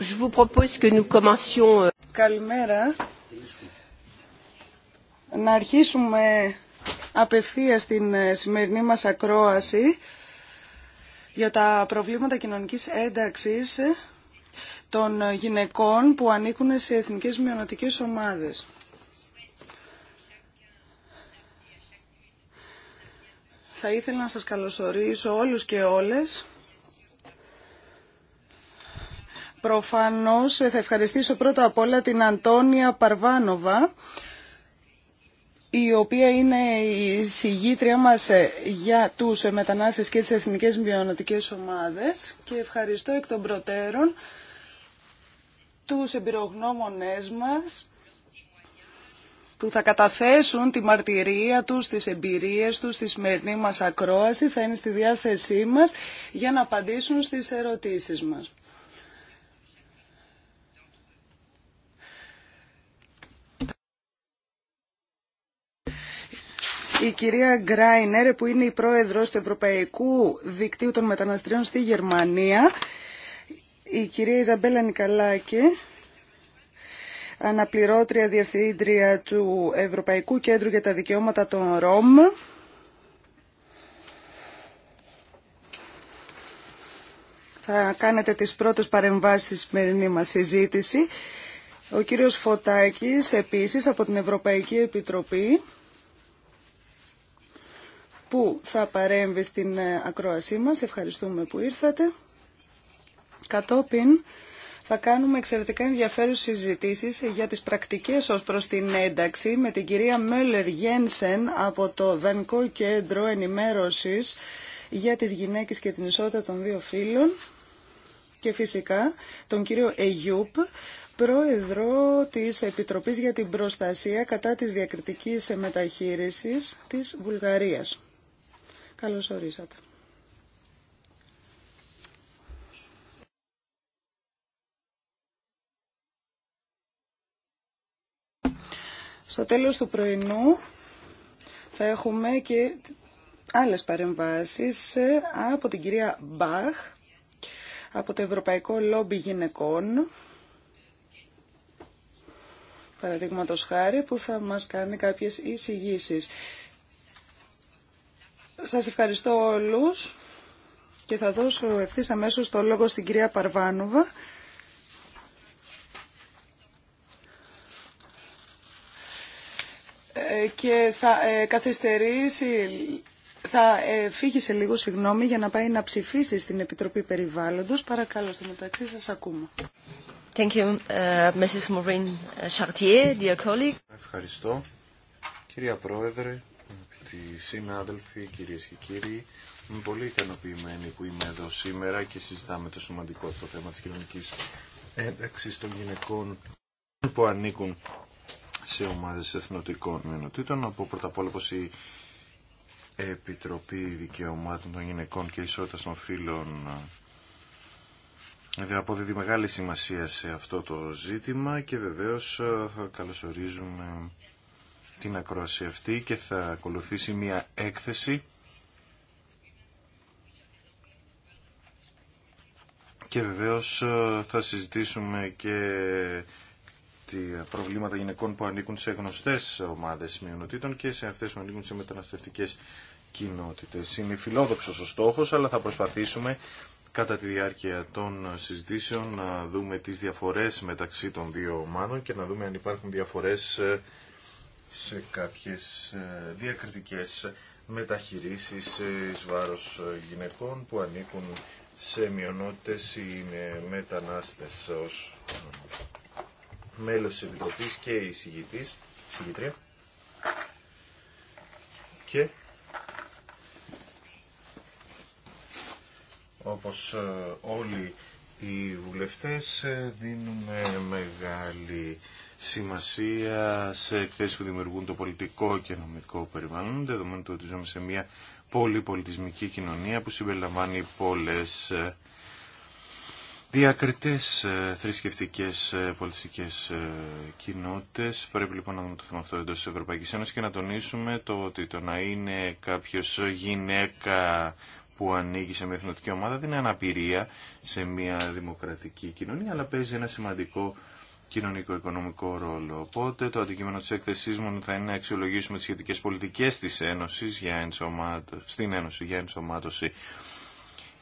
Je vous propose que nous commencions... Euh, Καλημέρα. Να αρχίσουμε απευθείας την ε, σημερινή μας ακρόαση για τα προβλήματα κοινωνικής ένταξης των γυναικών που ανήκουν σε εθνικές μειονοτικές ομάδες. Θα ήθελα να σας καλωσορίσω όλους και όλες. Προφανώς ε, θα ευχαριστήσω πρώτα απ' όλα την Αντώνια Παρβάνοβα, η οποία είναι η συγγήτρια μας ε, για τους ε, μετανάστες και τις εθνικές μειονοτικές ομάδες και ευχαριστώ εκ των προτέρων τους εμπειρογνώμονές μας που θα καταθέσουν τη μαρτυρία τους, τις εμπειρίες τους, στη σημερινή μας ακρόαση, θα είναι στη διάθεσή μας για να απαντήσουν στις ερωτήσεις μας. Η κυρία Γκράινερ που είναι η πρόεδρος του Ευρωπαϊκού Δικτύου των Μεταναστριών στη Γερμανία, η κυρία Ιζαμπέλα Νικαλάκη, αναπληρώτρια διευθύντρια του Ευρωπαϊκού Κέντρου για τα Δικαιώματα των ρωμ Θα κάνετε τις πρώτες παρεμβάσεις στη σημερινή μας συζήτηση. Ο κύριος Φωτάκης, επίσης, από την Ευρωπαϊκή Επιτροπή, που θα παρέμβει στην ακρόασή μας. Ευχαριστούμε που ήρθατε. Κατόπιν θα κάνουμε εξαιρετικά ενδιαφέρουσες συζητήσεις για τις πρακτικές ως προς την ένταξη με την κυρία Μέλλερ Γένσεν από το Δανικό Κέντρο Ενημέρωσης για τις γυναίκες και την ισότητα των δύο Φίλων και φυσικά τον κύριο Εγιούπ, πρόεδρο της Επιτροπής για την Προστασία κατά της διακριτικής μεταχείρισης της Βουλγαρίας. Καλώς ορίσατε. Στο τέλος του πρωινού θα έχουμε και άλλες παρεμβάσεις ε, από την κυρία Μπαχ, από το Ευρωπαϊκό Λόμπι Γυναικών, παραδείγματο χάρη, που θα μας κάνει κάποιες εισηγήσεις. Σας ευχαριστώ όλους και θα δώσω ευθύς αμέσως το λόγο στην κυρία Παρβάνοβα. Ε, και θα ε, καθυστερήσει, θα ε, φύγει σε λίγο, συγγνώμη, για να πάει να ψηφίσει στην Επιτροπή Περιβάλλοντος. Παρακαλώ, στο μεταξύ σας ακούμε. Thank you, uh, Mrs. Maureen uh, Chartier, dear colleague. Ευχαριστώ, κυρία Πρόεδρε, τη συνάδελφοι, κυρίες και κύριοι. Είμαι πολύ ικανοποιημένη που είμαι εδώ σήμερα και συζητάμε το σημαντικό το θέμα της κοινωνικής ένταξης των γυναικών που ανήκουν σε ομάδες εθνοτικών μειονοτήτων από πρώτα απ' όλα πως η Επιτροπή Δικαιωμάτων των Γυναικών και Ισότητας των Φίλων ε, αποδίδει μεγάλη σημασία σε αυτό το ζήτημα και βεβαίως ε, θα καλωσορίζουμε την ακρόαση αυτή και θα ακολουθήσει μια έκθεση και βεβαίως ε, θα συζητήσουμε και τα προβλήματα γυναικών που ανήκουν σε γνωστές ομάδες μειονοτήτων και σε αυτές που ανήκουν σε μεταναστευτικές κοινότητες. Είναι φιλόδοξος ο στόχος, αλλά θα προσπαθήσουμε κατά τη διάρκεια των συζητήσεων να δούμε τις διαφορές μεταξύ των δύο ομάδων και να δούμε αν υπάρχουν διαφορές ε, σε κάποιες ε, διακριτικές μεταχειρήσει ε, εις γυναικών που ανήκουν σε μειονότητες ή είναι μετανάστες μέλος της Επιτροπής και η συγητής, συγητρία. Και όπως ε, όλοι οι βουλευτές ε, δίνουμε μεγάλη σημασία σε εκθέσεις που δημιουργούν το πολιτικό και νομικό περιβάλλον, δεδομένου ότι ζούμε σε μια πολυπολιτισμική κοινωνία που συμπεριλαμβάνει πολλές ε, Διακριτές ε, θρησκευτικές ε, πολιτιστικές ε, κοινότητες. Πρέπει λοιπόν να δούμε το θέμα αυτό εντός της Ευρωπαϊκής Ένωσης και να τονίσουμε το ότι το να είναι κάποιος γυναίκα που ανήκει σε μια εθνοτική ομάδα δεν είναι αναπηρία σε μια δημοκρατική κοινωνία, αλλά παίζει ένα σημαντικό κοινωνικο-οικονομικό ρόλο. Οπότε το αντικείμενο της έκθεσής μου θα είναι να αξιολογήσουμε τις σχετικές πολιτικές της Ένωσης για ενσωμάτω... στην Ένωση για ενσωμάτωση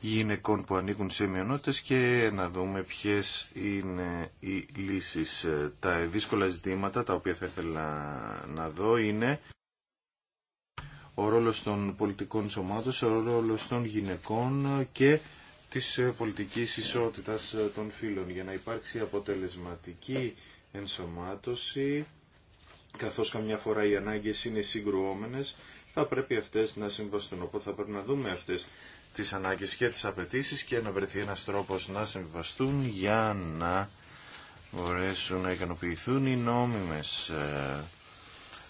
γυναικών που ανήκουν σε μειονότητες και να δούμε ποιες είναι οι λύσεις. Ε, τα δύσκολα ζητήματα τα οποία θα ήθελα να δω είναι ο ρόλος των πολιτικών σωμάτων, ο ρόλος των γυναικών και της ε, πολιτικής ισότητας ε, των φίλων για να υπάρξει αποτελεσματική ενσωμάτωση καθώς καμιά φορά οι ανάγκες είναι συγκρουόμενες θα πρέπει αυτές να συμβαστούν οπότε θα πρέπει να δούμε αυτές τις ανάγκες και τις απαιτήσεις και να βρεθεί ένας τρόπος να συμβιβαστούν για να μπορέσουν να ικανοποιηθούν οι νόμιμες ε,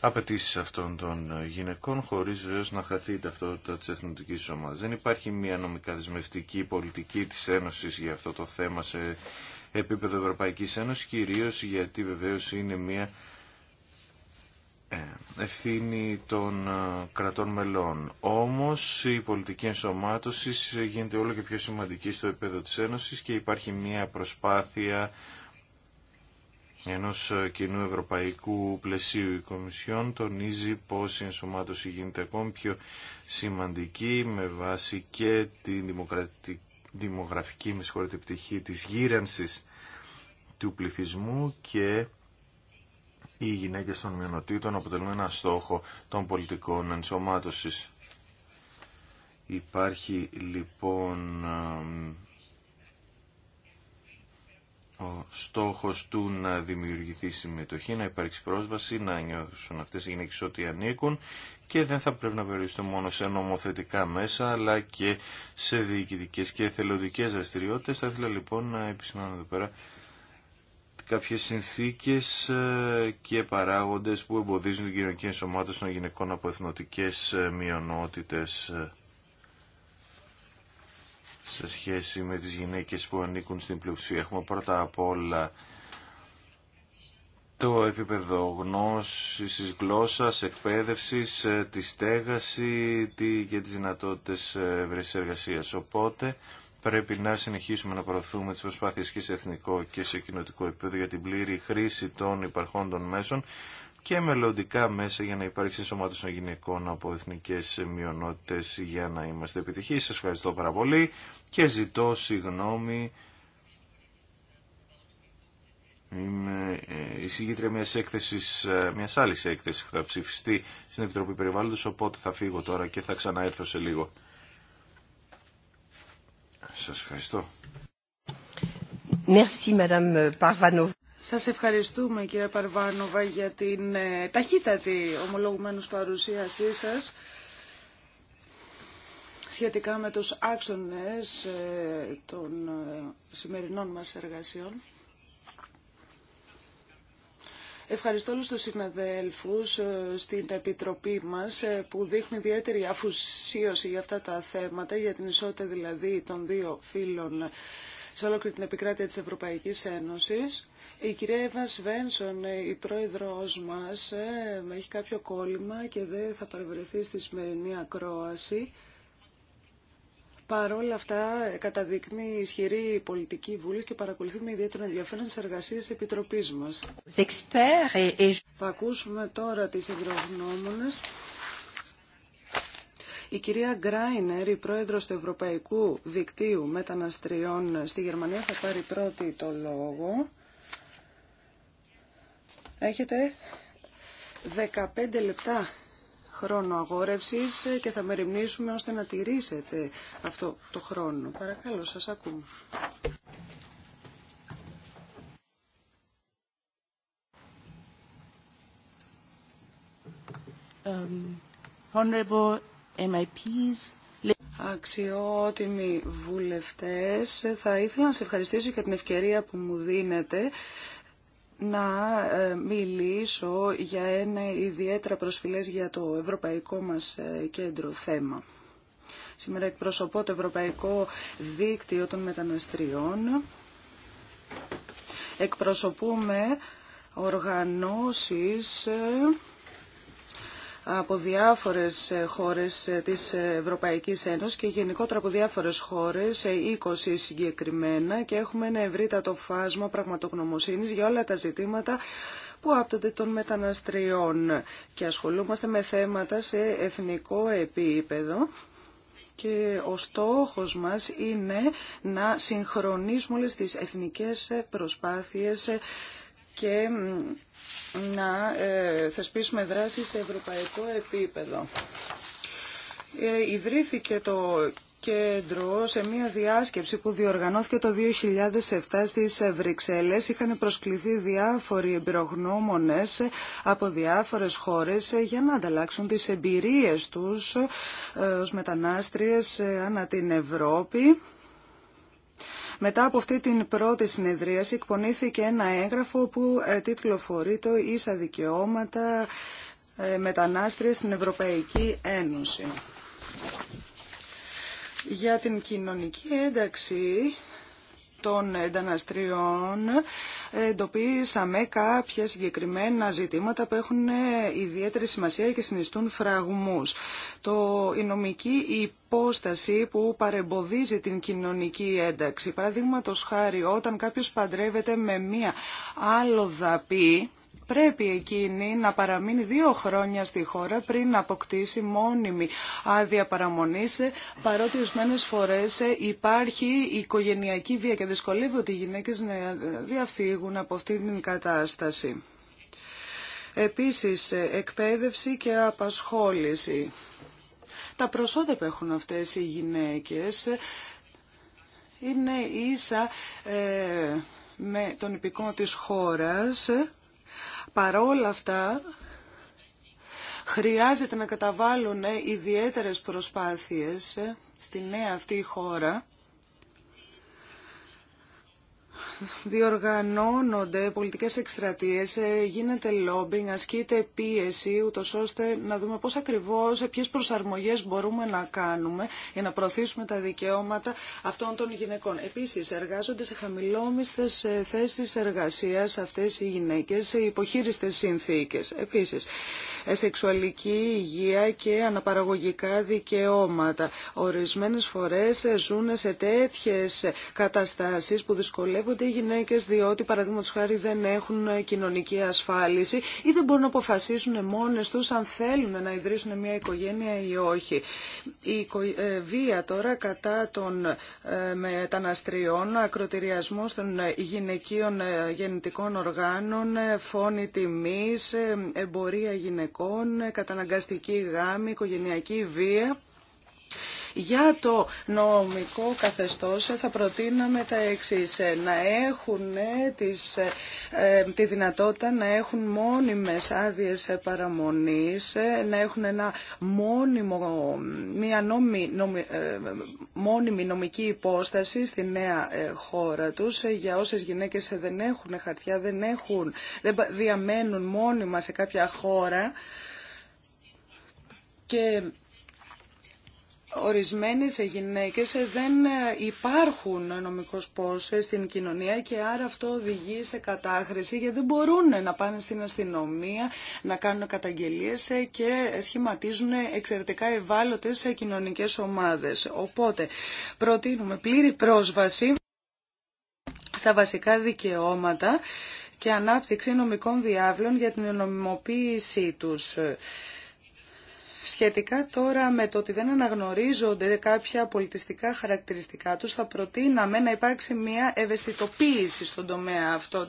απαιτήσει αυτών των γυναικών χωρίς βεβαίω να χαθεί η ταυτότητα της εθνικής ομάδας. Δεν υπάρχει μια νομικά δεσμευτική πολιτική της Ένωσης για αυτό το θέμα σε επίπεδο Ευρωπαϊκής Ένωσης, κυρίως γιατί βεβαίως είναι μια ε, ευθύνη των ε, κρατών μελών. Όμως η πολιτική ενσωμάτωση γίνεται όλο και πιο σημαντική στο επίπεδο της Ένωσης και υπάρχει μια προσπάθεια ενός ε, κοινού ευρωπαϊκού πλαισίου η Κομισιόν τονίζει πως η ενσωμάτωση γίνεται ακόμη πιο σημαντική με βάση και τη δημογραφική με πτυχή της γύρανσης του πληθυσμού και οι γυναίκε των μειονοτήτων αποτελούν ένα στόχο των πολιτικών ενσωμάτωση. Υπάρχει λοιπόν ο στόχος του να δημιουργηθεί συμμετοχή, να υπάρξει πρόσβαση, να νιώσουν αυτές οι γυναίκε ότι ανήκουν και δεν θα πρέπει να περιοριστούν μόνο σε νομοθετικά μέσα αλλά και σε διοικητικέ και εθελοντικές δραστηριότητες. Θα ήθελα λοιπόν να επισημάνω εδώ πέρα κάποιες συνθήκες ε, και παράγοντες που εμποδίζουν την κοινωνική ενσωμάτωση των γυναικών από εθνοτικές ε, μειονότητες ε, σε σχέση με τις γυναίκες που ανήκουν στην πλειοψηφία. Έχουμε πρώτα απ' όλα το επίπεδο γνώσης της γλώσσας, εκπαίδευσης, τη στέγαση και τις δυνατότητες ευρεσής εργασίας. Οπότε πρέπει να συνεχίσουμε να προωθούμε τις προσπάθειες και σε εθνικό και σε κοινοτικό επίπεδο για την πλήρη χρήση των υπαρχών των μέσων και μελλοντικά μέσα για να υπάρξει ενσωμάτωση των γυναικών από εθνικέ μειονότητε για να είμαστε επιτυχεί. Σα ευχαριστώ πάρα πολύ και ζητώ συγγνώμη. Είμαι εισηγήτρια μιας, έκθεσης, ε, μιας άλλης έκθεσης που θα ψηφιστεί στην Επιτροπή Περιβάλλοντος, οπότε θα φύγω τώρα και θα ξαναέρθω σε λίγο. Σας ευχαριστώ. Merci, Σας ευχαριστούμε κύριε Παρβάνοβα για την ε, ταχύτατη ομολογουμένους παρουσίασή σας σχετικά με τους άξονες ε, των ε, σημερινών μας εργασιών. Ευχαριστώ όλους τους συναδέλφους ε, στην Επιτροπή μας ε, που δείχνει ιδιαίτερη αφουσίωση για αυτά τα θέματα, για την ισότητα δηλαδή των δύο φύλων ε, σε ολόκληρη την επικράτεια της Ευρωπαϊκής Ένωσης. Η κυρία Εύα Σβένσον, η πρόεδρος μας, έχει κάποιο κόλλημα και δεν θα παρευρεθεί στη σημερινή ακρόαση. Παρόλα αυτά, καταδεικνύει ισχυρή πολιτική βούληση και παρακολουθεί με ιδιαίτερο ενδιαφέρον τι εργασίε τη Επιτροπή μα. Θα ακούσουμε τώρα τι ευρωγνώμονες. Η κυρία Γκράινερ, η πρόεδρος του Ευρωπαϊκού Δικτύου Μεταναστριών στη Γερμανία, θα πάρει πρώτη το λόγο. Έχετε 15 λεπτά χρόνο αγόρευσης και θα μεριμνήσουμε ώστε να τηρήσετε αυτό το χρόνο. Παρακαλώ, σας ακούμε. Um, honorable Αξιότιμοι βουλευτές, θα ήθελα να σε ευχαριστήσω για την ευκαιρία που μου δίνετε να ε, μιλήσω για ένα ιδιαίτερα προσφυλές για το ευρωπαϊκό μας ε, κέντρο θέμα. Σήμερα εκπροσωπώ το Ευρωπαϊκό Δίκτυο των Μεταναστριών. Εκπροσωπούμε οργανώσεις ε, από διάφορες ε, χώρες ε, της Ευρωπαϊκής Ένωσης και γενικότερα από διάφορες χώρες, 20 ε, συγκεκριμένα και έχουμε ένα ευρύτατο φάσμα πραγματογνωμοσύνης για όλα τα ζητήματα που άπτονται των μεταναστριών και ασχολούμαστε με θέματα σε εθνικό επίπεδο και ο στόχος μας είναι να συγχρονίσουμε όλες τις εθνικές προσπάθειες και να ε, θεσπίσουμε δράση σε ευρωπαϊκό επίπεδο. Ε, ιδρύθηκε το κέντρο σε μια διάσκεψη που διοργανώθηκε το 2007 στις Βρυξέλλες. Είχαν προσκληθεί διάφοροι εμπειρογνώμονες από διάφορες χώρες για να ανταλλάξουν τις εμπειρίες τους ε, ως μετανάστριες ανά την Ευρώπη. Μετά από αυτή την πρώτη συνεδρίαση εκπονήθηκε ένα έγγραφο που ε, τίτλοφορεί το «Ίσα δικαιώματα ε, μετανάστρια στην Ευρωπαϊκή Ένωση». Για την κοινωνική ένταξη των ενταναστριών εντοπίσαμε κάποια συγκεκριμένα ζητήματα που έχουν ιδιαίτερη σημασία και συνιστούν φραγμούς. Το, η νομική υπόσταση που παρεμποδίζει την κοινωνική ένταξη. Παραδείγματος χάρη όταν κάποιος παντρεύεται με μία άλλο δαπή πρέπει εκείνη να παραμείνει δύο χρόνια στη χώρα πριν να αποκτήσει μόνιμη άδεια παραμονής, παρότι ορισμένε φορές υπάρχει οικογενειακή βία και δυσκολεύονται οι γυναίκες να διαφύγουν από αυτή την κατάσταση. Επίσης, εκπαίδευση και απασχόληση. Τα προσόντα που έχουν αυτές οι γυναίκες είναι ίσα ε, με τον υπηκό της χώρας παρόλα αυτά χρειάζεται να καταβάλουν ε, ιδιαίτερες προσπάθειες ε, στη νέα αυτή χώρα διοργανώνονται πολιτικές εκστρατείες, ε, γίνεται λόμπινγκ, ασκείται πίεση, ούτω ώστε να δούμε πώς ακριβώς, ε, ποιες προσαρμογές μπορούμε να κάνουμε για να προωθήσουμε τα δικαιώματα αυτών των γυναικών. Επίσης, εργάζονται σε χαμηλόμιστες ε, θέσεις εργασίας αυτές οι γυναίκες, σε υποχείριστες συνθήκες. Επίσης, σεξουαλική υγεία και αναπαραγωγικά δικαιώματα. Ορισμένες φορές ζουν σε τέτοιες καταστάσεις που δυσκολεύουν Οπότε οι γυναίκες διότι παραδείγματος χάρη δεν έχουν κοινωνική ασφάλιση ή δεν μπορούν να αποφασίσουν μόνες τους αν θέλουν να ιδρύσουν μια οικογένεια ή όχι. Η ε, βία τώρα κατά των ε, μεταναστριών, ακροτηριασμό των γυναικείων ε, γεννητικών οργάνων, φόνη τιμής, εμπορία γυναικών, καταναγκαστική γάμη, οικογενειακή βία. Για το νομικό καθεστώς θα προτείναμε τα εξής. Να έχουν τις, ε, τη δυνατότητα να έχουν μόνιμες άδειες παραμονής, να έχουν ένα μόνιμο, μια νόμι, νομι, ε, μονιμη νομική υπόσταση στη νέα ε, χώρα τους για όσες γυναίκες δεν έχουν χαρτιά, δεν, έχουν, δεν διαμένουν μόνιμα σε κάποια χώρα και Ορισμένες γυναίκες δεν υπάρχουν νομικός πώς στην κοινωνία και άρα αυτό οδηγεί σε κατάχρηση γιατί δεν μπορούν να πάνε στην αστυνομία, να κάνουν καταγγελίες και σχηματίζουν εξαιρετικά ευάλωτες κοινωνικές ομάδες. Οπότε προτείνουμε πλήρη πρόσβαση στα βασικά δικαιώματα και ανάπτυξη νομικών διάβλων για την νομιμοποίησή τους. Σχετικά τώρα με το ότι δεν αναγνωρίζονται κάποια πολιτιστικά χαρακτηριστικά τους, θα προτείναμε να υπάρξει μια ευαισθητοποίηση στον τομέα αυτό.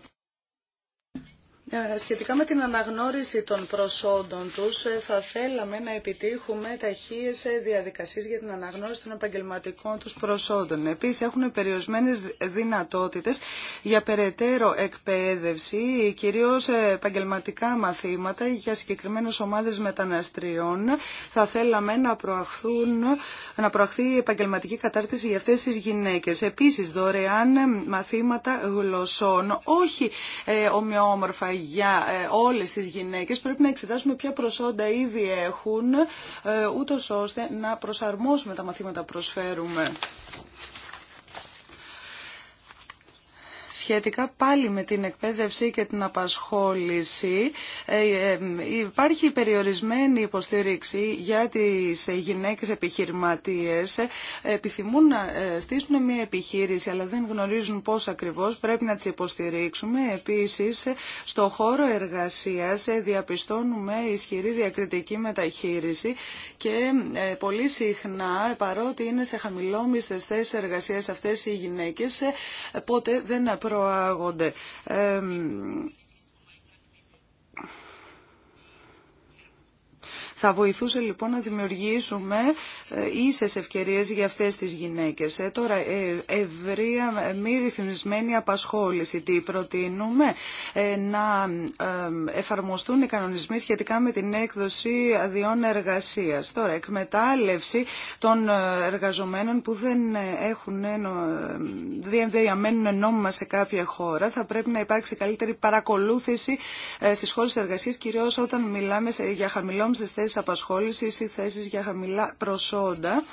Ε, σχετικά με την αναγνώριση των προσόντων τους, ε, θα θέλαμε να επιτύχουμε ταχείες ε, διαδικασίες για την αναγνώριση των επαγγελματικών τους προσόντων. Επίσης, έχουν περιορισμένες δυνατότητες για περαιτέρω εκπαίδευση, κυρίως επαγγελματικά μαθήματα για συγκεκριμένες ομάδες μεταναστριών. Θα θέλαμε να, προαχθούν, να προαχθεί η επαγγελματική κατάρτιση για αυτές τις γυναίκες. Επίσης, δωρεάν μαθήματα γλωσσών, όχι ομοιόμορφα για ε, όλες τις γυναίκες. Πρέπει να εξετάσουμε ποια προσόντα ήδη έχουν, ε, ούτως ώστε να προσαρμόσουμε τα μαθήματα που προσφέρουμε. σχετικά πάλι με την εκπαίδευση και την απασχόληση. Ε, ε, υπάρχει περιορισμένη υποστήριξη για τις γυναίκες επιχειρηματίες. Ε, επιθυμούν να στήσουν μια επιχείρηση, αλλά δεν γνωρίζουν πώς ακριβώς. Πρέπει να τις υποστηρίξουμε. Επίσης, στο χώρο εργασίας διαπιστώνουμε ισχυρή διακριτική μεταχείριση και πολύ συχνά, παρότι είναι σε χαμηλόμιστες θέσεις εργασίας αυτές οι γυναίκες, ποτέ δεν προάγονται. Ε, Θα βοηθούσε λοιπόν να δημιουργήσουμε ε, ίσες ευκαιρίες για αυτές τις γυναίκες. Ε, τώρα, ε, ευρεία μη ρυθμισμένη απασχόληση. Τι προτείνουμε να εφαρμοστούν οι κανονισμοί σχετικά με την έκδοση αδειών εργασίας. Τώρα, εκμετάλλευση των εργαζομένων που δεν έχουν διαμένουν νόμιμα σε κάποια χώρα. Θα πρέπει να υπάρξει καλύτερη παρακολούθηση στις χώρες εργασίας, κυρίως όταν μιλάμε για χαμηλόμιστες θέσεις θέσει απασχόληση ή θέσει για χαμηλά προσόντα.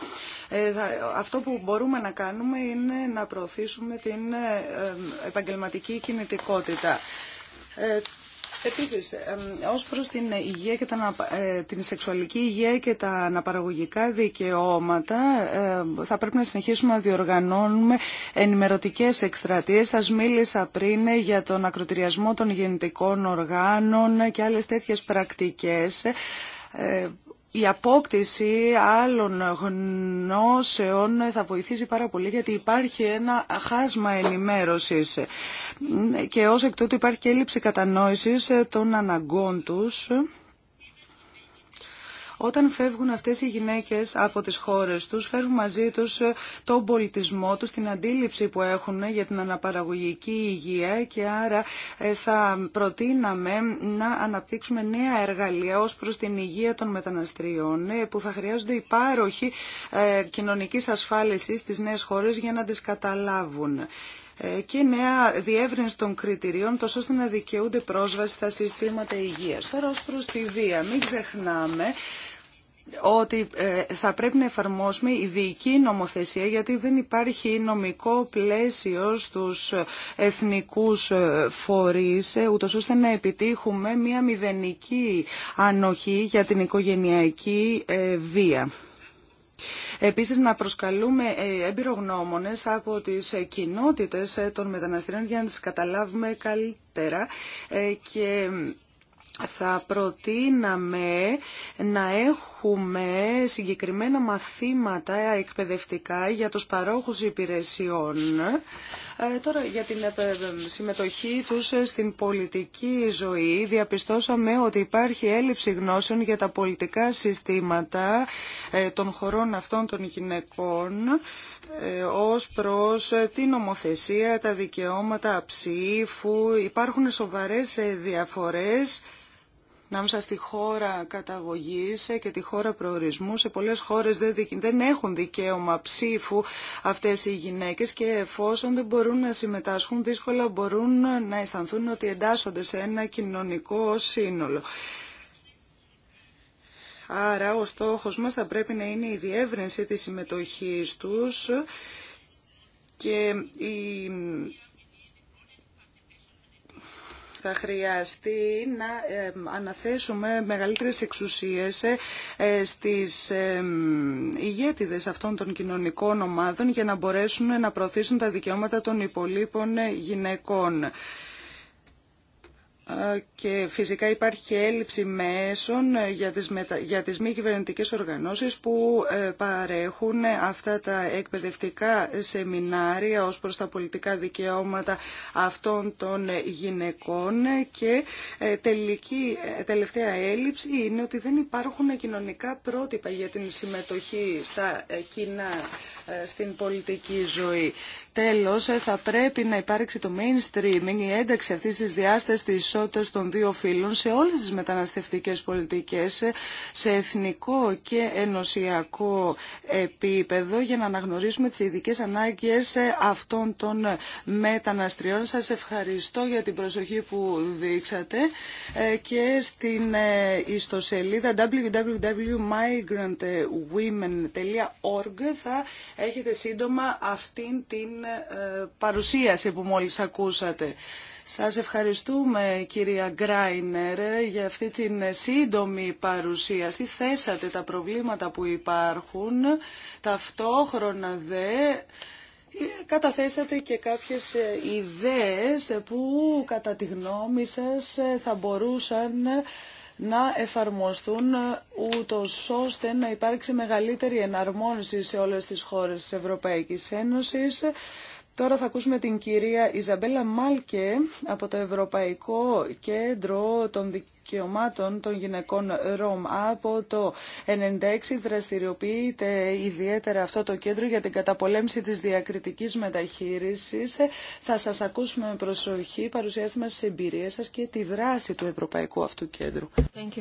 Ε, αυτό που μπορούμε να κάνουμε είναι να προωθήσουμε την ε, ε, επαγγελματική κινητικότητα. Επίσης, ως προς την, υγεία την σεξουαλική υγεία και τα αναπαραγωγικά δικαιώματα, θα πρέπει να συνεχίσουμε να διοργανώνουμε ενημερωτικές εκστρατείες. Σας μίλησα πριν για τον ακροτηριασμό των γεννητικών οργάνων και άλλες τέτοιες πρακτικές ε, η απόκτηση άλλων γνώσεων θα βοηθήσει πάρα πολύ γιατί υπάρχει ένα χάσμα ενημέρωσης και ως εκ τούτου υπάρχει και έλλειψη κατανόησης των αναγκών τους. Όταν φεύγουν αυτές οι γυναίκες από τις χώρες τους, φέρουν μαζί τους ε, τον πολιτισμό τους, την αντίληψη που έχουν για την αναπαραγωγική υγεία και άρα ε, θα προτείναμε να αναπτύξουμε νέα εργαλεία ως προς την υγεία των μεταναστριών ε, που θα χρειάζονται υπάροχοι κοινωνική κοινωνικής ασφάλισης στις νέες χώρες για να τις καταλάβουν και νέα διεύρυνση των κριτηρίων, τόσο ώστε να δικαιούνται πρόσβαση στα συστήματα υγείας. Τώρα ως προς τη βία, μην ξεχνάμε ότι ε, θα πρέπει να εφαρμόσουμε ειδική νομοθεσία γιατί δεν υπάρχει νομικό πλαίσιο στους ε, εθνικούς ε, φορείς ούτως ώστε να επιτύχουμε μια μηδενική ανοχή για την οικογενειακή βία. Επίσης να προσκαλούμε εμπειρογνώμονες από τις κοινότητες των μεταναστριών για να τις καταλάβουμε καλύτερα και θα προτείναμε να έχουμε συγκεκριμένα μαθήματα εκπαιδευτικά για τους παρόχους υπηρεσιών. Ε, τώρα για την ε, ε, συμμετοχή τους στην πολιτική ζωή διαπιστώσαμε ότι υπάρχει έλλειψη γνώσεων για τα πολιτικά συστήματα των χωρών αυτών των γυναικών ως προς την νομοθεσία, τα δικαιώματα ψήφου. Υπάρχουν σοβαρές διαφορές ανάμεσα στη χώρα καταγωγής και τη χώρα προορισμού. Σε πολλές χώρες δεν έχουν δικαίωμα ψήφου αυτές οι γυναίκες και εφόσον δεν μπορούν να συμμετάσχουν δύσκολα μπορούν να αισθανθούν ότι εντάσσονται σε ένα κοινωνικό σύνολο. Άρα ο στόχος μας θα πρέπει να είναι η διεύρυνση της συμμετοχής τους και η θα χρειαστεί να αναθέσουμε μεγαλύτερες εξουσίες ε, ε, στις ηγέτιδες αυτών των κοινωνικών ομάδων για να μπορέσουν να προωθήσουν τα δικαιώματα των υπολείπων γυναικών και φυσικά υπάρχει έλλειψη μέσων ε, για τις, για τις μη κυβερνητικές οργανώσεις που ε, παρέχουν αυτά τα εκπαιδευτικά σεμινάρια ως προς τα πολιτικά δικαιώματα αυτών των γυναικών και ε, τελική, τελευταία έλλειψη είναι ότι δεν υπάρχουν κοινωνικά πρότυπα για την συμμετοχή στα κοινά στην πολιτική ζωή. Τέλος, θα πρέπει να υπάρξει το mainstreaming, η ένταξη αυτής της διάστασης ισότητας των δύο φύλων σε όλες τις μεταναστευτικές πολιτικές σε εθνικό και ενωσιακό επίπεδο για να αναγνωρίσουμε τις ειδικές ανάγκες αυτών των μεταναστριών. Σας ευχαριστώ για την προσοχή που δείξατε ε, και στην ε, ιστοσελίδα www.migrantwomen.org θα έχετε σύντομα αυτήν την ε, παρουσίαση που μόλις ακούσατε. Σας ευχαριστούμε κυρία Γκράινερ για αυτή την σύντομη παρουσίαση. Θέσατε τα προβλήματα που υπάρχουν, ταυτόχρονα δε καταθέσατε και κάποιες ιδέες που κατά τη γνώμη σας θα μπορούσαν να εφαρμοστούν ούτω ώστε να υπάρξει μεγαλύτερη εναρμόνιση σε όλες τις χώρες της Ευρωπαϊκής Ένωσης Τώρα θα ακούσουμε την κυρία Ιζαμπέλα Μάλκε από το Ευρωπαϊκό Κέντρο των Δικαιωμάτων των Γυναικών ΡΟΜ. Από το 96. δραστηριοποιείται ιδιαίτερα αυτό το κέντρο για την καταπολέμηση της διακριτικής μεταχείρισης. Θα σας ακούσουμε με προσοχή, παρουσιάστε μας τις εμπειρίες σας και τη δράση του Ευρωπαϊκού αυτού κέντρου. Thank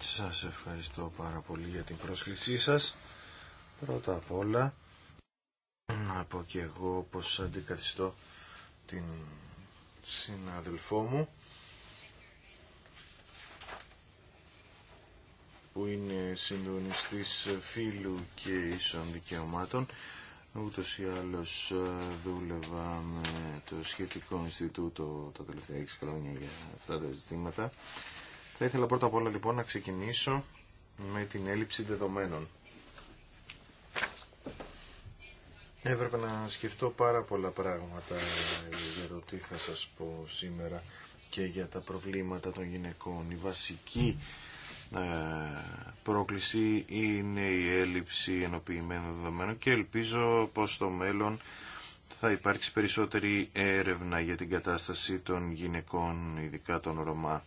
Σας ευχαριστώ πάρα πολύ για την πρόσκλησή σας. Πρώτα απ' όλα να πω και εγώ πως αντικαθιστώ την συναδελφό μου που είναι συντονιστής φίλου και ίσων δικαιωμάτων. Ούτως ή άλλως ε, δούλευα με το σχετικό Ινστιτούτο τα τελευταία 6 χρόνια για αυτά τα ζητήματα. Θα ήθελα πρώτα απ' όλα λοιπόν να ξεκινήσω με την έλλειψη δεδομένων. Έπρεπε να σκεφτώ πάρα πολλά πράγματα για το τι θα σας πω σήμερα και για τα προβλήματα των γυναικών. Η βασική ε, πρόκληση είναι η έλλειψη ενοποιημένων δεδομένων και ελπίζω πως στο μέλλον θα υπάρξει περισσότερη έρευνα για την κατάσταση των γυναικών, ειδικά των Ρωμά.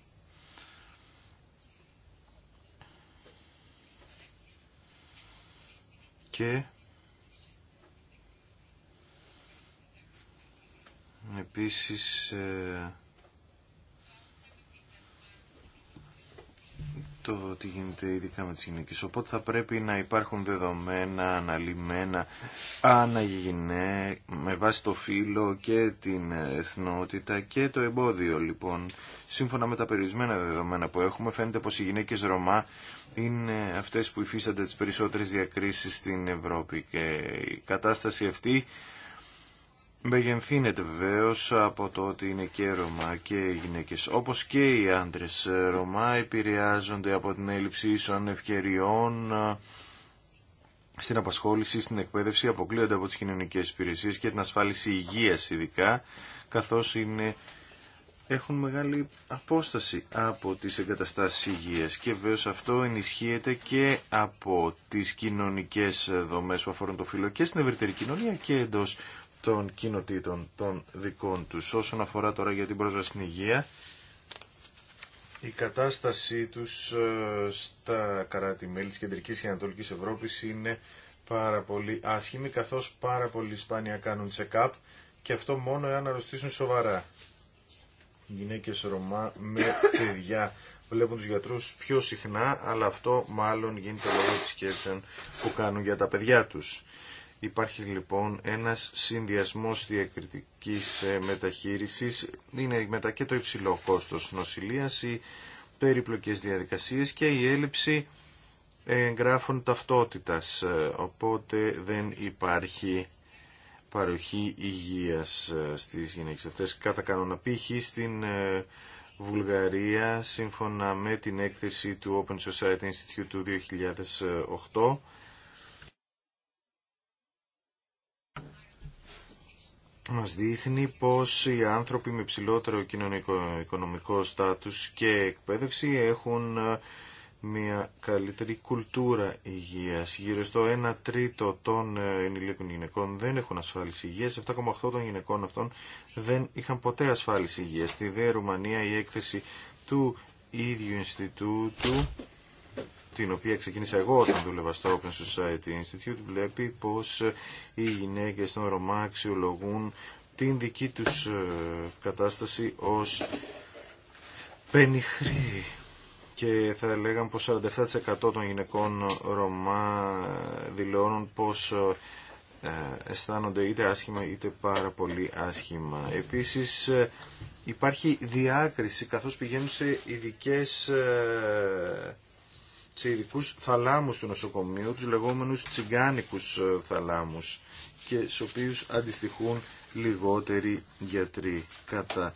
Και Επίσης ε, το τι γίνεται ειδικά με τις γυναίκες. Οπότε θα πρέπει να υπάρχουν δεδομένα αναλυμένα αναγυναί με βάση το φύλλο και την εθνότητα και το εμπόδιο λοιπόν. Σύμφωνα με τα περιορισμένα δεδομένα που έχουμε φαίνεται πως οι γυναίκες Ρωμά είναι αυτές που υφίστανται τις περισσότερες διακρίσεις στην Ευρώπη και η κατάσταση αυτή μεγενθύνεται βεβαίω από το ότι είναι και Ρωμά και οι γυναίκες. Όπως και οι άντρε Ρωμά επηρεάζονται από την έλλειψη ίσων ευκαιριών ε, στην απασχόληση, στην εκπαίδευση, αποκλείονται από τι κοινωνικές υπηρεσίε και την ασφάλιση υγείας ειδικά, καθώς είναι, έχουν μεγάλη απόσταση από τις εγκαταστάσεις υγείας και βέβαια αυτό ενισχύεται και από τις κοινωνικές δομές που αφορούν το φύλλο και στην ευρύτερη κοινωνία και εντός των κοινοτήτων των δικών τους. Όσον αφορά τώρα για την πρόσβαση στην υγεία, η κατάστασή τους ε, στα κράτη-μέλη τη Κεντρικής και Ανατολικής Ευρώπης είναι πάρα πολύ άσχημη, καθώς πάρα πολύ σπάνια κάνουν check-up και αυτό μόνο εάν αρρωστήσουν σοβαρά. γυναίκες Ρωμά με παιδιά βλέπουν τους γιατρούς πιο συχνά, αλλά αυτό μάλλον γίνεται λόγω της σκέψεων που κάνουν για τα παιδιά τους. Υπάρχει λοιπόν ένας συνδυασμός διακριτικής ε, μεταχείρισης, είναι μετά και το υψηλό κόστος νοσηλείας, οι περιπλοκές διαδικασίες και η έλλειψη εγγράφων ταυτότητας, ε, οπότε δεν υπάρχει παροχή υγείας ε, στις γυναίκες αυτές. Κατά κανόνα π.χ. στην Βουλγαρία, σύμφωνα με την έκθεση του Open Society Institute του 2008, μας δείχνει πως οι άνθρωποι με ψηλότερο κοινωνικό-οικονομικό στάτους και εκπαίδευση έχουν ε, μια καλύτερη κουλτούρα υγείας. Γύρω στο 1 τρίτο των ε, ενηλίκων γυναικών δεν έχουν ασφάλιση υγείας. 7,8 των γυναικών αυτών δεν είχαν ποτέ ασφάλιση υγείας. Στη ΔΕ Ρουμανία η έκθεση του ίδιου Ινστιτούτου την οποία ξεκίνησα εγώ όταν δούλευα στο Open Society Institute, βλέπει πως οι γυναίκες των Ρωμά αξιολογούν την δική τους ε, κατάσταση ως πενιχρή και θα λέγαμε πως 47% των γυναικών Ρωμά ε, δηλώνουν πως ε, αισθάνονται είτε άσχημα είτε πάρα πολύ άσχημα. Επίσης υπάρχει διάκριση καθώς πηγαίνουν σε ειδικές σε ειδικού θαλάμους του νοσοκομείου, τους λεγόμενους τσιγκάνικους ε, θαλάμους και στους οποίους αντιστοιχούν λιγότεροι γιατροί. Κατά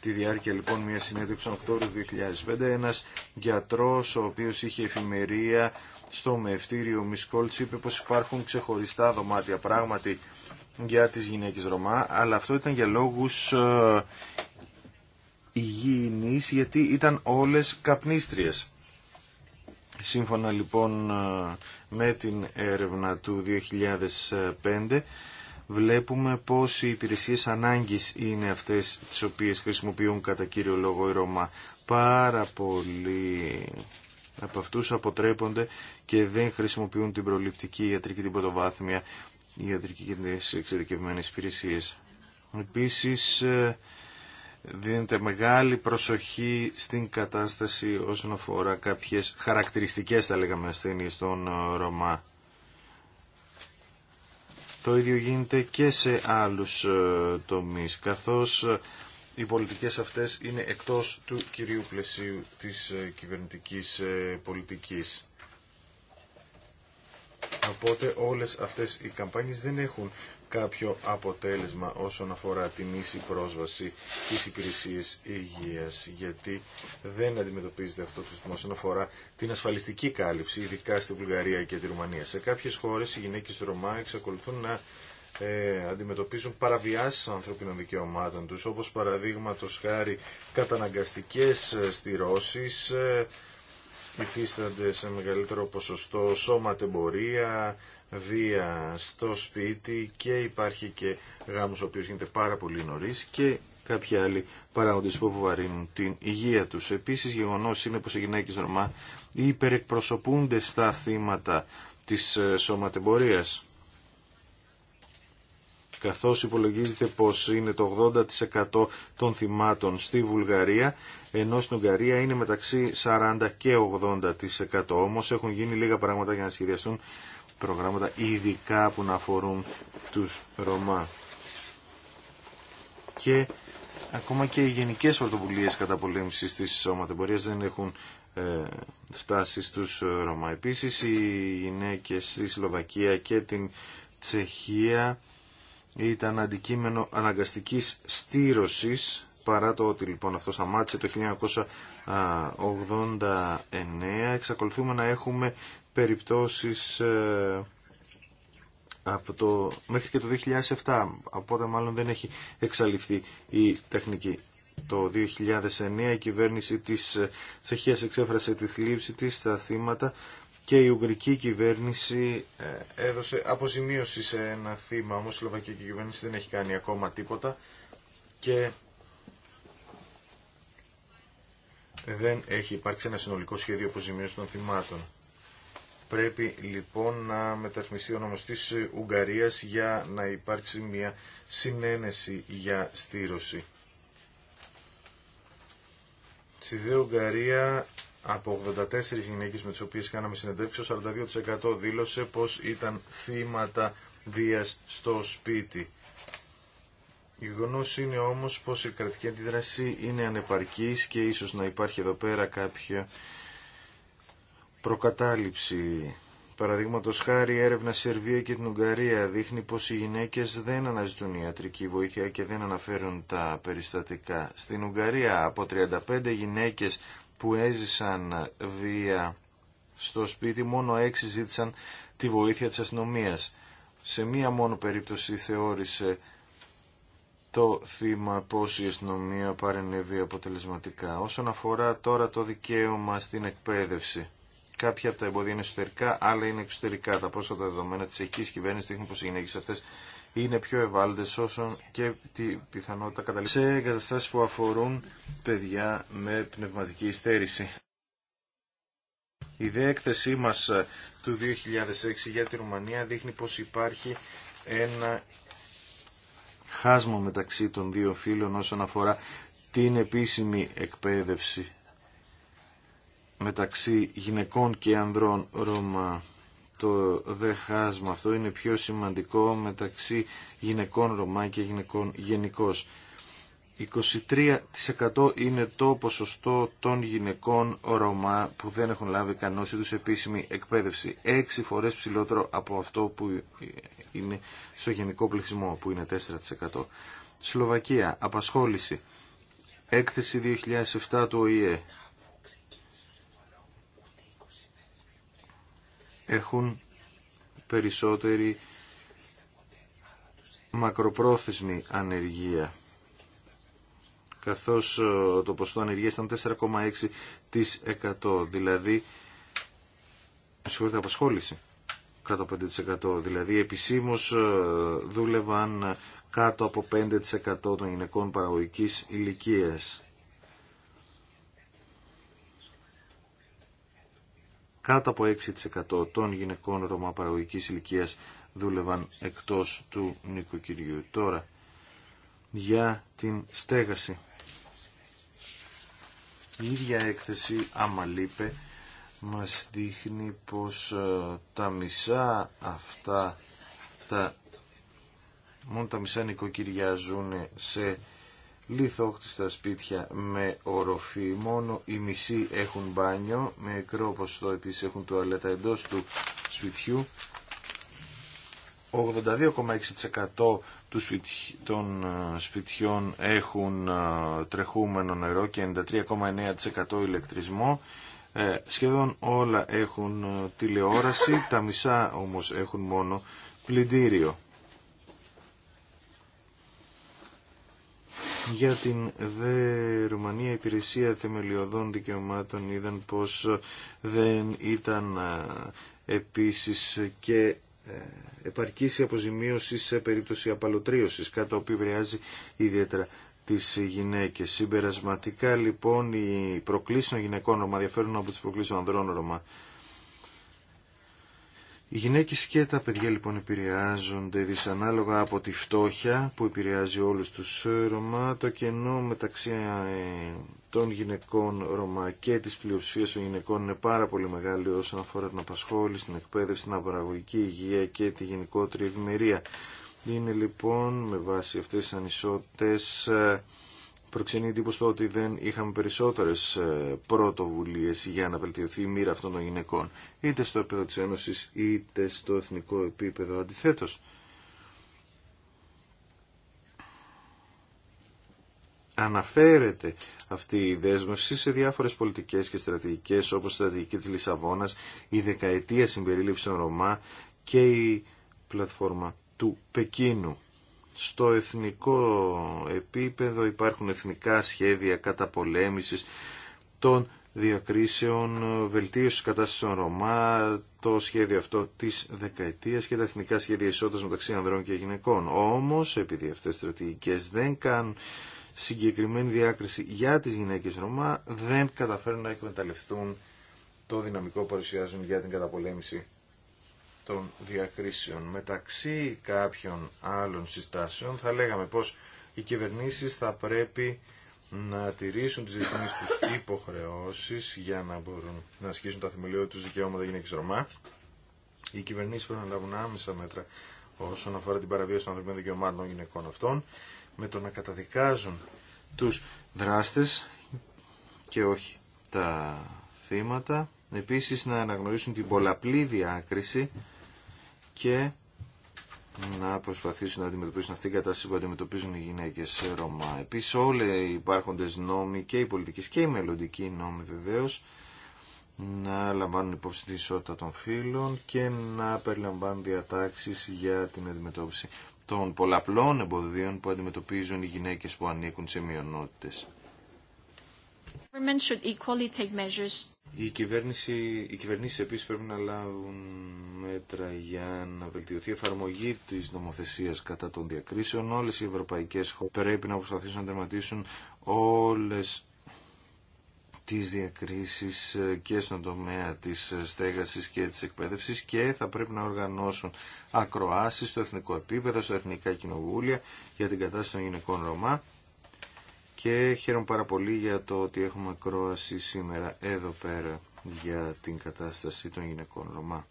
τη διάρκεια λοιπόν μια συνέντευξη του Οκτώβριο 2005 ένας γιατρός ο οποίος είχε εφημερία στο μευτήριο Μισκόλτς είπε πως υπάρχουν ξεχωριστά δωμάτια πράγματι για τις γυναίκες Ρωμά αλλά αυτό ήταν για λόγους ε, υγιεινής γιατί ήταν όλες καπνίστριες. Σύμφωνα λοιπόν ε, με την έρευνα του 2005 βλέπουμε πως οι υπηρεσίε ανάγκης είναι αυτές τις οποίες χρησιμοποιούν κατά κύριο λόγο οι Ρωμά. Πάρα πολλοί από αυτούς αποτρέπονται και δεν χρησιμοποιούν την προληπτική ιατρική, την πρωτοβάθμια ιατρική και τις εξειδικευμένες υπηρεσίες. Επίσης ε, δίνεται μεγάλη προσοχή στην κατάσταση όσον αφορά κάποιες χαρακτηριστικές θα λέγαμε ασθένειες των ε, Ρωμά. Το ίδιο γίνεται και σε άλλους ε, τομείς, καθώς ε, οι πολιτικές αυτές είναι εκτός του κυρίου πλαισίου της κυβερνητικής πολιτικής. Οπότε όλες αυτές οι καμπάνιες δεν έχουν κάποιο αποτέλεσμα όσον αφορά την ίση πρόσβαση τη υπηρεσία υγείας, γιατί δεν αντιμετωπίζεται αυτό το ζήτημα όσον αφορά την ασφαλιστική κάλυψη, ειδικά στη Βουλγαρία και τη Ρουμανία. Σε κάποιες χώρες οι γυναίκες Ρωμά εξακολουθούν να ε, αντιμετωπίζουν παραβιάσεις ανθρωπίνων δικαιωμάτων τους, όπως παραδείγματο χάρη καταναγκαστικές στηρώσει ε, υφίστανται σε μεγαλύτερο ποσοστό σώματεμπορία, βία στο σπίτι και υπάρχει και γάμος ο οποίος γίνεται πάρα πολύ νωρίς και κάποιοι άλλοι παράγοντες που αποβαρύνουν την υγεία τους. Επίσης γεγονός είναι πως οι γυναίκες Ρωμά υπερεκπροσωπούνται στα θύματα της ε, σωματεμπορίας καθώς υπολογίζεται πως είναι το 80% των θυμάτων στη Βουλγαρία, ενώ στην Ουγγαρία είναι μεταξύ 40 και 80%. Όμως έχουν γίνει λίγα πράγματα για να σχεδιαστούν προγράμματα ειδικά που να αφορούν τους Ρωμά. Και ακόμα και οι γενικές πρωτοβουλίες καταπολέμησης της σώματεμπορίας δεν έχουν ε, φτάσει στους Ρωμά. Επίσης οι γυναίκες στη Σλοβακία και την Τσεχία ήταν αντικείμενο αναγκαστικής στήρωσης παρά το ότι λοιπόν αυτό σταμάτησε το 1989 εξακολουθούμε να έχουμε περιπτώσεις ε, από το, μέχρι και το 2007, από όταν μάλλον δεν έχει εξαλειφθεί η τεχνική. Το 2009 η κυβέρνηση της ε, Τσεχίας εξέφρασε τη θλίψη της στα θύματα και η Ουγγρική κυβέρνηση ε, έδωσε αποζημίωση σε ένα θύμα, όμως η Σλοβακική κυβέρνηση δεν έχει κάνει ακόμα τίποτα και δεν έχει υπάρξει ένα συνολικό σχέδιο αποζημίωση των θυμάτων. Πρέπει λοιπόν να μεταρρυθμιστεί ο νόμος της Ουγγαρίας για να υπάρξει μια συνένεση για στήρωση. Στη δε Ουγγαρία από 84 γυναίκες με τις οποίες κάναμε συνεντεύξεις, ο 42% δήλωσε πως ήταν θύματα βίας στο σπίτι. Η γνώση είναι όμως πως η κρατική αντίδραση είναι ανεπαρκής και ίσως να υπάρχει εδώ πέρα κάποια προκατάληψη. Παραδείγματο χάρη έρευνα Σερβία και την Ουγγαρία δείχνει πω οι γυναίκε δεν αναζητούν ιατρική βοήθεια και δεν αναφέρουν τα περιστατικά. Στην Ουγγαρία από 35 γυναίκε που έζησαν βία στο σπίτι μόνο 6 ζήτησαν τη βοήθεια τη αστυνομία. Σε μία μόνο περίπτωση θεώρησε το θύμα πώς η αστυνομία παρενεύει αποτελεσματικά. Όσον αφορά τώρα το δικαίωμα στην εκπαίδευση. Κάποια από τα εμπόδια είναι εσωτερικά, άλλα είναι εξωτερικά. Τα πρόσφατα δεδομένα τη εκεί κυβέρνηση δείχνουν πω οι γυναίκε αυτέ είναι πιο ευάλωτε όσον και τη πιθανότητα καταλήξη σε εγκαταστάσει που αφορούν παιδιά με πνευματική υστέρηση. Η δε έκθεσή μα ε, του 2006 για τη Ρουμανία δείχνει πω υπάρχει ένα χάσμα μεταξύ των δύο φίλων όσον αφορά την επίσημη εκπαίδευση μεταξύ γυναικών και ανδρών Ρωμά. Το δε χάσμα αυτό είναι πιο σημαντικό μεταξύ γυναικών Ρωμά και γυναικών γενικώ. 23% είναι το ποσοστό των γυναικών Ρωμά που δεν έχουν λάβει κανόση τους επίσημη εκπαίδευση. Έξι φορές ψηλότερο από αυτό που είναι στο γενικό πληθυσμό που είναι 4%. Σλοβακία, απασχόληση. Έκθεση 2007 του ΟΗΕ. έχουν περισσότερη μακροπρόθεσμη ανεργία καθώς ε, το ποσοστό ανεργίας ήταν 4,6% δηλαδή συγχωρείτε απασχόληση κάτω από 5% δηλαδή επισήμως ε, δούλευαν κάτω από 5% των γυναικών παραγωγικής ηλικίας κάτω από 6% των γυναικών Ρωμά παραγωγικής ηλικία δούλευαν εκτός του νοικοκυριού. Τώρα, για την στέγαση. Η ίδια έκθεση, άμα λείπε, μας δείχνει πως ε, τα μισά αυτά, τα, μόνο τα μισά νοικοκυριά ζουν σε λιθόχτιστα σπίτια με οροφή. Μόνο οι μισοί έχουν μπάνιο, με μικρό ποσοστό επίσης έχουν τουαλέτα εντός του σπιτιού. 82,6% των ε, σπιτιών έχουν ε, τρεχούμενο νερό και 93,9% ηλεκτρισμό. Ε, σχεδόν όλα έχουν τηλεόραση, τα μισά όμως έχουν μόνο πλυντήριο. Για την δε Ρουμανία, υπηρεσία θεμελιωδών δικαιωμάτων είδαν πως δεν ήταν επίσης και ε, επαρκής η αποζημίωση σε περίπτωση απαλωτρίωσης, κάτι το οποίο ιδιαίτερα τις γυναίκες. Συμπερασματικά λοιπόν οι προκλήσεις των γυναικών Ρωμα διαφέρουν από τις προκλήσεις των ανδρών Ρωμα. Οι γυναίκε και τα παιδιά λοιπόν επηρεάζονται δυσανάλογα από τη φτώχεια που επηρεάζει όλους τους Ρωμά. Το κενό μεταξύ ε, των γυναικών Ρωμά και της πλειοψηφίας των γυναικών είναι πάρα πολύ μεγάλο όσον αφορά την απασχόληση, την εκπαίδευση, την αγοραγωγική υγεία και τη γενικότερη ευημερία. Είναι λοιπόν με βάση αυτές τις ανισότητες ε, προξενεί εντύπωση το ότι δεν είχαμε περισσότερες ε, πρωτοβουλίε για να βελτιωθεί η μοίρα αυτών των γυναικών, είτε στο επίπεδο τη Ένωση, είτε στο εθνικό επίπεδο αντιθέτω. αναφέρεται αυτή η δέσμευση σε διάφορες πολιτικές και στρατηγικές όπως η στρατηγική της Λισαβόνας, η δεκαετία συμπερίληψη των Ρωμά και η πλατφόρμα του Πεκίνου. Στο εθνικό επίπεδο υπάρχουν εθνικά σχέδια καταπολέμησης των διακρίσεων, βελτίωση κατάστασης των Ρωμά, το σχέδιο αυτό της δεκαετίας και τα εθνικά σχέδια ισότητας μεταξύ ανδρών και γυναικών. Όμως, επειδή αυτές οι στρατηγικές δεν κάνουν συγκεκριμένη διάκριση για τις γυναίκες Ρωμά, δεν καταφέρουν να εκμεταλλευτούν το δυναμικό που παρουσιάζουν για την καταπολέμηση των διακρίσεων. Μεταξύ κάποιων άλλων συστάσεων θα λέγαμε πως οι κυβερνήσεις θα πρέπει να τηρήσουν τις διεθνείς τους υποχρεώσεις για να μπορούν να ασκήσουν τα θεμελιώδη τους δικαιώματα γυναίκες Ρωμά. Οι κυβερνήσεις πρέπει να λάβουν άμεσα μέτρα όσον αφορά την παραβίαση των ανθρωπίνων δικαιωμάτων των γυναικών αυτών με το να καταδικάζουν τους δράστες και όχι τα θύματα. Επίσης να αναγνωρίσουν την πολλαπλή διάκριση και να προσπαθήσουν να αντιμετωπίσουν αυτή την κατάσταση που αντιμετωπίζουν οι γυναίκες Ρωμά. Επίσης όλοι οι υπάρχοντες νόμοι και οι πολιτικοί και οι μελλοντικοί νόμοι βεβαίω, να λαμβάνουν υπόψη την ισότητα των φύλων και να περιλαμβάνουν διατάξεις για την αντιμετώπιση των πολλαπλών εμποδίων που αντιμετωπίζουν οι γυναίκε που ανήκουν σε μειονότητε. Η κυβέρνηση, οι κυβερνήσει επίση πρέπει να λάβουν μέτρα για να βελτιωθεί η εφαρμογή της νομοθεσία κατά των διακρίσεων. Όλες οι ευρωπαϊκές χώρες πρέπει να προσπαθήσουν να τερματίσουν όλες τις διακρίσει και στον τομέα της στέγασης και της εκπαίδευση. και θα πρέπει να οργανώσουν ακροάσεις στο εθνικό επίπεδο, στα εθνικά κοινοβούλια για την κατάσταση των γυναικών Ρωμά και χαίρομαι πάρα πολύ για το ότι έχουμε ακρόαση σήμερα εδώ πέρα για την κατάσταση των γυναικών Ρωμά.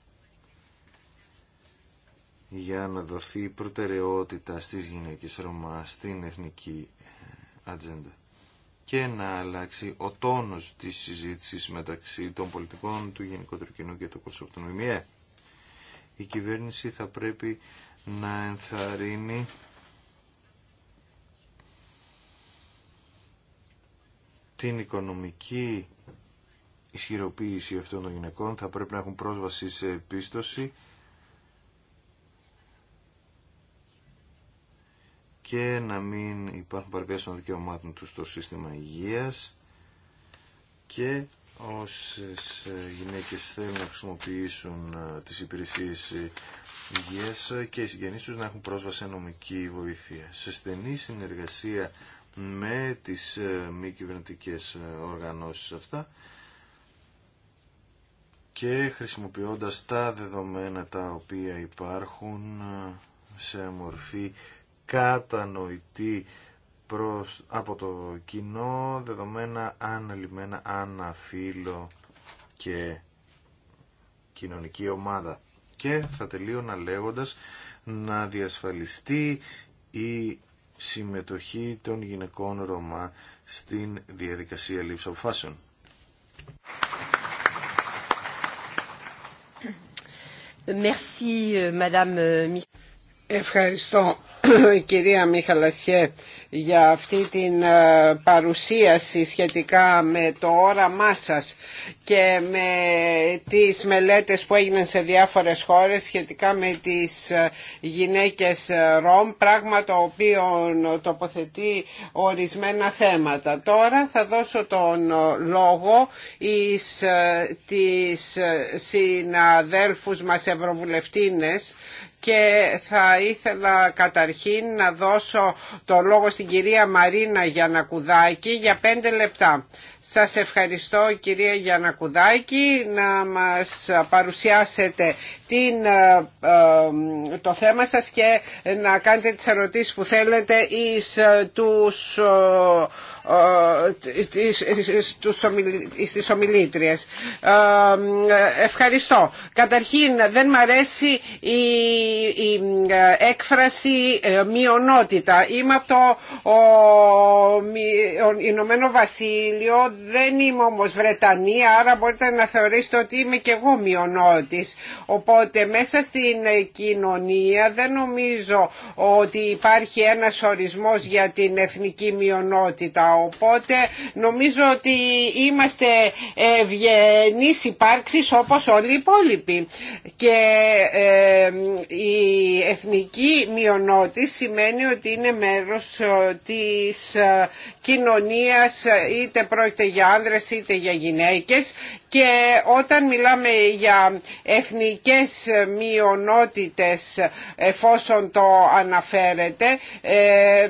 Για να δοθεί προτεραιότητα στις γυναίκες Ρωμά στην εθνική ε, ατζέντα και να αλλάξει ο τόνος της συζήτησης μεταξύ των πολιτικών του Γενικότερου Κοινού και του Κορσόπου Η κυβέρνηση θα πρέπει να ενθαρρύνει την οικονομική ισχυροποίηση αυτών των γυναικών θα πρέπει να έχουν πρόσβαση σε επίστοση και να μην υπάρχουν παραβιάσεις των δικαιωμάτων τους στο σύστημα υγείας και όσες ε, γυναίκες θέλουν να χρησιμοποιήσουν ε, τις υπηρεσίες υγείας ε, και οι συγγενείς τους να έχουν πρόσβαση σε νομική βοήθεια. Σε στενή συνεργασία με τις ε, μη κυβερνητικέ ε, οργανώσεις αυτά και χρησιμοποιώντας τα δεδομένα τα οποία υπάρχουν ε, σε μορφή κατανοητή προς, από το κοινό, δεδομένα αναλυμένα αναφύλλο και κοινωνική ομάδα. Και θα τελείωνα λέγοντας να διασφαλιστεί η συμμετοχή των γυναικών Ρωμά στην διαδικασία λήψη αποφάσεων. Merci, euh, Ευχαριστώ κυρία Μιχαλασιέ για αυτή την ε, παρουσίαση σχετικά με το όραμά σας και με τις μελέτες που έγιναν σε διάφορες χώρες σχετικά με τις ε, γυναίκες ε, ΡΟΜ, πράγμα το οποίο τοποθετεί ορισμένα θέματα. Τώρα θα δώσω τον λόγο εις τις συναδέλφους μας ευρωβουλευτίνες και θα ήθελα καταρχήν να δώσω το λόγο στην κυρία Μαρίνα Γιανακουδάκη για πέντε λεπτά. Σας ευχαριστώ κυρία Γιανακουδάκη να μας παρουσιάσετε την, ε, ε, το θέμα σας και να κάνετε τις ερωτήσεις που θέλετε εις ε, τους στις ομιλήτριες. Ευχαριστώ. Καταρχήν δεν μ' αρέσει η ε, έκφραση ε, μειονότητα. Είμαι από το Ηνωμένο Βασίλειο, δεν είμαι όμως Βρετανία, άρα μπορείτε να θεωρήσετε ότι είμαι και εγώ μειονότης. Οπότε μέσα στην ε, κοινωνία δεν νομίζω ότι υπάρχει ένας ορισμός για την εθνική μειονότητα Οπότε νομίζω ότι είμαστε ευγένει υπάρξεις όπως όλοι οι υπόλοιποι. Και ε, η εθνική μειονότη σημαίνει ότι είναι μέρος ε, της ε, κοινωνίας είτε πρόκειται για άνδρες είτε για γυναίκες και όταν μιλάμε για εθνικές μειονότητες εφόσον το αναφέρετε ε,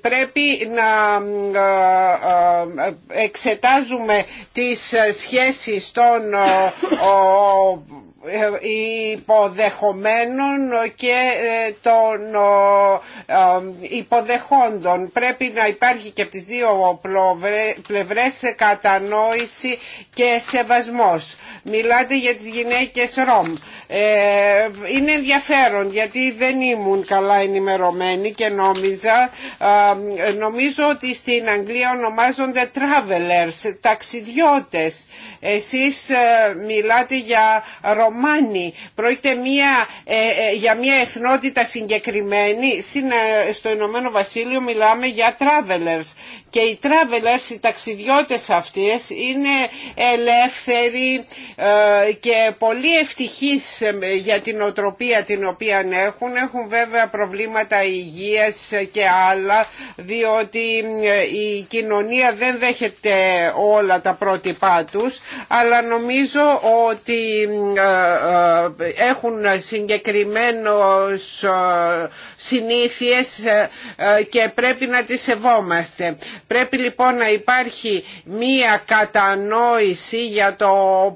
πρέπει να ε, ε, εξετάζουμε τις σχέσεις των ε, υποδεχομένων και ε, των ε, υποδεχόντων. Πρέπει να υπάρχει και από τις δύο πλευρές κατανόηση και σεβασμός. Μιλάτε για τις γυναίκες Ρομ. Είναι ενδιαφέρον γιατί δεν ήμουν καλά ενημερωμένη και νόμιζα νομίζω ότι στην Αγγλία ονομάζονται travelers, ταξιδιώτες. Εσείς μιλάτε για Ρομ Ρωμάνοι, πρόκειται μια, ε, ε, για μια εθνότητα συγκεκριμένη, ε, στο Ηνωμένο Βασίλειο μιλάμε για travelers και οι travelers, οι ταξιδιώτες αυτές είναι ελεύθεροι ε, και πολύ ευτυχείς ε, για την οτροπία την οποία έχουν. Έχουν βέβαια προβλήματα υγείας και άλλα διότι ε, η κοινωνία δεν δέχεται όλα τα πρότυπά τους αλλά νομίζω ότι έχουν συγκεκριμένους συνήθειες και πρέπει να τις σεβόμαστε. Πρέπει λοιπόν να υπάρχει μία κατανόηση για το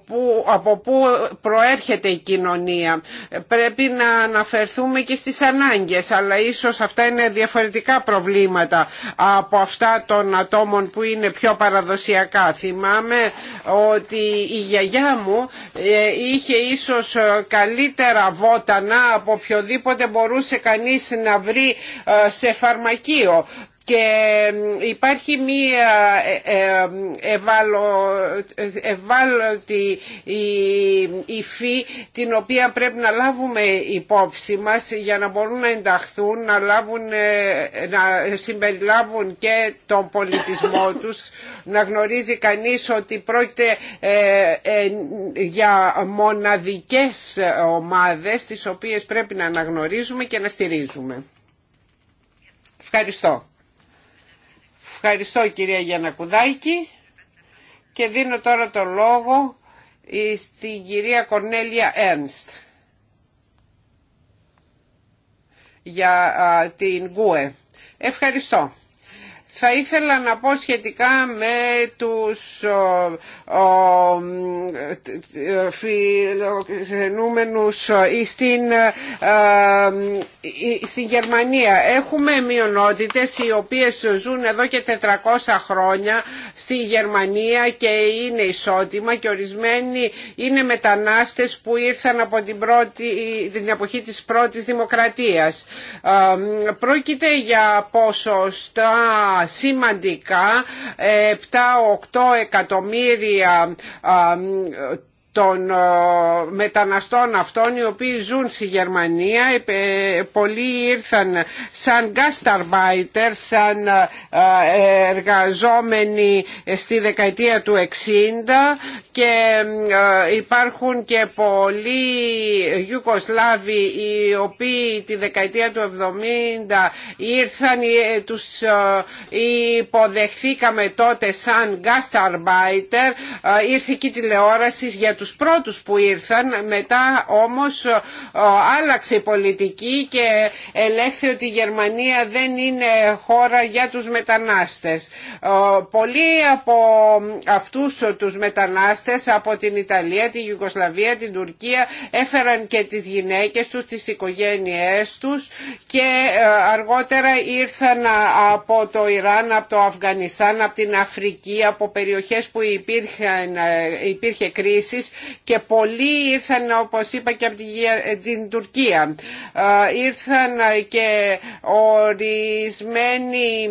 που, από πού προέρχεται η κοινωνία. Πρέπει να αναφερθούμε και στις ανάγκες, αλλά ίσως αυτά είναι διαφορετικά προβλήματα από αυτά των ατόμων που είναι πιο παραδοσιακά. Θυμάμαι ότι η γιαγιά μου ε, είχε ίσως καλύτερα βότανα από οποιοδήποτε μπορούσε κανείς να βρει ε, σε φαρμακείο και υπάρχει μία ε, ε, ευάλωτη υφή την οποία πρέπει να λάβουμε υπόψη μας για να μπορούν να ενταχθούν, να, λάβουν, ε, να συμπεριλάβουν και τον πολιτισμό τους, να γνωρίζει κανείς ότι πρόκειται για μοναδικές ομάδες τις οποίες πρέπει να αναγνωρίζουμε και να στηρίζουμε. Ευχαριστώ. Ευχαριστώ κυρία Γιανακουδάκη και δίνω τώρα το λόγο ε, στην κυρία Κορνέλια Ένστ για την ΚΟΕ. Ευχαριστώ. Θα ήθελα να πω σχετικά με τους φιλοξενούμενους στην, ε, ε, ε, στην Γερμανία. Έχουμε μειονότητες οι οποίες ζουν εδώ και 400 χρόνια στη Γερμανία και είναι ισότιμα και ορισμένοι είναι μετανάστες που ήρθαν από την, πρώτη, την εποχή της πρώτης δημοκρατίας. Πρόκειται για ποσοστά σημαντικά 7-8 εκατομμύρια των ε, μεταναστών αυτών οι οποίοι ζουν στη Γερμανία ε, ε, πολλοί ήρθαν σαν γκάσταρμπάιτερ σαν εργαζόμενοι στη δεκαετία του 60 και υπάρχουν και πολλοί Ιουκοσλάβοι οι οποίοι τη δεκαετία του 70 ήρθαν τους υποδεχθήκαμε τότε σαν γκάσταρμπάιτερ ήρθε και η τηλεόραση για τους τους πρώτους που ήρθαν, μετά όμως άλλαξε η πολιτική και ελέγχθη ότι η Γερμανία δεν είναι χώρα για τους μετανάστες. Πολλοί από αυτούς τους μετανάστες από την Ιταλία, την Ιουγκοσλαβία, την Τουρκία έφεραν και τις γυναίκες τους, τις οικογένειές τους και ε, αργότερα ήρθαν από το Ιράν, από το Αφγανιστάν, από την Αφρική, από περιοχές που υπήρχε, υπήρχε κρίση και πολλοί ήρθαν όπως είπα και από την Τουρκία. Ε, ήρθαν και ορισμένοι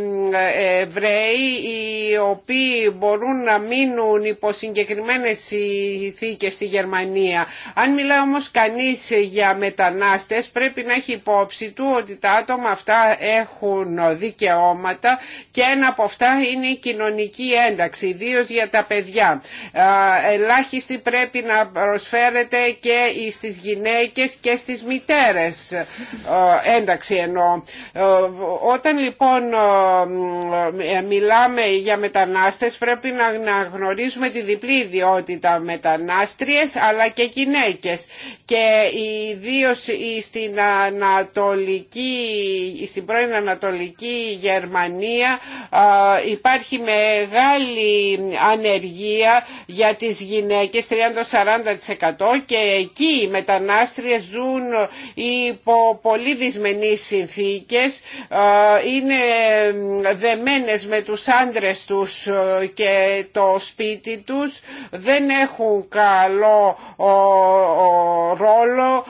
ε, Εβραίοι οι οποίοι μπορούν να μείνουν υπό συγκεκριμένες συνθήκε στη Γερμανία. Αν μιλά όμως κανείς για μετανάστες πρέπει να έχει υπόψη του ότι τα άτομα αυτά έχουν δικαιώματα και ένα από αυτά είναι η κοινωνική ένταξη, ιδίω για τα παιδιά. Ε, ελάχιστοι πρέπει πρέπει να προσφέρεται και στις γυναίκες και στις μητέρες ε, ένταξη ενώ ε, όταν λοιπόν ε, μιλάμε για μετανάστες πρέπει να γνωρίζουμε τη διπλή ιδιότητα μετανάστριες αλλά και γυναίκες και ιδίω στην Ανατολική στην πρώην Ανατολική Γερμανία υπάρχει μεγάλη ανεργία για τις γυναίκες το 40% και εκεί οι μετανάστριες ζουν υπό πολύ δυσμενείς συνθήκες, είναι δεμένες με τους άντρες τους και το σπίτι τους, δεν έχουν καλό ρόλο,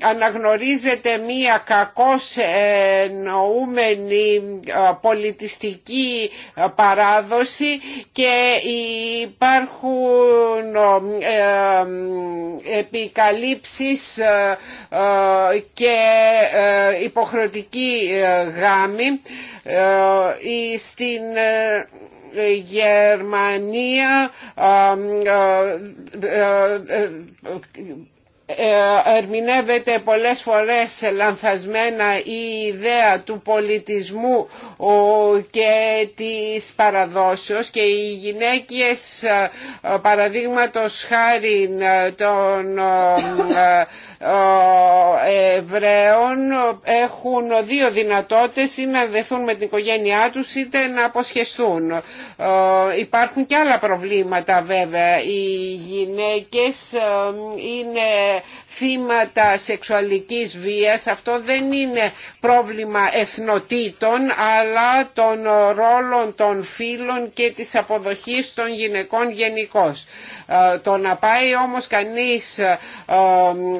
αναγνωρίζεται μία κακώς εννοούμενη πολιτιστική παράδοση και υπάρχουν επικαλύψεις και υποχρεωτική γάμη στην Γερμανία ε, ερμηνεύεται πολλές φορές λανθασμένα η ιδέα του πολιτισμού και της παραδόσεως και οι γυναίκες ε, παραδείγματος χάρη ε, των Εβραίων έχουν δύο δυνατότητες ή να δεθούν με την οικογένειά τους είτε να αποσχεστούν. Υπάρχουν και άλλα προβλήματα βέβαια. Οι γυναίκες ε, είναι θύματα σεξουαλικής βίας. Αυτό δεν είναι πρόβλημα εθνοτήτων αλλά των ρόλων των φίλων και της αποδοχής των γυναικών γενικώ. Ε, το να πάει όμως κανείς ε,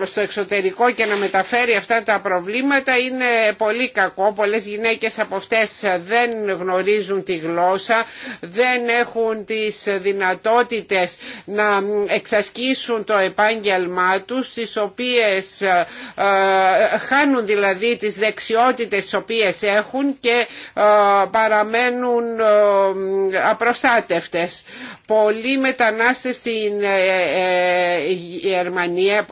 στο εξωτερικό και να μεταφέρει αυτά τα προβλήματα είναι πολύ κακό. Πολλές γυναίκες από αυτές δεν γνωρίζουν τη γλώσσα, δεν έχουν τις δυνατότητες να εξασκήσουν το επάγγελμά τους, οποίες ε, ε, χάνουν δηλαδή τις δεξιότητες τις οποίες έχουν και ε, παραμένουν απροστάτευτες. Πολλοί μετανάστες στην Γερμανία,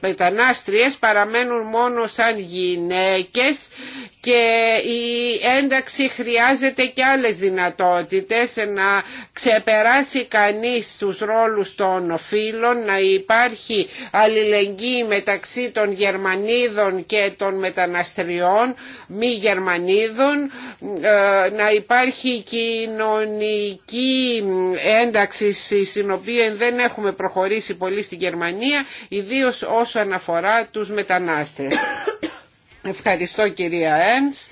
μετανάστριες παραμένουν μόνο σαν γυναίκες και η ένταξη χρειάζεται και άλλες δυνατότητες να ξεπεράσει κανείς τους ρόλους των φίλων, να υπάρχει αλληλεγγύη μεταξύ των Γερμανίδων και των μεταναστριών, μη Γερμανίδων, ε, να υπάρχει κοινωνική ένταξη στην οποία δεν έχουμε προχωρήσει πολύ στην Γερμανία, ιδίως όσον αναφορά τους μετανάστες. Ευχαριστώ κυρία Ένστ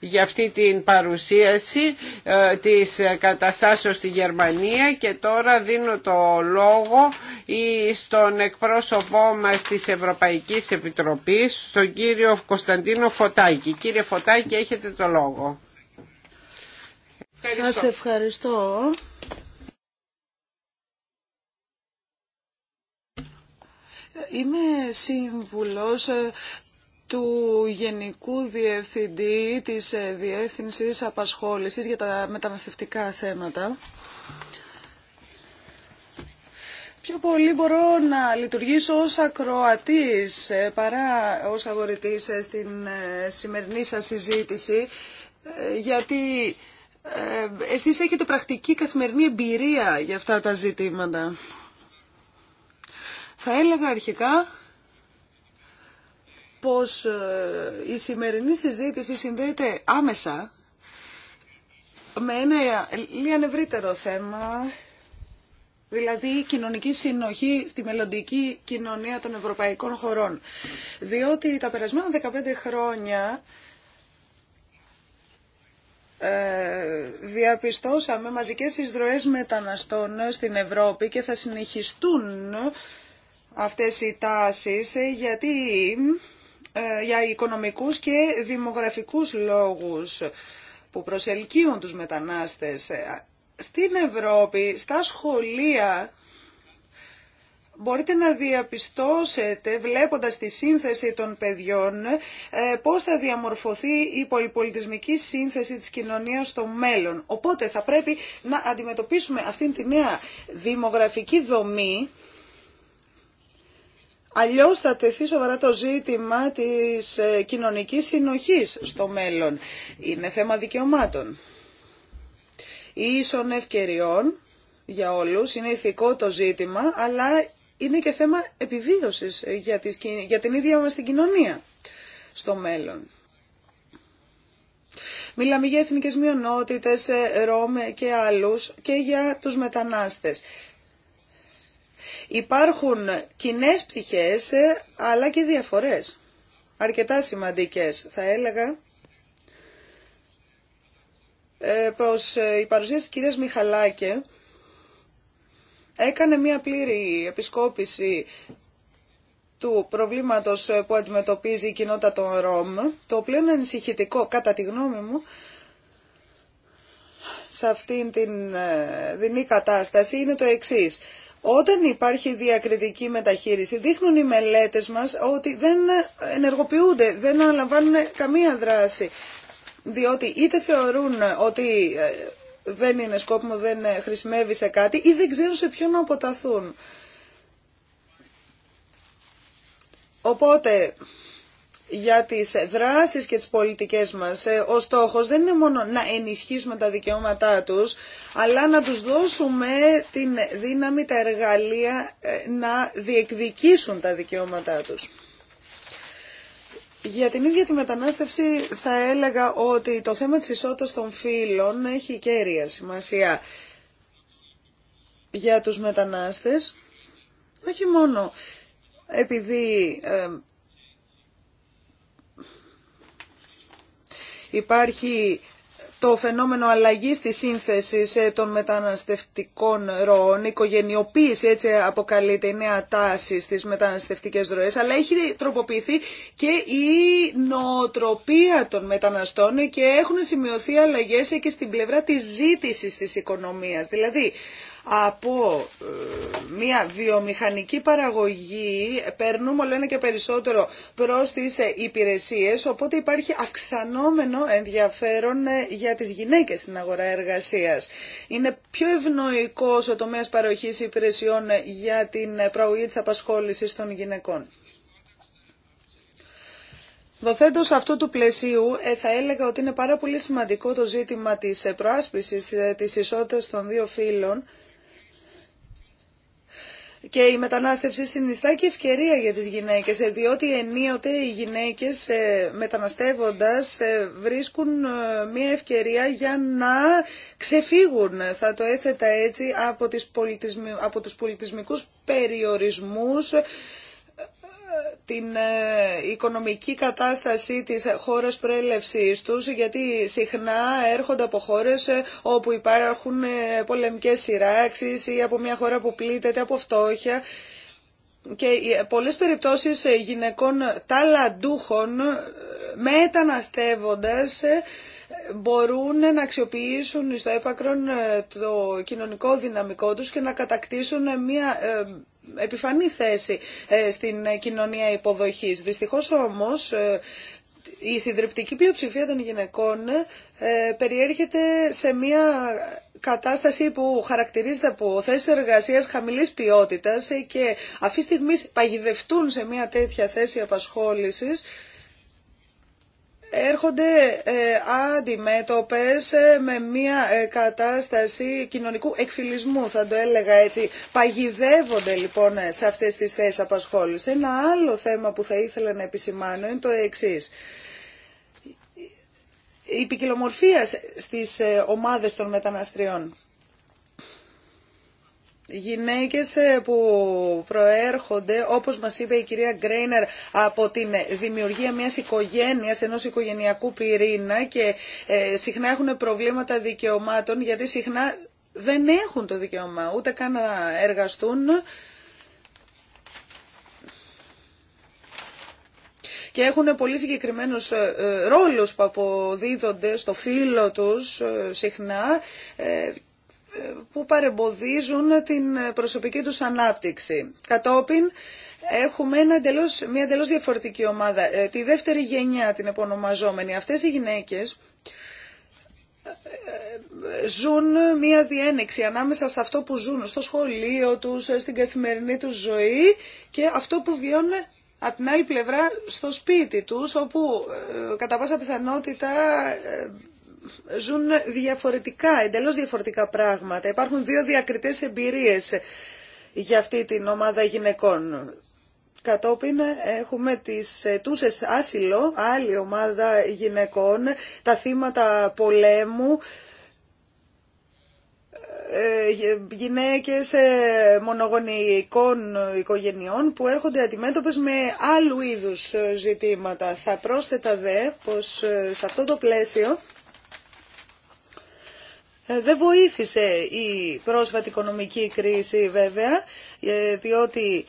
για αυτή την παρουσίαση ε, της καταστάσεως στη Γερμανία και τώρα δίνω το λόγο στον εκπρόσωπό μας της Ευρωπαϊκής Επιτροπής, τον κύριο Κωνσταντίνο Φωτάκη. Κύριε Φωτάκη, έχετε το λόγο. Ευχαριστώ. Σας ευχαριστώ. Είμαι σύμβουλος ε, του Γενικού Διευθυντή της ε, Διεύθυνσης Απασχόλησης για τα μεταναστευτικά θέματα. Πιο πολύ μπορώ να λειτουργήσω ως ακροατής ε, παρά ως αγορητής ε, στην σημερινή σας συζήτηση, γιατί εσείς έχετε πρακτική καθημερινή εμπειρία για αυτά τα ζητήματα. Θα έλεγα αρχικά πως ε, η σημερινή συζήτηση συνδέεται άμεσα με ένα λίγα ευρύτερο θέμα, δηλαδή η κοινωνική συνοχή στη μελλοντική κοινωνία των ευρωπαϊκών χωρών. Διότι τα περασμένα 15 χρόνια ε, διαπιστώσαμε μαζικές εισδροές μεταναστών στην Ευρώπη και θα συνεχιστούν αυτές οι τάσεις γιατί ε, για οικονομικούς και δημογραφικούς λόγους που προσελκύουν τους μετανάστες. Ε, στην Ευρώπη, στα σχολεία, μπορείτε να διαπιστώσετε βλέποντας τη σύνθεση των παιδιών ε, πώς θα διαμορφωθεί η πολυπολιτισμική σύνθεση της κοινωνίας στο μέλλον. Οπότε θα πρέπει να αντιμετωπίσουμε αυτήν τη νέα δημογραφική δομή Αλλιώς θα τεθεί σοβαρά το ζήτημα της ε, κοινωνικής συνοχής στο μέλλον. Είναι θέμα δικαιωμάτων. Ίσων ευκαιριών για όλους, είναι ηθικό το ζήτημα, αλλά είναι και θέμα επιβίωσης για την ίδια μας την κοινωνία στο μέλλον. Μιλάμε για εθνικές μειονότητες, ε, Ρώμε και άλλους και για τους μετανάστες. Υπάρχουν κοινέ πτυχές ε, αλλά και διαφορές. Αρκετά σημαντικές θα έλεγα ε, προς ε, η παρουσία της κυρίας Μιχαλάκη έκανε μια πλήρη επισκόπηση του προβλήματος που αντιμετωπίζει η κοινότητα των ΡΟΜ, το πλέον ανησυχητικό κατά τη γνώμη μου σε αυτήν την δινή κατάσταση είναι το εξής. Όταν υπάρχει διακριτική μεταχείριση, δείχνουν οι μελέτες μας ότι δεν ενεργοποιούνται, δεν αναλαμβάνουν καμία δράση. Διότι είτε θεωρούν ότι ε, δεν είναι σκόπιμο, δεν ε, χρησιμεύει σε κάτι ή δεν ξέρουν σε ποιον να αποταθούν. Οπότε, για τις δράσεις και τις πολιτικές μας. Ε, ο στόχος δεν είναι μόνο να ενισχύσουμε τα δικαιώματά τους, αλλά να τους δώσουμε την δύναμη, τα εργαλεία ε, να διεκδικήσουν τα δικαιώματά τους. Για την ίδια τη μετανάστευση θα έλεγα ότι το θέμα της ισότητας των φύλων έχει κέρια σημασία για τους μετανάστες, όχι μόνο επειδή ε, Υπάρχει το φαινόμενο αλλαγής της σύνθεσης ε, των μεταναστευτικών ροών, οικογενειοποίηση έτσι αποκαλείται η νέα τάση στις μεταναστευτικές ροές, αλλά έχει τροποποιηθεί και η νοοτροπία των μεταναστών και έχουν σημειωθεί αλλαγές και στην πλευρά της ζήτησης της οικονομίας. Δηλαδή, από ε, μια βιομηχανική παραγωγή περνούμε όλο ένα και περισσότερο προς τις ε, υπηρεσίες, οπότε υπάρχει αυξανόμενο ενδιαφέρον ε, για τις γυναίκες στην αγορά εργασίας. Είναι πιο ευνοϊκός ο τομέας παροχής υπηρεσιών για την προαγωγή της απασχόλησης των γυναικών. Δοθέντως αυτού του πλαισίου θα έλεγα ότι είναι πάρα πολύ σημαντικό το ζήτημα της προάσπισης της ισότητας των δύο φύλων και η μετανάστευση συνιστά και ευκαιρία για τις γυναίκες, ε, διότι ενίοτε οι γυναίκες ε, μεταναστεύοντας ε, βρίσκουν μια ευκαιρία για να ξεφύγουν, θα το έθετα έτσι, από, τις πολιτισμι... από τους πολιτισμικούς περιορισμούς την ε, οικονομική κατάσταση της χώρας προέλευσής τους, γιατί συχνά έρχονται από χώρες ε, όπου υπάρχουν ε, πολεμικές σειράξεις ή από μια χώρα που πλήττεται από φτώχεια και πολλές περιπτώσεις γυναικών ταλαντούχων μεταναστεύοντας μπορούν να αξιοποιήσουν στο έπακρον το κοινωνικό δυναμικό τους και να κατακτήσουν μια επιφανή θέση ε, στην κοινωνία υποδοχής. Δυστυχώς όμως ε, η συντριπτική πλειοψηφία των γυναικών ε, περιέρχεται σε μια κατάσταση που χαρακτηρίζεται από θέσει εργασία χαμηλή ποιότητα και αυτή τη στιγμή παγιδευτούν σε μια τέτοια θέση απασχόλησης έρχονται ε, αντιμέτωπες ε, με μια ε, κατάσταση κοινωνικού εκφυλισμού, θα το έλεγα έτσι. Παγιδεύονται λοιπόν σε αυτές τις θέσεις απασχόλησης. Ένα άλλο θέμα που θα ήθελα να επισημάνω είναι το εξής. Η ποικιλομορφία στις ομάδες των μεταναστριών γυναίκες ε, που προέρχονται, όπως μας είπε η κυρία Γκρέινερ, από την δημιουργία μιας οικογένειας, ενός οικογενειακού πυρήνα και ε, συχνά έχουν προβλήματα δικαιωμάτων, γιατί συχνά δεν έχουν το δικαίωμα ούτε καν να εργαστούν, και έχουν πολύ συγκεκριμένους ε, ρόλους που αποδίδονται στο φίλο τους συχνά που παρεμποδίζουν την προσωπική τους ανάπτυξη. Κατόπιν έχουμε ένα εντελώς, μια εντελώς διαφορετική ομάδα, ε, τη δεύτερη γενιά την επωνομαζόμενη. Αυτές οι γυναίκες ε, ζουν μία διένεξη ανάμεσα σε αυτό που ζουν στο σχολείο τους, ε, στην καθημερινή τους ζωή και αυτό που βιώνουν από την άλλη πλευρά στο σπίτι τους όπου κατά πάσα πιθανότητα ζουν διαφορετικά, εντελώς διαφορετικά πράγματα. Υπάρχουν δύο διακριτές εμπειρίες για αυτή την ομάδα γυναικών. Κατόπιν έχουμε τις τούσες άσυλο, άλλη ομάδα γυναικών, τα θύματα πολέμου, ε, γυναίκες ε, μονογονικών οικογενειών που έρχονται αντιμέτωπες με άλλου είδους ζητήματα. Θα πρόσθετα δε πως ε, σε αυτό το πλαίσιο ε, δεν βοήθησε η πρόσφατη οικονομική κρίση βέβαια, ε, διότι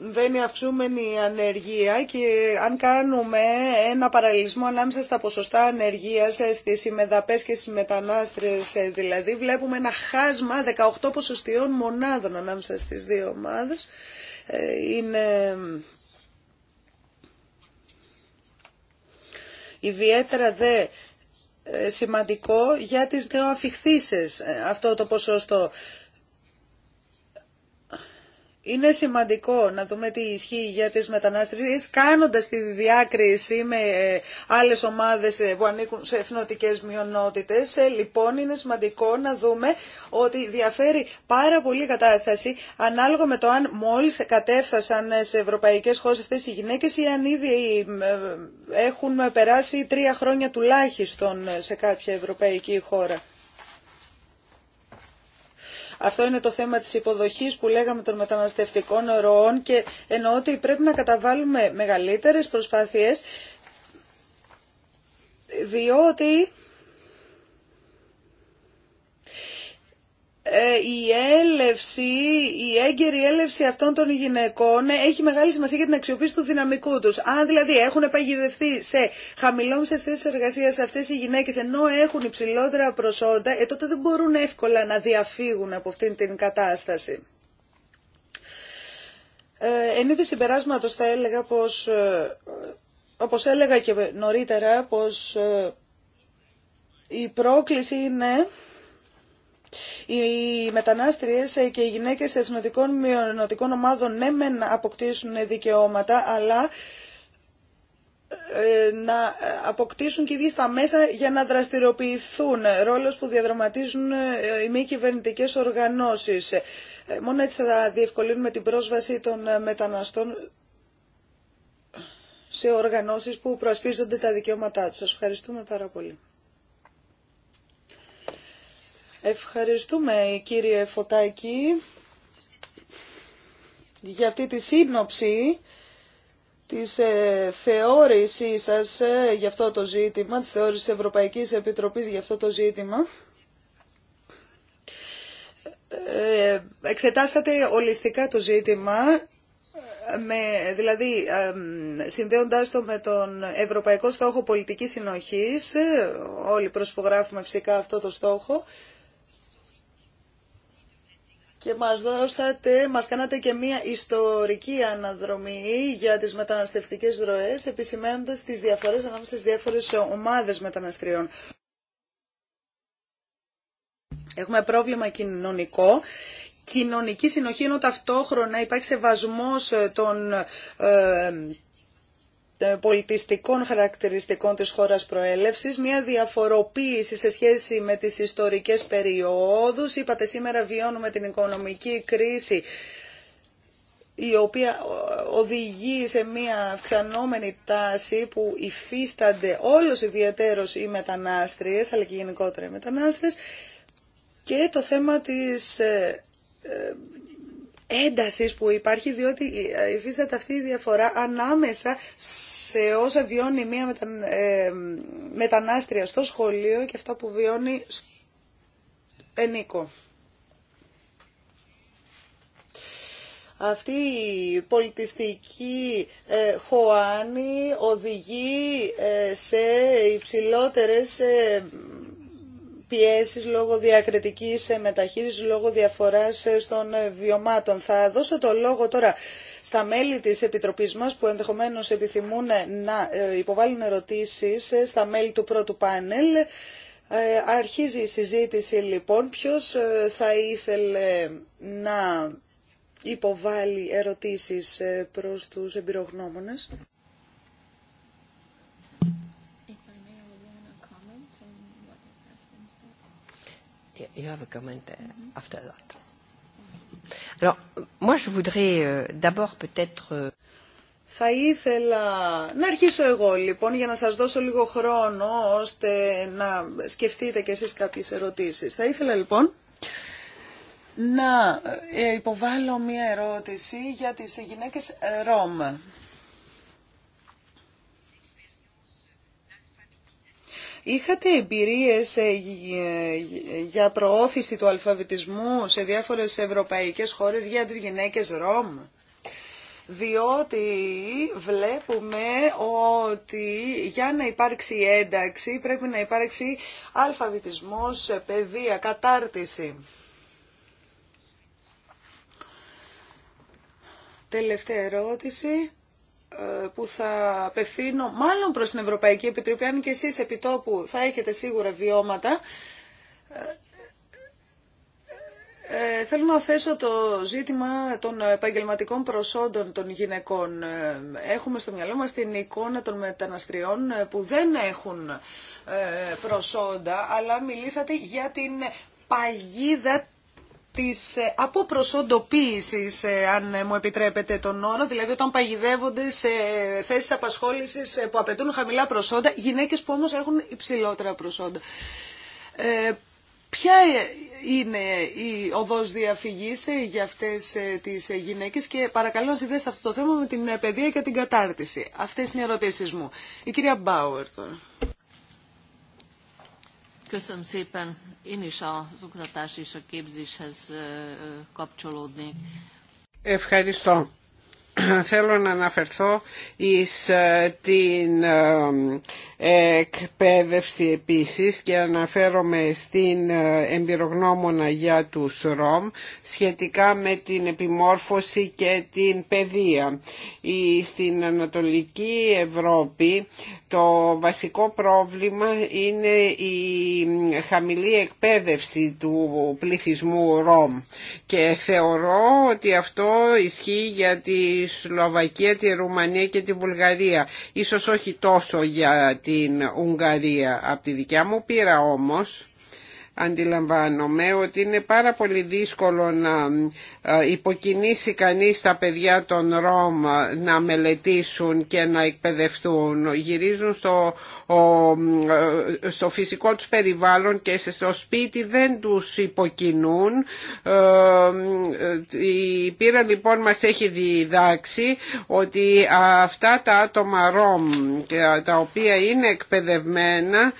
δεν αυξούμενη η ανεργία και αν κάνουμε ένα παραλληλισμό ανάμεσα στα ποσοστά ανεργίας ε, στις συμμεδαπές και στις μετανάστρες δηλαδή βλέπουμε ένα χάσμα 18 ποσοστιών μονάδων ανάμεσα στις δύο ομάδες είναι ιδιαίτερα δε σημαντικό για τις νεοαφιχθήσεις αυτό το ποσοστό. Είναι σημαντικό να δούμε τι ισχύει για τις μετανάστες, κάνοντας τη διάκριση με ε, άλλες ομάδες ε, που ανήκουν σε εθνοτικές μειονότητες. Ε, λοιπόν, είναι σημαντικό να δούμε ότι διαφέρει πάρα πολύ η κατάσταση ανάλογα με το αν μόλις κατέφθασαν σε ευρωπαϊκές χώρες αυτές οι γυναίκες ή αν ήδη έχουν περάσει τρία χρόνια τουλάχιστον σε κάποια ευρωπαϊκή χώρα. Αυτό είναι το θέμα της υποδοχής που λέγαμε των μεταναστευτικών ροών και εννοώ ότι πρέπει να καταβάλουμε μεγαλύτερες προσπάθειες διότι Ε, η έλευση, η έγκαιρη έλευση αυτών των γυναικών έχει μεγάλη σημασία για την αξιοποίηση του δυναμικού τους. Αν δηλαδή έχουν παγιδευτεί σε χαμηλόμισες θέσεις εργασίας αυτές οι γυναίκες ενώ έχουν υψηλότερα προσόντα, ε, τότε δεν μπορούν εύκολα να διαφύγουν από αυτήν την κατάσταση. Ε, εν είδη συμπεράσματος θα έλεγα πως, ε, όπως έλεγα και νωρίτερα, πως ε, η πρόκληση είναι οι μετανάστριες και οι γυναίκες εθνοτικών μειονοτικών ομάδων ναι μεν αποκτήσουν δικαιώματα, αλλά ε, να αποκτήσουν και τα μέσα για να δραστηριοποιηθούν ρόλος που διαδραματίζουν ε, οι μη κυβερνητικέ οργανώσεις. Ε, μόνο έτσι θα διευκολύνουμε την πρόσβαση των μεταναστών σε οργανώσεις που προασπίζονται τα δικαιώματά τους. Σας ευχαριστούμε πάρα πολύ. Ευχαριστούμε κύριε Φωτάκη για αυτή τη σύνοψη της ε, θεώρησής σας ε, για αυτό το ζήτημα, της θεώρησης Ευρωπαϊκής Επιτροπής για αυτό το ζήτημα. Ε, εξετάσατε ολιστικά το ζήτημα, με, δηλαδή συνδέοντάς το με τον Ευρωπαϊκό Στόχο Πολιτικής Συνοχής, ε, όλοι προσπογράφουμε φυσικά αυτό το στόχο, και μας δώσατε, κάνατε και μία ιστορική αναδρομή για τις μεταναστευτικές ροές, επισημένοντα τις διαφορές ανάμεσα στις διάφορες ομάδες μεταναστριών. Έχουμε πρόβλημα κοινωνικό κοινωνική συνοχή ενώ ταυτόχρονα υπάρχει σεβασμός ε, των ε, ε, πολιτιστικών χαρακτηριστικών της χώρας προέλευσης, μια διαφοροποίηση σε σχέση με τις ιστορικές περιόδους. Είπατε σήμερα βιώνουμε την οικονομική κρίση η οποία οδηγεί σε μια αυξανόμενη τάση που υφίστανται όλος ιδιαίτερος οι μετανάστριες, αλλά και γενικότερα οι μετανάστες, και το θέμα της ε, ε, Ένταση που υπάρχει διότι υφίσταται αυτή η διαφορά ανάμεσα σε όσα βιώνει μια μεταν, ε, μετανάστρια στο σχολείο και αυτό που βιώνει ενίκο. Αυτή η πολιτιστική ε, χωάνη οδηγεί ε, σε υψηλότερες ε, πιέσεις λόγω διακριτικής ε, μεταχείρισης, λόγω διαφοράς ε, των ε, βιωμάτων. Θα δώσω το λόγο τώρα στα μέλη της Επιτροπής μας που ενδεχομένως επιθυμούν να υποβάλουν ερωτήσεις στα μέλη του πρώτου πάνελ. Αρχίζει η συζήτηση λοιπόν. Ποιος θα ήθελε να υποβάλει ερωτήσεις προς τους εμπειρογνώμονες. you have a uh, after that. Alors, moi, je voudrais euh, d'abord peut-être... Euh, Θα ήθελα να αρχίσω εγώ λοιπόν για να σας δώσω λίγο χρόνο ώστε να σκεφτείτε κι εσείς κάποιες ερωτήσεις. Θα ήθελα λοιπόν να ε, υποβάλω μία ερώτηση για τις γυναίκες Ρώμα. Είχατε εμπειρίες ε, για προώθηση του αλφαβητισμού σε διάφορες ευρωπαϊκές χώρες για τις γυναίκες Ρώμ διότι βλέπουμε ότι για να υπάρξει ένταξη πρέπει να υπάρξει αλφαβητισμός, ε, παιδεία, κατάρτιση. Τελευταία ερώτηση. Ε, που θα απευθύνω μάλλον προς την Ευρωπαϊκή Επιτροπή, αν και εσείς επιτόπου θα έχετε σίγουρα βιώματα, ε, ε, θέλω να θέσω το ζήτημα των επαγγελματικών προσόντων των γυναικών. Έχουμε στο μυαλό μας την εικόνα των μεταναστριών που δεν έχουν προσόντα, αλλά μιλήσατε για την παγίδα της ε, αποπροσοντοποίησης, ε, αν ε, μου επιτρέπετε τον όρο, δηλαδή όταν παγιδεύονται σε θέσεις απασχόλησης που απαιτούν χαμηλά προσόντα, γυναίκες που όμως έχουν υψηλότερα προσόντα. Ε, ποια είναι η οδός διαφυγής για αυτές τις γυναίκες και παρακαλώ να συνδέσετε αυτό το θέμα με την παιδεία και την κατάρτιση. Αυτές είναι οι ερωτήσεις μου. Η κυρία Μπάουερ τώρα. Ευχαριστώ. Θέλω να αναφερθώ εις ε, την ε, ε, εκπαίδευση επίσης και αναφέρομαι στην εμπειρογνώμονα για τους ΡΟΜ σχετικά με την επιμόρφωση και την παιδεία. Στην Ανατολική Ευρώπη το βασικό πρόβλημα είναι η χαμηλή εκπαίδευση του πληθυσμού ΡΟΜ και θεωρώ ότι αυτό ισχύει για τη Σλοβακία, τη Ρουμανία και τη Βουλγαρία. Ίσως όχι τόσο για την Ουγγαρία. Από τη δικιά μου Πήρα όμως αντιλαμβάνομαι ότι είναι πάρα πολύ δύσκολο να ε, υποκινήσει κανείς τα παιδιά των Ρώμ να μελετήσουν και να εκπαιδευτούν. Γυρίζουν στο, ε, φυσικό τους περιβάλλον και στο σπίτι δεν τους υποκινούν. Ε, η ΠΥΡΑ λοιπόν μας έχει διδάξει ότι αυτά τα άτομα Ρώμ τα οποία είναι εκπαιδευμένα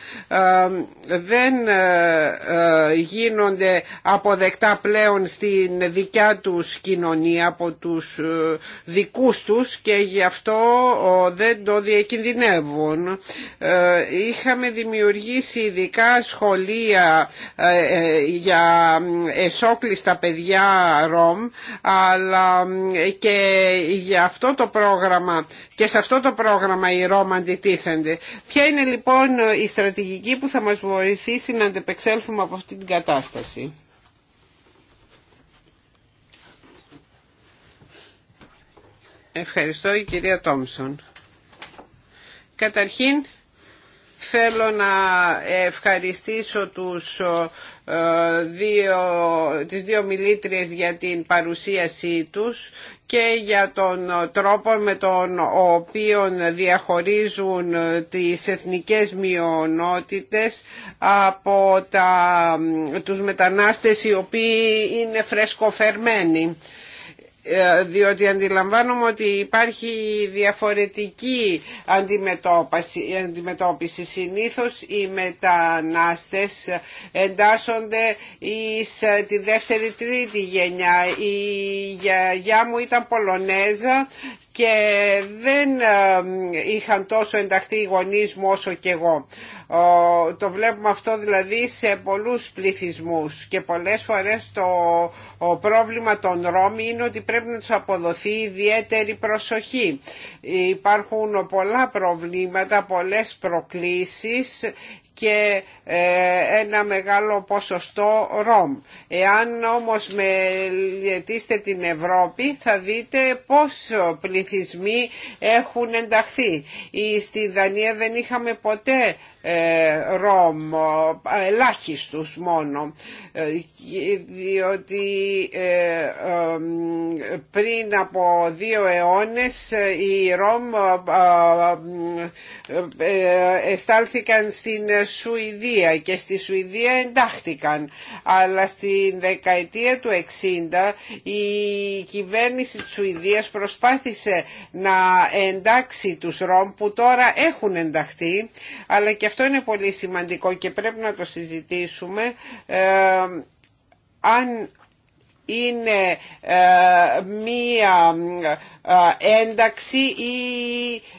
δεν γίνονται αποδεκτά πλέον στην δικιά τους κοινωνία, από τους ε, δικούς τους και γι' αυτό δεν το διακινδυνεύουν. Ε, είχαμε δημιουργήσει ειδικά σχολεία ε, για εσόκλειστα παιδιά ΡΟΜ αλλά και για αυτό το πρόγραμμα και σε αυτό το πρόγραμμα οι ΡΟΜ αντιτίθενται. Ποια είναι λοιπόν η στρατηγική που θα μας βοηθήσει να αντεπεξέλθουμε από αυτή την κατάσταση. Ευχαριστώ η κυρία Τόμσον. Καταρχήν θέλω να ευχαριστήσω τους ε, δύο, τις δύο μιλήτριες για την παρουσίασή τους και για τον τρόπο με τον οποίο διαχωρίζουν τις εθνικές μειονότητες από τα, τους μετανάστες οι οποίοι είναι φρεσκοφερμένοι. Ε, διότι αντιλαμβάνομαι ότι υπάρχει διαφορετική αντιμετώπιση. Συνήθως οι μετανάστες εντάσσονται εις ε, τη δεύτερη τρίτη γενιά. Η γιαγιά μου ήταν Πολωνέζα και δεν είχαν τόσο ενταχθεί οι γονεί μου όσο και εγώ. Το βλέπουμε αυτό δηλαδή σε πολλούς πληθυσμούς και πολλές φορές το πρόβλημα των Ρώμη είναι ότι πρέπει να τους αποδοθεί ιδιαίτερη προσοχή. Υπάρχουν πολλά προβλήματα, πολλές προκλήσεις και ε, ένα μεγάλο ποσοστό ρομ. Εάν όμως μελετήσετε την Ευρώπη θα δείτε πόσο πληθυσμοί έχουν ενταχθεί. Στη Δανία δεν είχαμε ποτέ ε, ρομ ελάχιστους μόνο, ε, διότι ε, πριν από δύο αιώνες οι Ρώμ εστάλθηκαν στην Σουηδία και στη Σουηδία εντάχθηκαν, αλλά στην δεκαετία του 60 η κυβέρνηση της Σουηδίας προσπάθησε να εντάξει τους Ρομ που τώρα έχουν ενταχθεί, αλλά και αυτό είναι πολύ σημαντικό και πρέπει να το συζητήσουμε ε, αν είναι ε, μία ε, ένταξη ή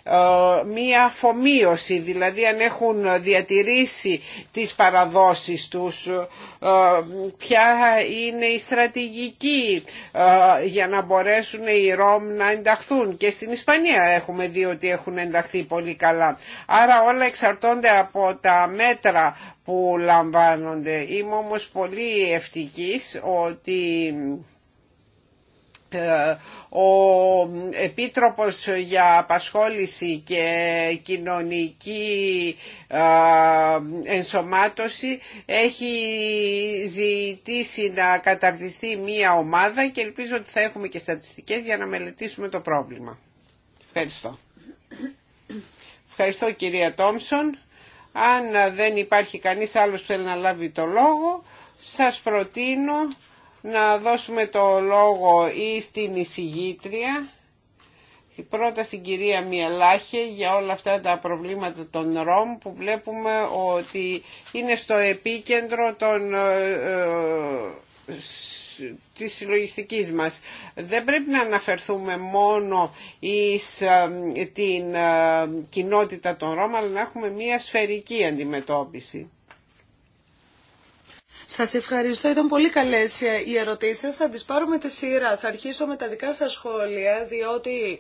ε, μία αφομοίωση, δηλαδή αν έχουν διατηρήσει τις παραδόσεις τους, ποια είναι η στρατηγική για να μπορέσουν οι Ρώμ να ενταχθούν. Και στην Ισπανία έχουμε δει ότι έχουν ενταχθεί πολύ καλά. Άρα όλα εξαρτώνται από τα μέτρα που λαμβάνονται. Είμαι όμως πολύ ευτυχής ότι ε, ο Επίτροπος για Απασχόληση και Κοινωνική ε, Ενσωμάτωση έχει ζητήσει να καταρτιστεί μία ομάδα και ελπίζω ότι θα έχουμε και στατιστικές για να μελετήσουμε το πρόβλημα. Ευχαριστώ. Ευχαριστώ κυρία Τόμσον. Αν δεν υπάρχει κανείς άλλος που θέλει να λάβει το λόγο, σας προτείνω να δώσουμε το λόγο ή στην εισηγήτρια. Η πρώτα στην κυρία συγκυρια κυρια μιελαχε για όλα αυτά τα προβλήματα των ΡΟΜ που βλέπουμε ότι είναι στο επίκεντρο των ε, ε, της συλλογιστικής μας. Δεν πρέπει να αναφερθούμε μόνο εις την κοινότητα των Ρώμα, αλλά να έχουμε μια σφαιρική αντιμετώπιση. Σας ευχαριστώ. Ήταν πολύ καλές οι ερωτήσεις. Θα τις πάρουμε τη σειρά. Θα αρχίσω με τα δικά σας σχόλια, διότι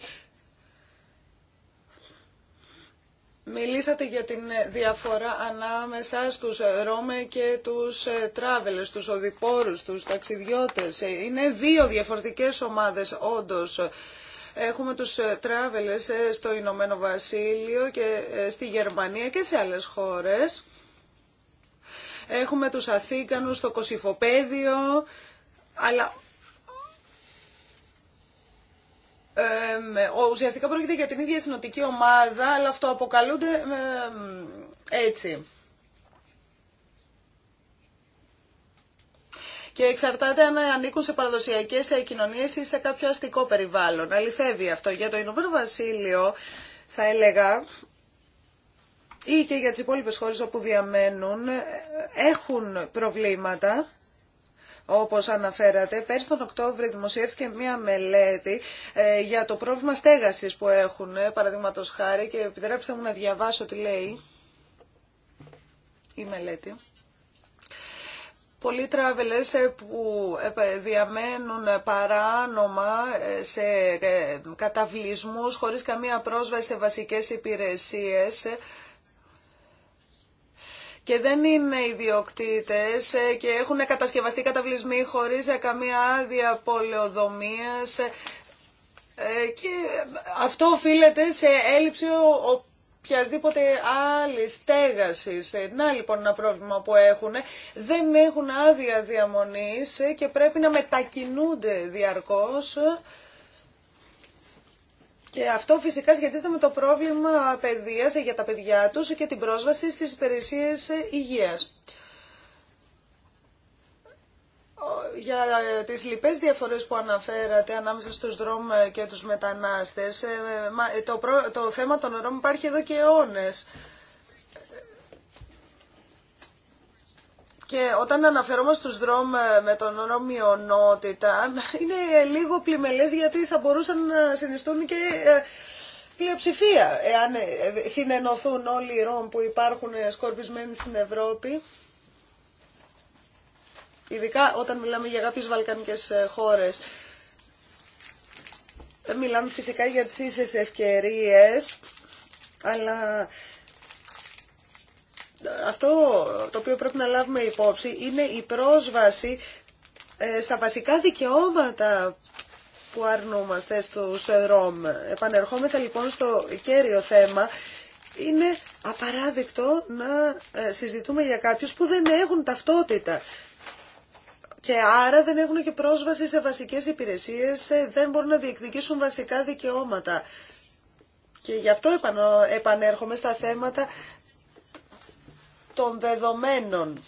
Μιλήσατε για την διαφορά ανάμεσα στους Ρώμε και τους τράβελες, τους οδηπόρους, τους ταξιδιώτες. Είναι δύο διαφορετικές ομάδες όντως. Έχουμε τους τράβελες στο Ηνωμένο Βασίλειο και ε, στη Γερμανία και σε άλλες χώρες. Έχουμε τους Αθήκανους στο Κωσυφοπαίδιο, αλλά ουσιαστικά πρόκειται για την ίδια εθνοτική ομάδα, αλλά αυτό αποκαλούνται έτσι. Και εξαρτάται αν ανήκουν σε παραδοσιακέ κοινωνίε ή σε κάποιο αστικό περιβάλλον. Αληθεύει αυτό. Για το Ηνωμένο Βασίλειο, θα έλεγα, ή και για τι υπόλοιπε χώρε όπου διαμένουν, έχουν προβλήματα όπως αναφέρατε. Πέρσι τον Οκτώβριο δημοσιεύτηκε μία μελέτη ε, για το πρόβλημα στέγασης που έχουν, ε, παραδείγματος χάρη, και επιτρέψτε μου να διαβάσω τι λέει η μελέτη. Πολλοί τράβελες που ε, διαμένουν παράνομα σε καταβλισμούς χωρίς καμία πρόσβαση σε βασικές υπηρεσίες και δεν είναι ιδιοκτήτες ε, και έχουν κατασκευαστεί καταβλισμοί χωρίς ε, καμία άδεια πολεοδομίας ε, και αυτό οφείλεται σε έλλειψη οποιασδήποτε άλλη στέγαση. Να λοιπόν ένα πρόβλημα που έχουν. Δεν έχουν άδεια διαμονής και πρέπει να μετακινούνται διαρκώς και αυτό φυσικά σχετίζεται με το πρόβλημα παιδείας για τα παιδιά τους και την πρόσβαση στις υπηρεσίες υγείας. Για τις λοιπές διαφορές που αναφέρατε ανάμεσα στους δρόμ και τους μετανάστες, ε, ε, το θέμα των δρόμων υπάρχει εδώ και αιώνες. Και όταν αναφερόμαστε στους δρόμ ε, με τον όρο μειονότητα, είναι λίγο πλημελές γιατί θα μπορούσαν να συνιστούν και ε, πλειοψηφία, εάν ε, συνενωθούν όλοι οι ρόμ που υπάρχουν σκορπισμένοι στην Ευρώπη. Ειδικά όταν μιλάμε για κάποιες βαλκανικές χώρες. Μιλάμε φυσικά για τις ίσες ευκαιρίες, αλλά αυτό το οποίο πρέπει να λάβουμε υπόψη είναι η πρόσβαση ε, στα βασικά δικαιώματα που αρνούμαστε στους ΡΟΜ. Επανερχόμεθα λοιπόν στο κέριο θέμα. Είναι απαράδεκτο να ε, συζητούμε για κάποιους που δεν έχουν ταυτότητα και άρα δεν έχουν και πρόσβαση σε βασικές υπηρεσίες, ε, δεν μπορούν να διεκδικήσουν βασικά δικαιώματα. Και γι' αυτό επανέρχομαι στα θέματα των δεδομένων.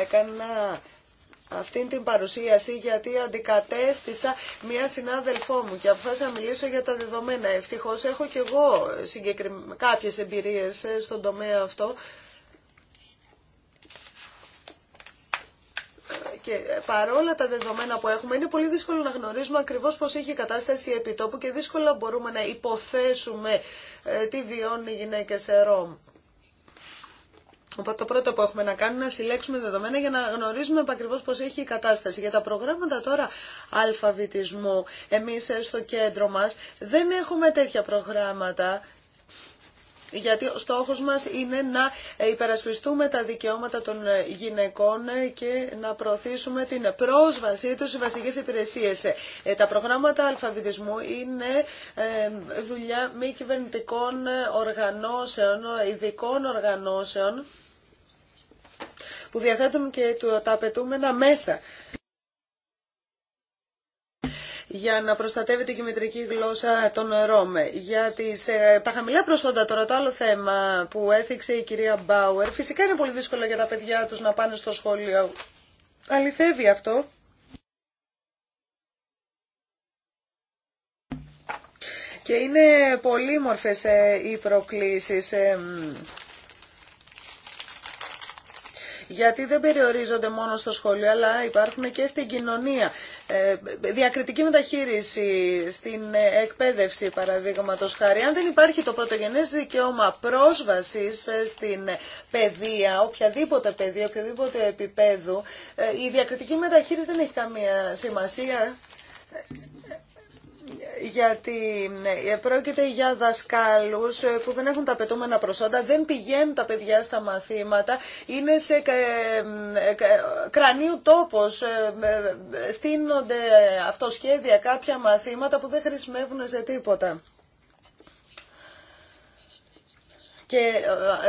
Έκανα αυτή την παρουσίαση γιατί αντικατέστησα μία συνάδελφό μου και αποφάσισα να μιλήσω για τα δεδομένα. Ευτυχώς έχω και εγώ συγκεκρι... κάποιες εμπειρίες ε, στον τομέα αυτό. Και παρόλα τα δεδομένα που έχουμε, είναι πολύ δύσκολο να γνωρίζουμε ακριβώς πώς έχει η κατάσταση επιτόπου και δύσκολα μπορούμε να υποθέσουμε ε, τι βιώνουν οι γυναίκες σε Οπότε το πρώτο που έχουμε να κάνουμε είναι να συλλέξουμε δεδομένα για να γνωρίζουμε ακριβώ πώ έχει η κατάσταση. Για τα προγράμματα τώρα αλφαβητισμού, εμεί στο κέντρο μα δεν έχουμε τέτοια προγράμματα. Γιατί ο στόχος μας είναι να υπερασπιστούμε τα δικαιώματα των γυναικών και να προωθήσουμε την πρόσβασή τους στις βασικές υπηρεσίες. Ε, τα προγράμματα αλφαβητισμού είναι ε, δουλειά μη κυβερνητικών οργανώσεων, ειδικών οργανώσεων, που διαθέτουν και τα απαιτούμενα μέσα για να προστατεύεται η γλώσσα των Ρώμε. Για ε, τα χαμηλά προσόντα τώρα, το άλλο θέμα που έθιξε η κυρία Μπάουερ, φυσικά είναι πολύ δύσκολο για τα παιδιά τους να πάνε στο σχολείο. Αληθεύει αυτό. Και είναι πολύ πολύμορφες ε, οι προκλήσεις. Ε, γιατί δεν περιορίζονται μόνο στο σχολείο, αλλά υπάρχουν και στην κοινωνία. Ε, διακριτική μεταχείριση στην εκπαίδευση, παραδείγματο χάρη. Αν δεν υπάρχει το πρωτογενέ δικαίωμα πρόσβαση ε, στην παιδεία, οποιαδήποτε παιδεία, οποιοδήποτε επίπεδου, ε, η διακριτική μεταχείριση δεν έχει καμία σημασία γιατί ναι, πρόκειται για δασκάλους ε, που δεν έχουν τα πετούμενα προσόντα, δεν πηγαίνουν τα παιδιά στα μαθήματα, είναι σε ε, ε, κρανίου τόπος, στείνονται αυτοσχέδια κάποια μαθήματα που δεν χρησιμεύουν σε τίποτα. Και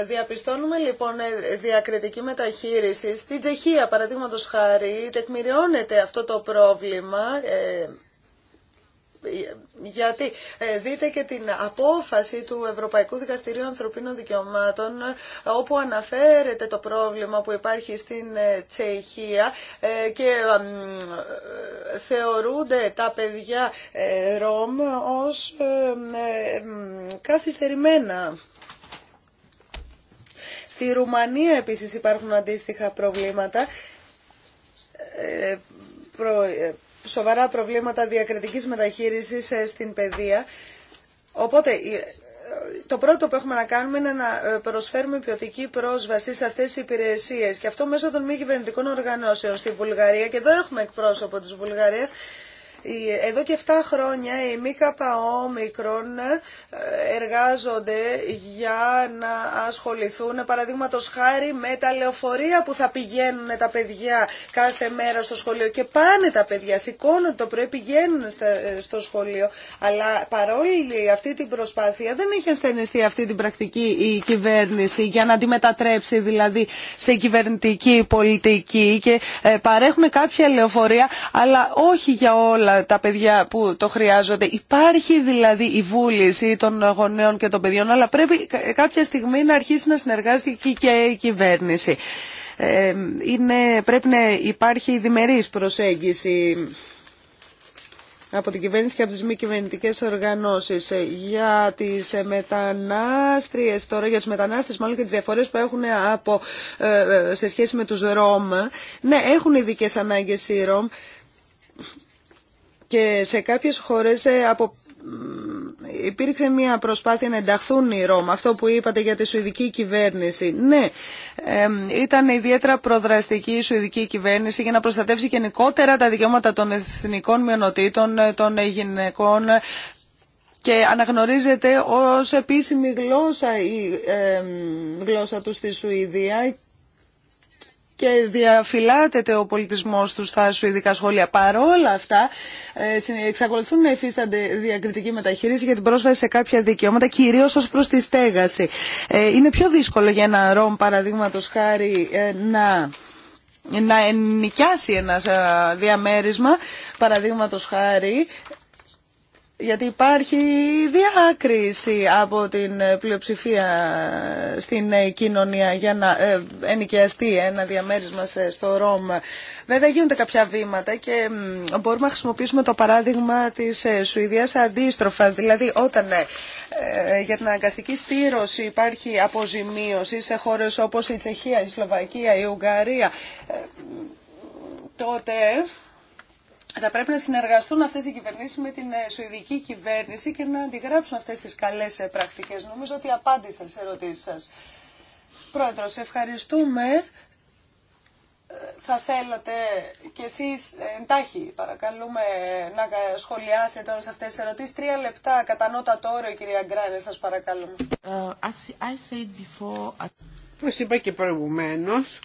διαπιστώνουμε λοιπόν διακριτική μεταχείριση. Στην Τσεχία, παραδείγματο χάρη, τεκμηριώνεται αυτό το πρόβλημα γιατί ε, δείτε και την απόφαση του Ευρωπαϊκού Δικαστηρίου Ανθρωπίνων Δικαιωμάτων ε, όπου αναφέρεται το πρόβλημα που υπάρχει στην ε, Τσεχία και θεωρούνται τα παιδιά Ρομ ως καθυστερημένα. Στη Ρουμανία επίσης υπάρχουν αντίστοιχα προβλήματα σοβαρά προβλήματα διακριτικής μεταχείρισης ε, στην παιδεία. Οπότε ε, το πρώτο που έχουμε να κάνουμε είναι να ε, προσφέρουμε ποιοτική πρόσβαση σε αυτές τις υπηρεσίες και αυτό μέσω των μη κυβερνητικών οργανώσεων στη Βουλγαρία και εδώ έχουμε εκπρόσωπο της Βουλγαρίας εδώ και 7 χρόνια οι ΜΚΟ μικρών ε, εργάζονται για να ασχοληθούν Παραδείγματο χάρη με τα λεωφορεία που θα πηγαίνουν τα παιδιά κάθε μέρα στο σχολείο και πάνε τα παιδιά, σηκώνονται το πρωί, πηγαίνουν ε, στο σχολείο. Αλλά παρόλη αυτή την προσπάθεια δεν είχε στενιστεί αυτή την πρακτική η κυβέρνηση για να τη μετατρέψει δηλαδή σε κυβερνητική πολιτική και ε, παρέχουμε κάποια λεωφορεία αλλά όχι για όλα τα παιδιά που το χρειάζονται. Υπάρχει δηλαδή η βούληση των γονέων και των παιδιών, αλλά πρέπει κάποια στιγμή να αρχίσει να συνεργάζεται και η κυβέρνηση. Ε, είναι, πρέπει να υπάρχει διμερής προσέγγιση από την κυβέρνηση και από τις μη κυβερνητικέ οργανώσεις ε, για τις μετανάστριες τώρα, για τους μετανάστες μάλλον και τις διαφορές που έχουν από, ε, σε σχέση με τους ΡΟΜ. Ναι, έχουν ειδικέ ανάγκες οι ΡΟΜ και σε κάποιες χώρες ε, από υπήρξε μια προσπάθεια να ενταχθούν οι Ρώμα, αυτό που είπατε για τη Σουηδική κυβέρνηση. Ναι, ήταν ιδιαίτερα προδραστική η Σουηδική κυβέρνηση για να προστατεύσει γενικότερα τα δικαιώματα των εθνικών μειονοτήτων, ε, των γυναικών ε, και αναγνωρίζεται ως επίσημη γλώσσα η γλώσσα του στη Σουηδία και διαφυλάτεται ο πολιτισμός του στα σουηδικά σχόλια. Παρόλα αυτά, ε, εξακολουθούν να υφίστανται διακριτική μεταχείριση για την πρόσβαση σε κάποια δικαιώματα, κυρίως ως προς τη στέγαση. Ε, είναι πιο δύσκολο για ένα ρομ, παραδείγματος χάρη, ε, να να ενοικιάσει ένα διαμέρισμα, παραδείγματο χάρη, γιατί υπάρχει διάκριση από την πλειοψηφία στην ε, κοινωνία για να ε, ενοικιαστεί ένα διαμέρισμα στο ΡΟΜ. Βέβαια γίνονται κάποια βήματα και μπορούμε να χρησιμοποιήσουμε το παράδειγμα της ε, Σουηδίας αντίστροφα. Δηλαδή όταν για την αναγκαστική στήρωση υπάρχει αποζημίωση σε χώρες όπως η Τσεχία, η Σλοβακία, η Ουγγαρία, τότε ε, θα πρέπει να συνεργαστούν αυτές οι κυβερνήσεις με την ε, Σουηδική κυβέρνηση και να αντιγράψουν αυτές τις καλές ε, πρακτικές. Νομίζω ότι απάντησα σε ερωτήσεις σας. Πρόεδρος, ευχαριστούμε. Θα θέλατε κι εσείς εντάχει παρακαλούμε να σχολιάσετε όλες αυτές τις ερωτήσεις. Τρία λεπτά το όριο κυρία Γκράνε. σας παρακαλούμε. Uh, είπα και προηγουμένως,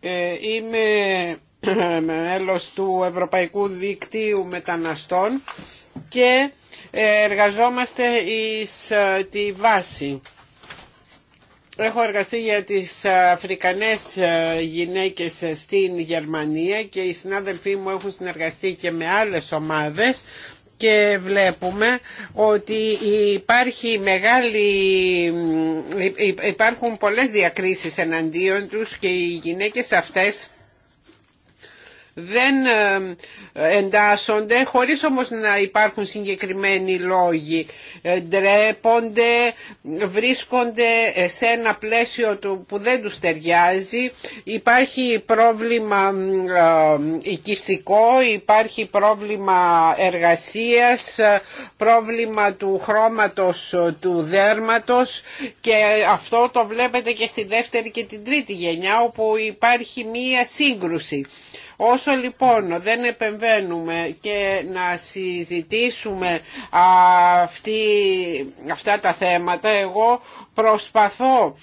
ε, είμαι ε, μέλος του Ευρωπαϊκού Δικτύου Μεταναστών και ε, εργαζόμαστε εις ε, τη βάση. Έχω εργαστεί για τις Αφρικανές γυναίκες στην Γερμανία και οι συνάδελφοί μου έχουν συνεργαστεί και με άλλες ομάδες και βλέπουμε ότι υπάρχει μεγάλη, υπάρχουν πολλές διακρίσεις εναντίον τους και οι γυναίκες αυτές δεν ε, εντάσσονται χωρίς όμως να υπάρχουν συγκεκριμένοι λόγοι. Ε, ντρέπονται, βρίσκονται σε ένα πλαίσιο που δεν τους ταιριάζει. Υπάρχει πρόβλημα ε, οικιστικό, υπάρχει πρόβλημα εργασίας, πρόβλημα του χρώματος του δέρματος και αυτό το βλέπετε και στη δεύτερη και την τρίτη γενιά όπου υπάρχει μία σύγκρουση. Όσο λοιπόν δεν επεμβαίνουμε και να συζητήσουμε αυτή, αυτά τα θέματα, εγώ προσπαθώ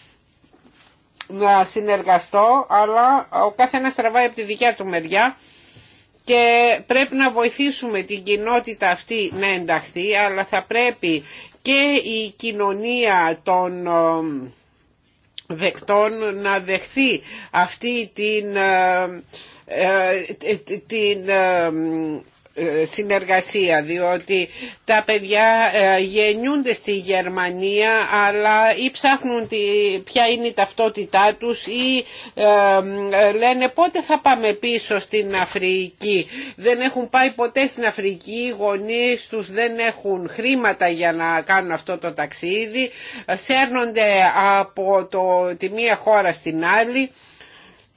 να συνεργαστώ, αλλά ο καθένας τραβάει από τη δικιά του μεριά και πρέπει να βοηθήσουμε την κοινότητα αυτή να ενταχθεί, αλλά θα πρέπει και η κοινωνία των ε, δεκτών να δεχθεί αυτή την ε, ε, την ε, ε, συνεργασία διότι τα παιδιά γεννιούνται στη Γερμανία αλλά ή ψάχνουν ποια είναι η ταυτότητά τους ή λένε πότε θα πάμε πίσω στην Αφρική δεν έχουν πάει ποτέ στην Αφρική οι γονείς τους δεν έχουν χρήματα για να κάνουν αυτό το ταξίδι σέρνονται από το, τη μία χώρα στην άλλη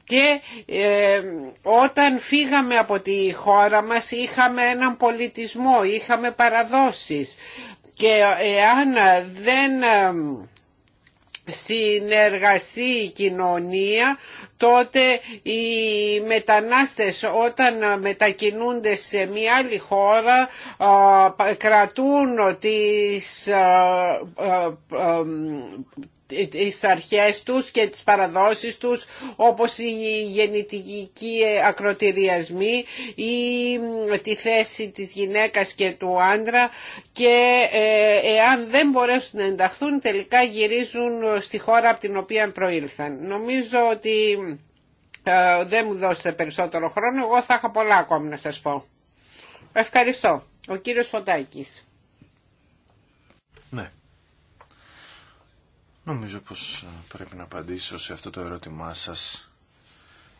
και ε, όταν φύγαμε από τη χώρα μας είχαμε έναν πολιτισμό, είχαμε παραδόσεις και εάν δεν ε, συνεργαστεί η κοινωνία τότε οι μετανάστες όταν μετακινούνται σε μια άλλη χώρα κρατούν τις, τις αρχές τους και τις παραδόσεις τους όπως η γεννητικοί ακροτηριασμοί ή τη θέση της γυναίκας και του άντρα και ε, εάν δεν μπορέσουν να ενταχθούν τελικά γυρίζουν στη χώρα από την οποία προήλθαν. Νομίζω ότι ε, δεν μου δώσετε περισσότερο χρόνο, εγώ θα είχα πολλά ακόμη να σας πω. Ευχαριστώ. Ο κύριος Φωτάκης. Νομίζω πως ε, πρέπει να απαντήσω σε αυτό το ερώτημά σας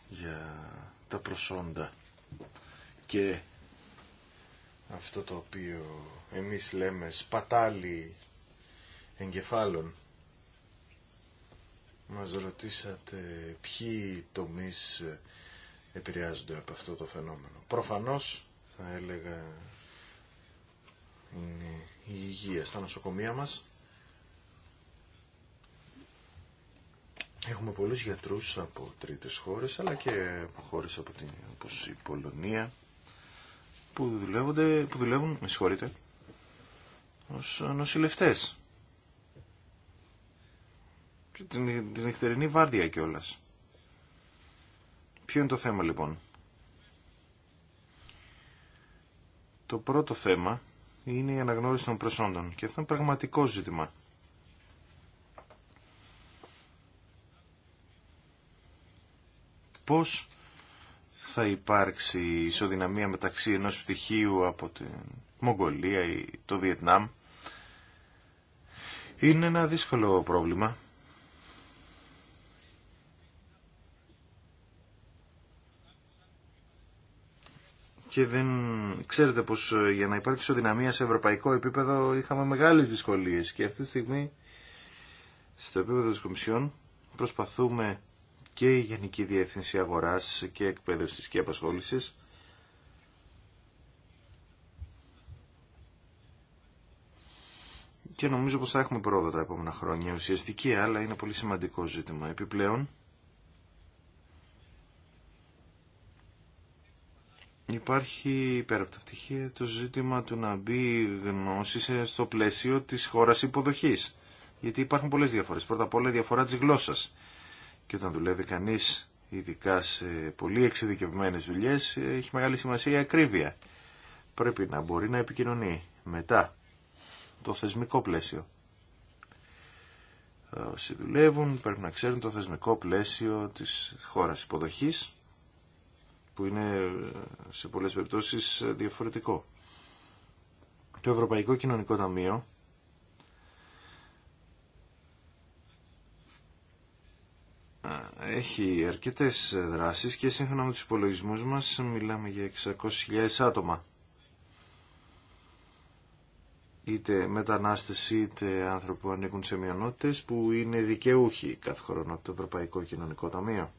για τα προσόντα και αυτό το οποίο εμείς λέμε σπατάλι εγκεφάλων. Μας ρωτήσατε ποιοι τομείς ε, επηρεάζονται από αυτό το φαινόμενο. Προφανώς θα έλεγα η υγεία στα νοσοκομεία μας Έχουμε πολλούς γιατρούς από τρίτες χώρες, αλλά και από χώρες από την, όπως η Πολωνία, που, που δουλεύουν, με συγχωρείτε, ως νοσηλευτές. Και την, την νυχτερινή βάρδια κιόλα. Ποιο είναι το θέμα λοιπόν. Το πρώτο θέμα είναι η αναγνώριση των προσόντων και αυτό είναι πραγματικό ζήτημα. πώς θα υπάρξει ισοδυναμία μεταξύ ενός πτυχίου από τη Μογγολία ή το Βιετνάμ. Είναι ένα δύσκολο πρόβλημα. Και δεν ξέρετε πως ε, για να υπάρξει ισοδυναμία σε ευρωπαϊκό επίπεδο είχαμε μεγάλες δυσκολίες και αυτή τη στιγμή στο επίπεδο της Κομισιόν προσπαθούμε και η Γενική Διεύθυνση Αγοράς και Εκπαίδευσης και Απασχόλησης και νομίζω πως θα έχουμε πρόοδο τα επόμενα χρόνια ουσιαστική αλλά είναι πολύ σημαντικό ζήτημα επιπλέον Υπάρχει πέρα από τα πτυχία το ζήτημα του να μπει γνώση στο πλαίσιο της χώρας υποδοχής. Γιατί υπάρχουν πολλές διαφορές. Πρώτα απ' όλα η διαφορά της γλώσσας και όταν δουλεύει κανείς ειδικά σε πολύ εξειδικευμένες δουλειές έχει μεγάλη σημασία η ακρίβεια. Πρέπει να μπορεί να επικοινωνεί μετά το θεσμικό πλαίσιο. Όσοι δουλεύουν πρέπει να ξέρουν το θεσμικό πλαίσιο της χώρας υποδοχής που είναι ε, σε πολλές περιπτώσεις ε, διαφορετικό. Το Ευρωπαϊκό Κοινωνικό Ταμείο έχει αρκετές δράσεις και σύμφωνα με τους υπολογισμούς μας μιλάμε για 600.000 άτομα. Είτε μετανάστες είτε άνθρωποι που ανήκουν σε μειονότητες που είναι δικαιούχοι κάθε χρόνο από το Ευρωπαϊκό Κοινωνικό Ταμείο.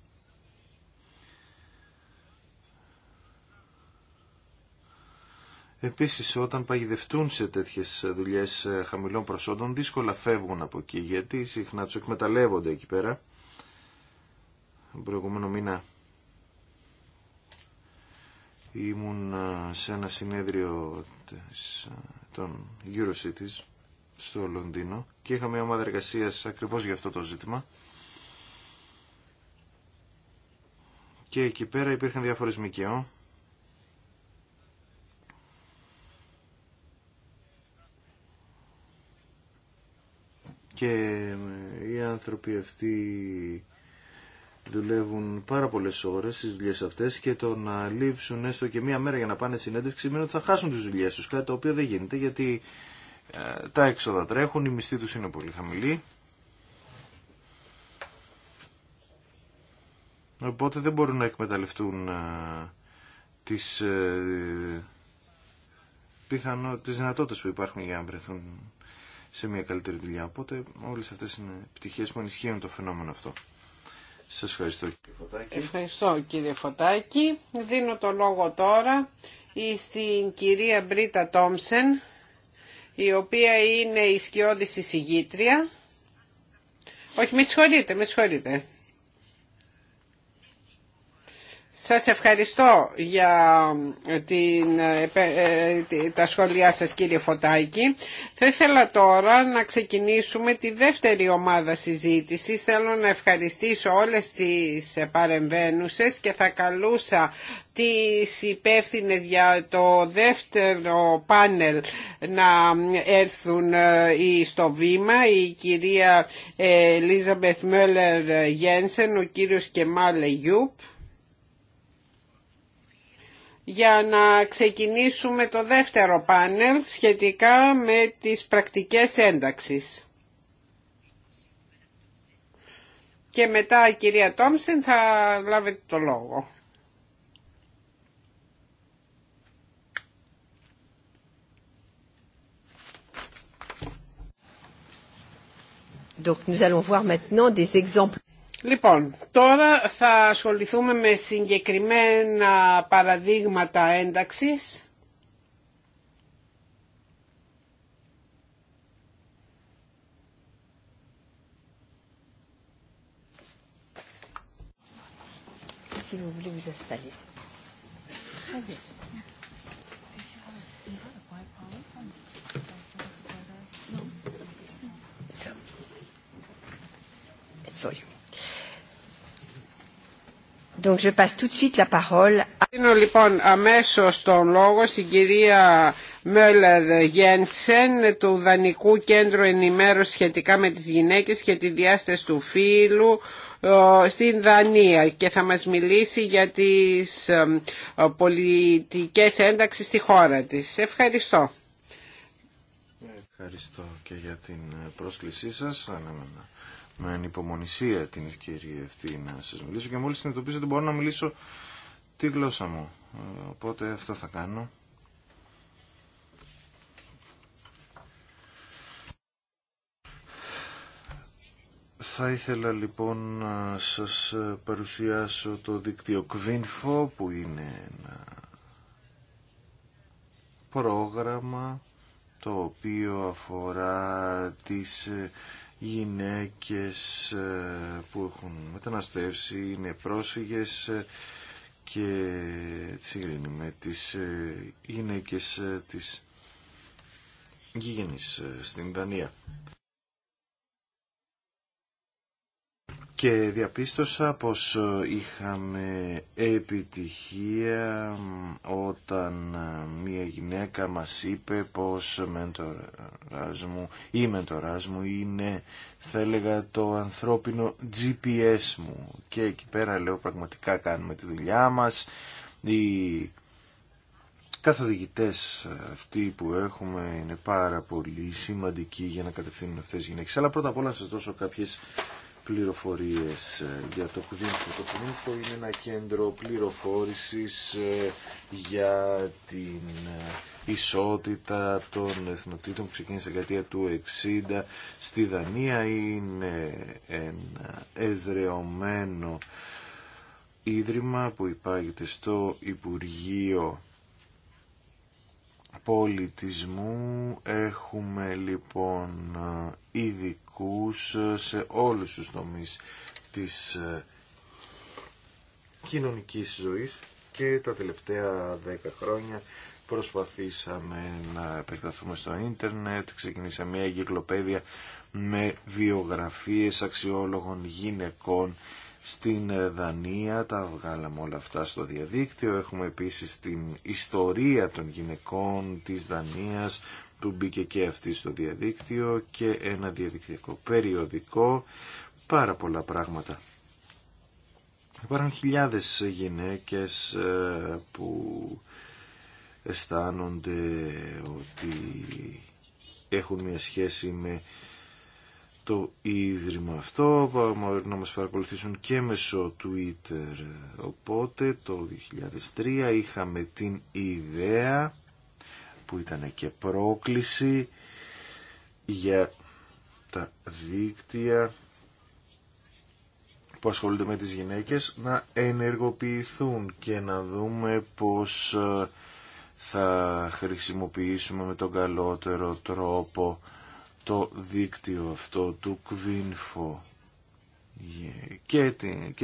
Επίσης όταν παγιδευτούν σε τέτοιες δουλειές χαμηλών προσόντων δύσκολα φεύγουν από εκεί γιατί συχνά τους εκμεταλλεύονται εκεί πέρα τον προηγούμενο μήνα ήμουν σε ένα συνέδριο των EuroCities στο Λονδίνο και είχα μια ομάδα εργασία ακριβώς για αυτό το ζήτημα και εκεί πέρα υπήρχαν διάφορες ΜΚΟ και οι άνθρωποι αυτοί δουλεύουν πάρα πολλέ ώρε στι δουλειέ αυτέ και το να λείψουν έστω και μία μέρα για να πάνε συνέντευξη σημαίνει ότι θα χάσουν τι δουλειέ του. Κάτι το οποίο δεν γίνεται γιατί ε, τα έξοδα τρέχουν, οι μισθοί του είναι πολύ χαμηλή. Οπότε δεν μπορούν να εκμεταλλευτούν ε, τις, ε, πιθανό, τις δυνατότητες που υπάρχουν για να βρεθούν σε μια καλύτερη δουλειά. Οπότε όλες αυτές είναι πτυχές που ενισχύουν το φαινόμενο αυτό. Σας ευχαριστώ κύριε Φωτάκη. Ευχαριστώ κύριε Φωτάκη. Δίνω το λόγο τώρα στην κυρία Μπρίτα Τόμσεν, η οποία είναι η σκιώδης εισηγήτρια. Όχι, με συγχωρείτε, με συγχωρείτε. Σας ευχαριστώ για ε, την, ε, ε, τα σχόλιά σας κύριε Φωτάκη. Θα ήθελα τώρα να ξεκινήσουμε τη δεύτερη ομάδα συζήτησης. Θέλω να ευχαριστήσω όλες τις παρεμβαίνουσες και θα καλούσα τις υπεύθυνες για το δεύτερο πάνελ να έρθουν στο βήμα η κυρία Ελίζαμπεθ Μέλλερ Γένσεν, ο κύριος Κεμάλε Γιούπ για να ξεκινήσουμε το δεύτερο πάνελ σχετικά με τις πρακτικές ένταξης. Και μετά η κυρία Τόμσεν θα λάβετε το λόγο. Donc nous allons voir maintenant Λοιπόν, τώρα θα ασχοληθούμε με συγκεκριμένα παραδείγματα ένταξης. si Donc λοιπόν αμέσως τον λόγο στην κυρία Μέλλερ Γένσεν του Δανικού Κέντρου Ενημέρωση σχετικά με τις γυναίκες και τη διάσταση του φύλου ε, στην Δανία και θα μας μιλήσει για τις ε, πολιτικές ένταξεις στη χώρα της. Ευχαριστώ. Ευχαριστώ και για την πρόσκλησή σας με ανυπομονησία την ευκαιρία αυτή να σας μιλήσω και μόλις συνειδητοποιήσω ότι μπορώ να μιλήσω τη γλώσσα μου. Οπότε αυτό θα κάνω. Θα ήθελα λοιπόν να σας παρουσιάσω το δίκτυο Κβίνφο που είναι ένα πρόγραμμα το οποίο αφορά τις γυναίκες ε, που έχουν μεταναστεύσει, είναι πρόσφυγες ε, και συγκρίνει με τις ε, γυναίκες της γηγενής στην Δανία. και διαπίστωσα πως ε, είχαμε επιτυχία όταν ε, μια γυναίκα μας είπε πως μεντοράς μου ή μεντοράς μου είναι θα έλεγα το ανθρώπινο GPS μου και εκεί πέρα λέω πραγματικά κάνουμε τη δουλειά μας οι καθοδηγητές αυτοί που έχουμε είναι πάρα πολύ σημαντικοί για να κατευθύνουν αυτές τις γυναίκες αλλά πρώτα απ' όλα να σας δώσω κάποιες πληροφορίες ε, για το Κουδίνφο. Το Κουδίνφο είναι ένα κέντρο πληροφόρησης ε, για την ε, ισότητα των εθνοτήτων που ξεκίνησε στην δεκαετία του 60 στη Δανία. Είναι ένα εδρεωμένο ίδρυμα που υπάγεται στο Υπουργείο πολιτισμού έχουμε λοιπόν ήδη ε, σε όλους τους τομείς της ε, κοινωνικής ζωής και τα τελευταία δέκα χρόνια προσπαθήσαμε να επεκταθούμε στο ίντερνετ, ξεκινήσαμε μια εγκυκλοπαίδεια με βιογραφίες αξιόλογων γυναικών στην ε, Δανία, τα βγάλαμε όλα αυτά στο διαδίκτυο, έχουμε επίσης την ιστορία των γυναικών της Δανίας που μπήκε και αυτή στο διαδίκτυο και ένα διαδικτυακό περιοδικό, πάρα πολλά πράγματα. Υπάρχουν χιλιάδες γυναίκες ε, που αισθάνονται ότι έχουν μια σχέση με το ίδρυμα αυτό μπορεί να μας παρακολουθήσουν και μέσω Twitter οπότε το 2003 είχαμε την ιδέα που ήταν και πρόκληση για τα δίκτυα που ασχολούνται με τις γυναίκες να ενεργοποιηθούν και να δούμε πώς ε, θα χρησιμοποιήσουμε με τον καλότερο τρόπο το δίκτυο αυτό του Κβίνφο και,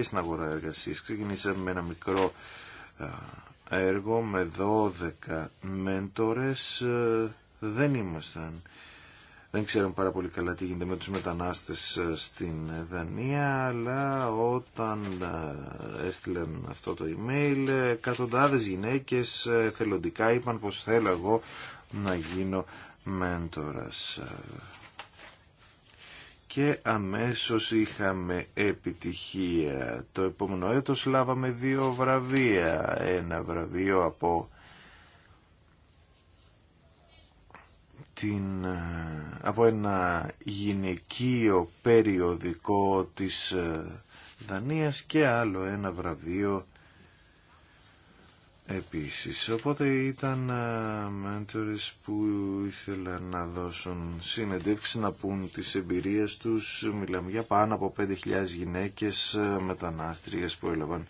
στην αγορά εργασίας. Ξεκινήσαμε με ένα μικρό ε, έργο με 12 μέντορες ε, δεν ήμασταν. Δεν ξέρουμε πάρα πολύ καλά τι γίνεται με τους μετανάστες ε, στην Δανία, αλλά όταν ε, έστειλαν αυτό το email, εκατοντάδες γυναίκες θελοντικά είπαν πως θέλω εγώ να γίνω μέντορας και αμέσως είχαμε επιτυχία. Το επόμενο έτος λάβαμε δύο βραβεία. Ένα βραβείο από την, από ένα γυναικείο περιοδικό της ε, Δανίας και άλλο ένα βραβείο επίσης. Οπότε ήταν ε, mentors που ήθελαν να δώσουν συνεντεύξεις, να πούν τις εμπειρίες τους. Μιλάμε για πάνω από 5.000 γυναίκες ε, μετανάστριες που έλαβαν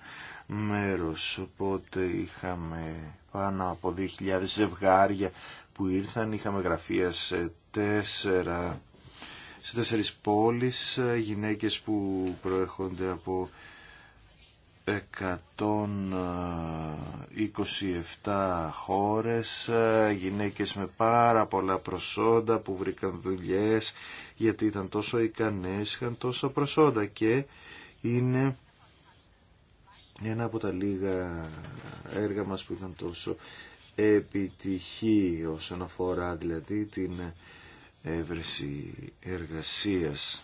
μέρος. Οπότε είχαμε πάνω από 2.000 ζευγάρια που ήρθαν. Είχαμε γραφεία σε τέσσερα σε τέσσερις πόλεις, ε, γυναίκες που προέρχονται από 127 χώρες, ε, γυναίκες με πάρα πολλά προσόντα που βρήκαν δουλειές γιατί ήταν τόσο ικανές, είχαν τόσα προσόντα και είναι ένα από τα λίγα έργα μας που ήταν τόσο επιτυχή όσον αφορά δηλαδή την έβρεση εργασίας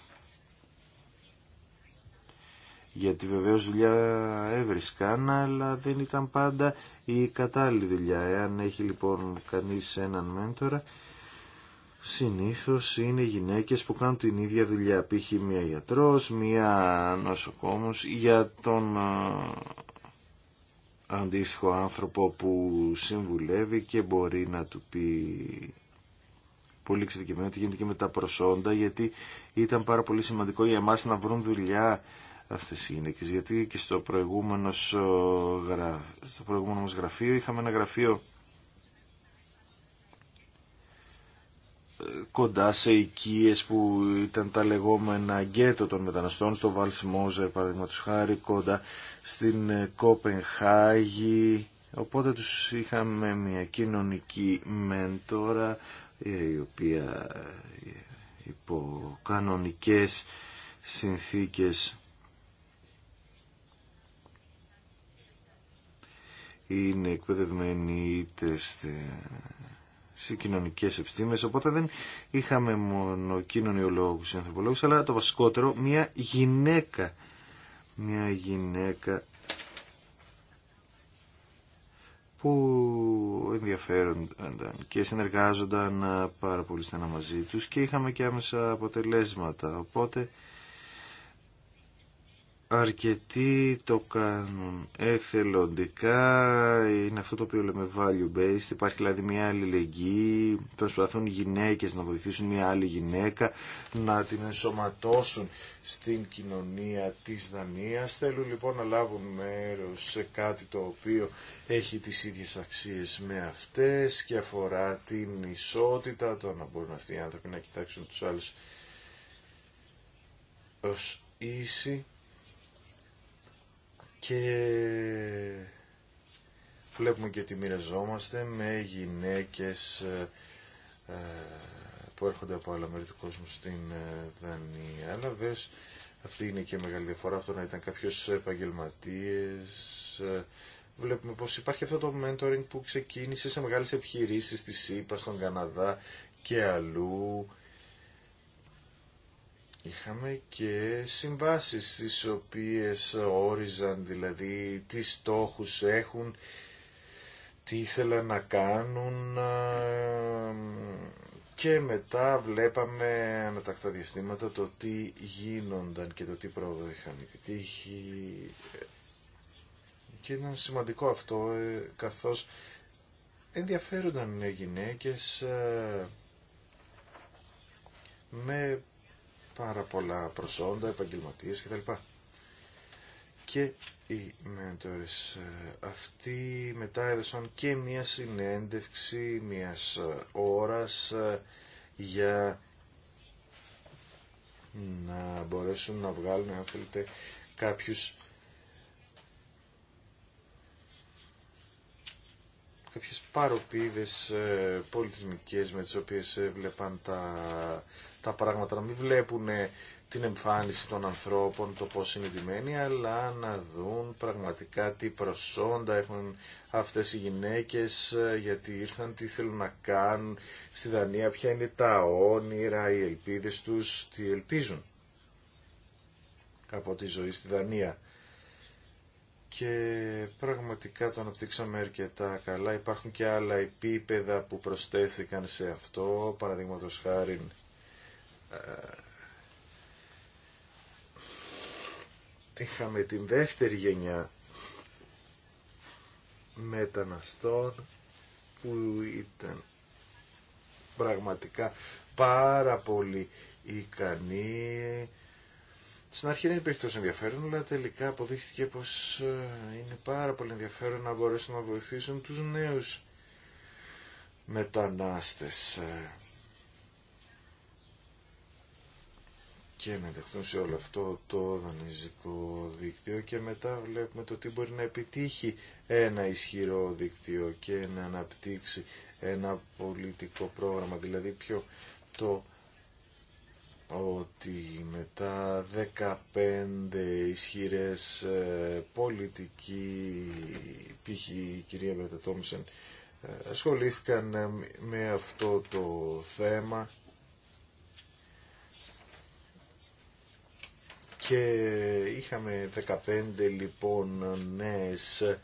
γιατί βεβαίως δουλειά έβρισκαν, αλλά δεν ήταν πάντα η κατάλληλη δουλειά. Εάν έχει λοιπόν κανείς έναν μέντορα, συνήθως είναι γυναίκες που κάνουν την ίδια δουλειά, π.χ. μία γιατρός, μία νοσοκόμος, για τον αντίστοιχο άνθρωπο που συμβουλεύει και μπορεί να του πει πολύ εξειδικευμένο τι γίνεται και με τα προσόντα, γιατί ήταν πάρα πολύ σημαντικό για εμάς να βρουν δουλειά αυτές οι γυναίκε Γιατί και στο ε, προηγούμενο, στο γραφείο είχαμε ένα γραφείο ε, κοντά σε οικίε που ήταν τα λεγόμενα γκέτο των μεταναστών στο Βαλσιμόζε παραδείγματος χάρη κοντά στην ε, Κόπενχάγη οπότε τους είχαμε μια κοινωνική μέντορα η οποία υπό κανονικές συνθήκες είναι εκπαιδευμένοι είτε σε κοινωνικές επιστήμες, οπότε δεν είχαμε μόνο κοινωνιολόγους ή ανθρωπολόγους, αλλά το βασικότερο μια γυναίκα, μια γυναίκα που ενδιαφέρονταν και συνεργάζονταν πάρα πολύ στενά μαζί τους και είχαμε και άμεσα αποτελέσματα. Οπότε Αρκετοί το κάνουν εθελοντικά, είναι αυτό το οποίο λέμε value-based, υπάρχει δηλαδή μια αλληλεγγύη, προσπαθούν οι γυναίκες να βοηθήσουν μια άλλη γυναίκα, να την ενσωματώσουν στην κοινωνία της Δανίας. Θέλουν λοιπόν να λάβουν μέρος σε κάτι το οποίο έχει τις ίδιες αξίες με αυτές και αφορά την ισότητα, το να μπορούν αυτοί οι άνθρωποι να κοιτάξουν τους άλλους ως ίση και βλέπουμε και τι μοιραζόμαστε με γυναίκες ε, ε, που έρχονται από άλλα μέρη του κόσμου στην ε, Δανία. Αλλά βέβαια αυτή είναι και μεγάλη διαφορά το να ήταν κάποιος επαγγελματίες. Βλέπουμε πως υπάρχει αυτό το mentoring που ξεκίνησε σε μεγάλες επιχειρήσεις στη ΣΥΠΑ, στον Καναδά και αλλού Είχαμε και συμβάσεις τις οποίες όριζαν δηλαδή τι στόχους έχουν, τι ήθελαν να κάνουν ε, και μετά βλέπαμε ανατακτά διαστήματα το τι γίνονταν και το τι πρόοδο είχαν επιτύχει και ήταν σημαντικό αυτό ε, καθώς ενδιαφέρονταν οι γυναίκες ε, με πάρα πολλά προσόντα, επαγγελματίε κτλ. Και οι μέντορες ε, αυτοί μετά έδωσαν και μια συνέντευξη μιας ε, ώρας ε, για να μπορέσουν να βγάλουν, αν θέλετε, κάποιους κάποιες παροπίδες πολιτισμικές με τις οποίες έβλεπαν τα τα πράγματα, να μην βλέπουν ε, την εμφάνιση των ανθρώπων, το πώς είναι ντυμένοι, αλλά να δουν πραγματικά τι προσόντα έχουν αυτές οι γυναίκες, ε, γιατί ήρθαν, τι θέλουν να κάνουν στη Δανία, ποια είναι τα όνειρα, οι ελπίδες τους, τι ελπίζουν από τη ζωή στη Δανία. Και πραγματικά το αναπτύξαμε αρκετά καλά. Υπάρχουν και άλλα επίπεδα που προστέθηκαν σε αυτό, παραδείγματος χάρη ε, είχαμε την δεύτερη γενιά μεταναστών που ήταν πραγματικά πάρα πολύ ικανοί. Στην αρχή δεν υπήρχε τόσο ενδιαφέρον, αλλά τελικά αποδείχθηκε πως ε, είναι πάρα πολύ ενδιαφέρον να μπορέσουν να βοηθήσουν τους νέους μετανάστες. Ε, και να δεχτούν σε όλο αυτό το δανειζικό δίκτυο και μετά βλέπουμε το τι μπορεί να επιτύχει ένα ισχυρό δίκτυο και να αναπτύξει ένα πολιτικό πρόγραμμα, δηλαδή πιο το ότι μετά 15 ισχυρές ε, πολιτικοί, π.χ. η κυρία Μπρετατόμισεν, ε, ασχολήθηκαν ε, με αυτό το θέμα και είχαμε 15 λοιπόν νέες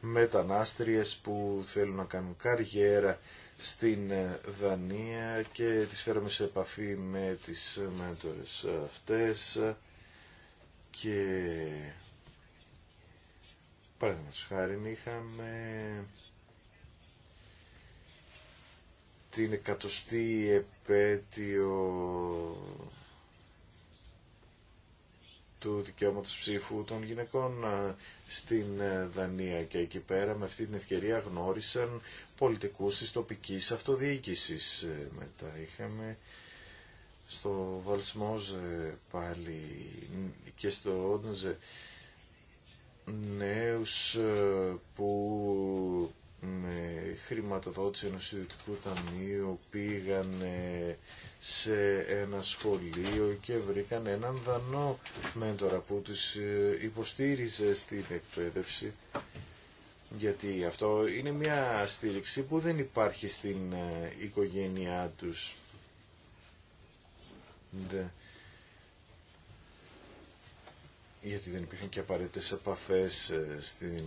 μετανάστριες που θέλουν να κάνουν καριέρα στην Δανία και τις φέραμε σε επαφή με τις μέντορες αυτές και παραδείγματος χάρη είχαμε την εκατοστή επέτειο του δικαιώματος ψήφου των γυναικών ε, στην ε, Δανία και εκεί πέρα με αυτή την ευκαιρία γνώρισαν πολιτικούς της τοπικής αυτοδιοίκησης. Ε, μετά είχαμε στο Βαλσμόζε πάλι και στο Όντζε νέους που με χρηματοδότηση ενός ιδιωτικού ταμείου πήγαν σε ένα σχολείο και βρήκαν έναν δανό μέντορα που τους ε, υποστήριζε στην εκπαίδευση γιατί αυτό είναι μια στήριξη που δεν υπάρχει στην ε, οικογένειά τους. Γιατί δεν υπήρχαν και απαραίτητες επαφές ε, στην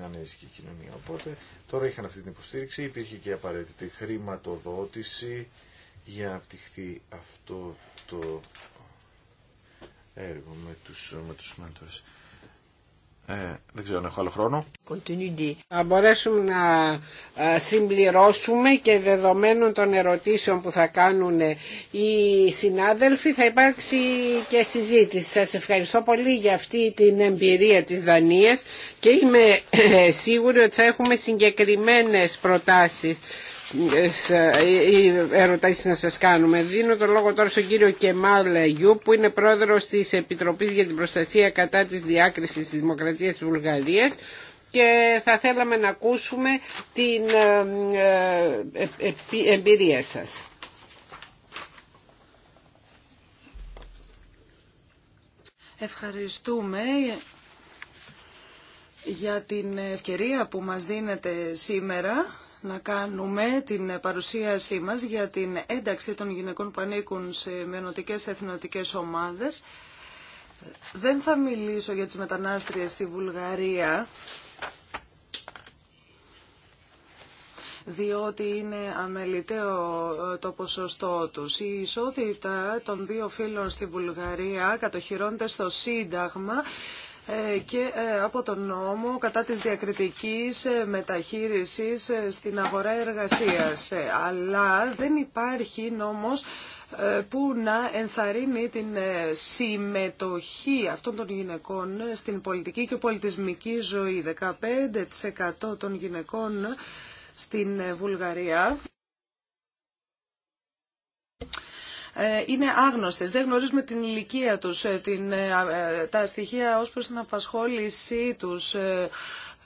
Δανέζικη κοινωνία. Οπότε τώρα είχαν αυτή την υποστήριξη, υπήρχε και απαραίτητη χρηματοδότηση για να απτυχθεί αυτό το έργο με τους, με τους ε, δεν ξέρω αν έχω άλλο χρόνο. Θα μπορέσουμε να ε, συμπληρώσουμε και δεδομένων των ερωτήσεων που θα κάνουν οι συνάδελφοι θα υπάρξει και συζήτηση. Σας ευχαριστώ πολύ για αυτή την εμπειρία της Δανίας και είμαι ε, σίγουρη ότι θα έχουμε συγκεκριμένες προτάσεις ε, ε, ε, ερωτήσεις να σας κάνουμε. Δίνω το λόγο τώρα στον κύριο Κεμάλ Λεγιού, που είναι πρόεδρος της Επιτροπής για την Προστασία κατά της διάκριση τη Δημοκρατία της Βουλγαρίας και θα θέλαμε να ακούσουμε την εμπειρία σας. Ευχαριστούμε για την ευκαιρία που μας δίνεται σήμερα να κάνουμε την παρουσίασή μας για την ένταξη των γυναικών που ανήκουν σε μενοτικές εθνοτικές ομάδες. Δεν θα μιλήσω για τις μετανάστριες στη Βουλγαρία, διότι είναι αμεληταίο ε, το ποσοστό τους. Η ισότητα των δύο φίλων στη Βουλγαρία κατοχυρώνεται στο Σύνταγμα ε, και ε, από τον νόμο κατά της διακριτικής ε, μεταχείρισης στην αγορά εργασίας. Αλλά δεν υπάρχει νόμος που να ενθαρρύνει την συμμετοχή αυτών των γυναικών στην πολιτική και πολιτισμική ζωή. 15% των γυναικών στην Βουλγαρία Ε, είναι άγνωστες. Δεν γνωρίζουμε την ηλικία τους, ε, την, ε, τα στοιχεία ως προς την απασχόλησή τους,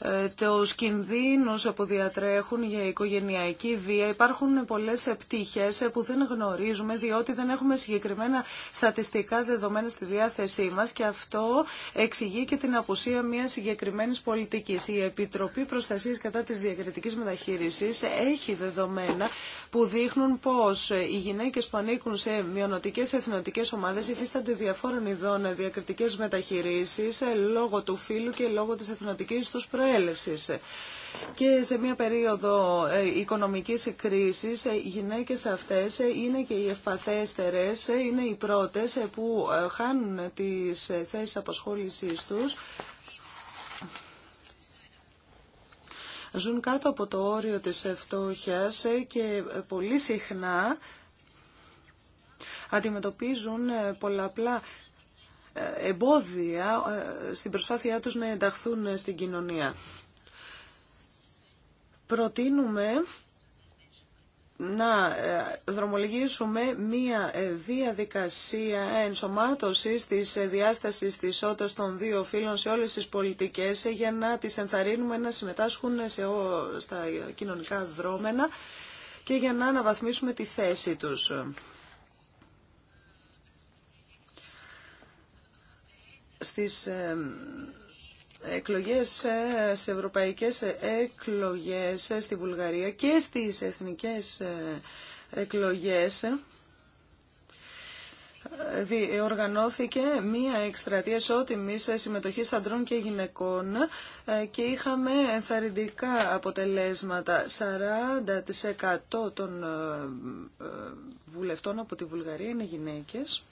ε, τους κινδύνους που διατρέχουν για οικογενειακή βία. Υπάρχουν πολλές πτυχέ που δεν γνωρίζουμε διότι δεν έχουμε συγκεκριμένα στατιστικά δεδομένα στη διάθεσή μας και αυτό εξηγεί και την απουσία μιας συγκεκριμένης πολιτικής. Η Επιτροπή Προστασίας κατά της διακριτικής μεταχείρισης έχει δεδομένα που δείχνουν πως οι γυναίκες που ανήκουν σε μειονοτικές εθνοτικές ομάδες υφίστανται διαφόρων ειδών διακριτικές μεταχειρήσει ε, λόγω του φύλου και λόγω της εθνοτικής τους και σε μια περίοδο ε, οικονομικής κρίσης ε, οι γυναίκες αυτές ε, είναι και οι ευπαθέστερες, είναι οι πρώτες που χάνουν τις θέσεις απασχόλησής τους ζουν κάτω από το όριο της φτώχειας και πολύ συχνά αντιμετωπίζουν πολλαπλά εμπόδια ε, στην προσπάθειά τους να ενταχθούν στην κοινωνία. Προτείνουμε να ε, δρομολογήσουμε μία ε, διαδικασία ενσωμάτωσης της διάστασης της ότας των δύο φίλων σε όλες τις πολιτικές για να τις ενθαρρύνουμε να συμμετάσχουν σε, στα κοινωνικά δρόμενα και για να αναβαθμίσουμε τη θέση τους. στις εκλογές, ε, σε ευρωπαϊκές ε, εκλογές ε, στη Βουλγαρία και στις εθνικές εκλογές οργανώθηκε μία εκστρατεία σε συμμετοχή αντρών και γυναικών και είχαμε ενθαρρυντικά αποτελέσματα. 40% των βουλευτών από τη Βουλγαρία είναι γυναίκες.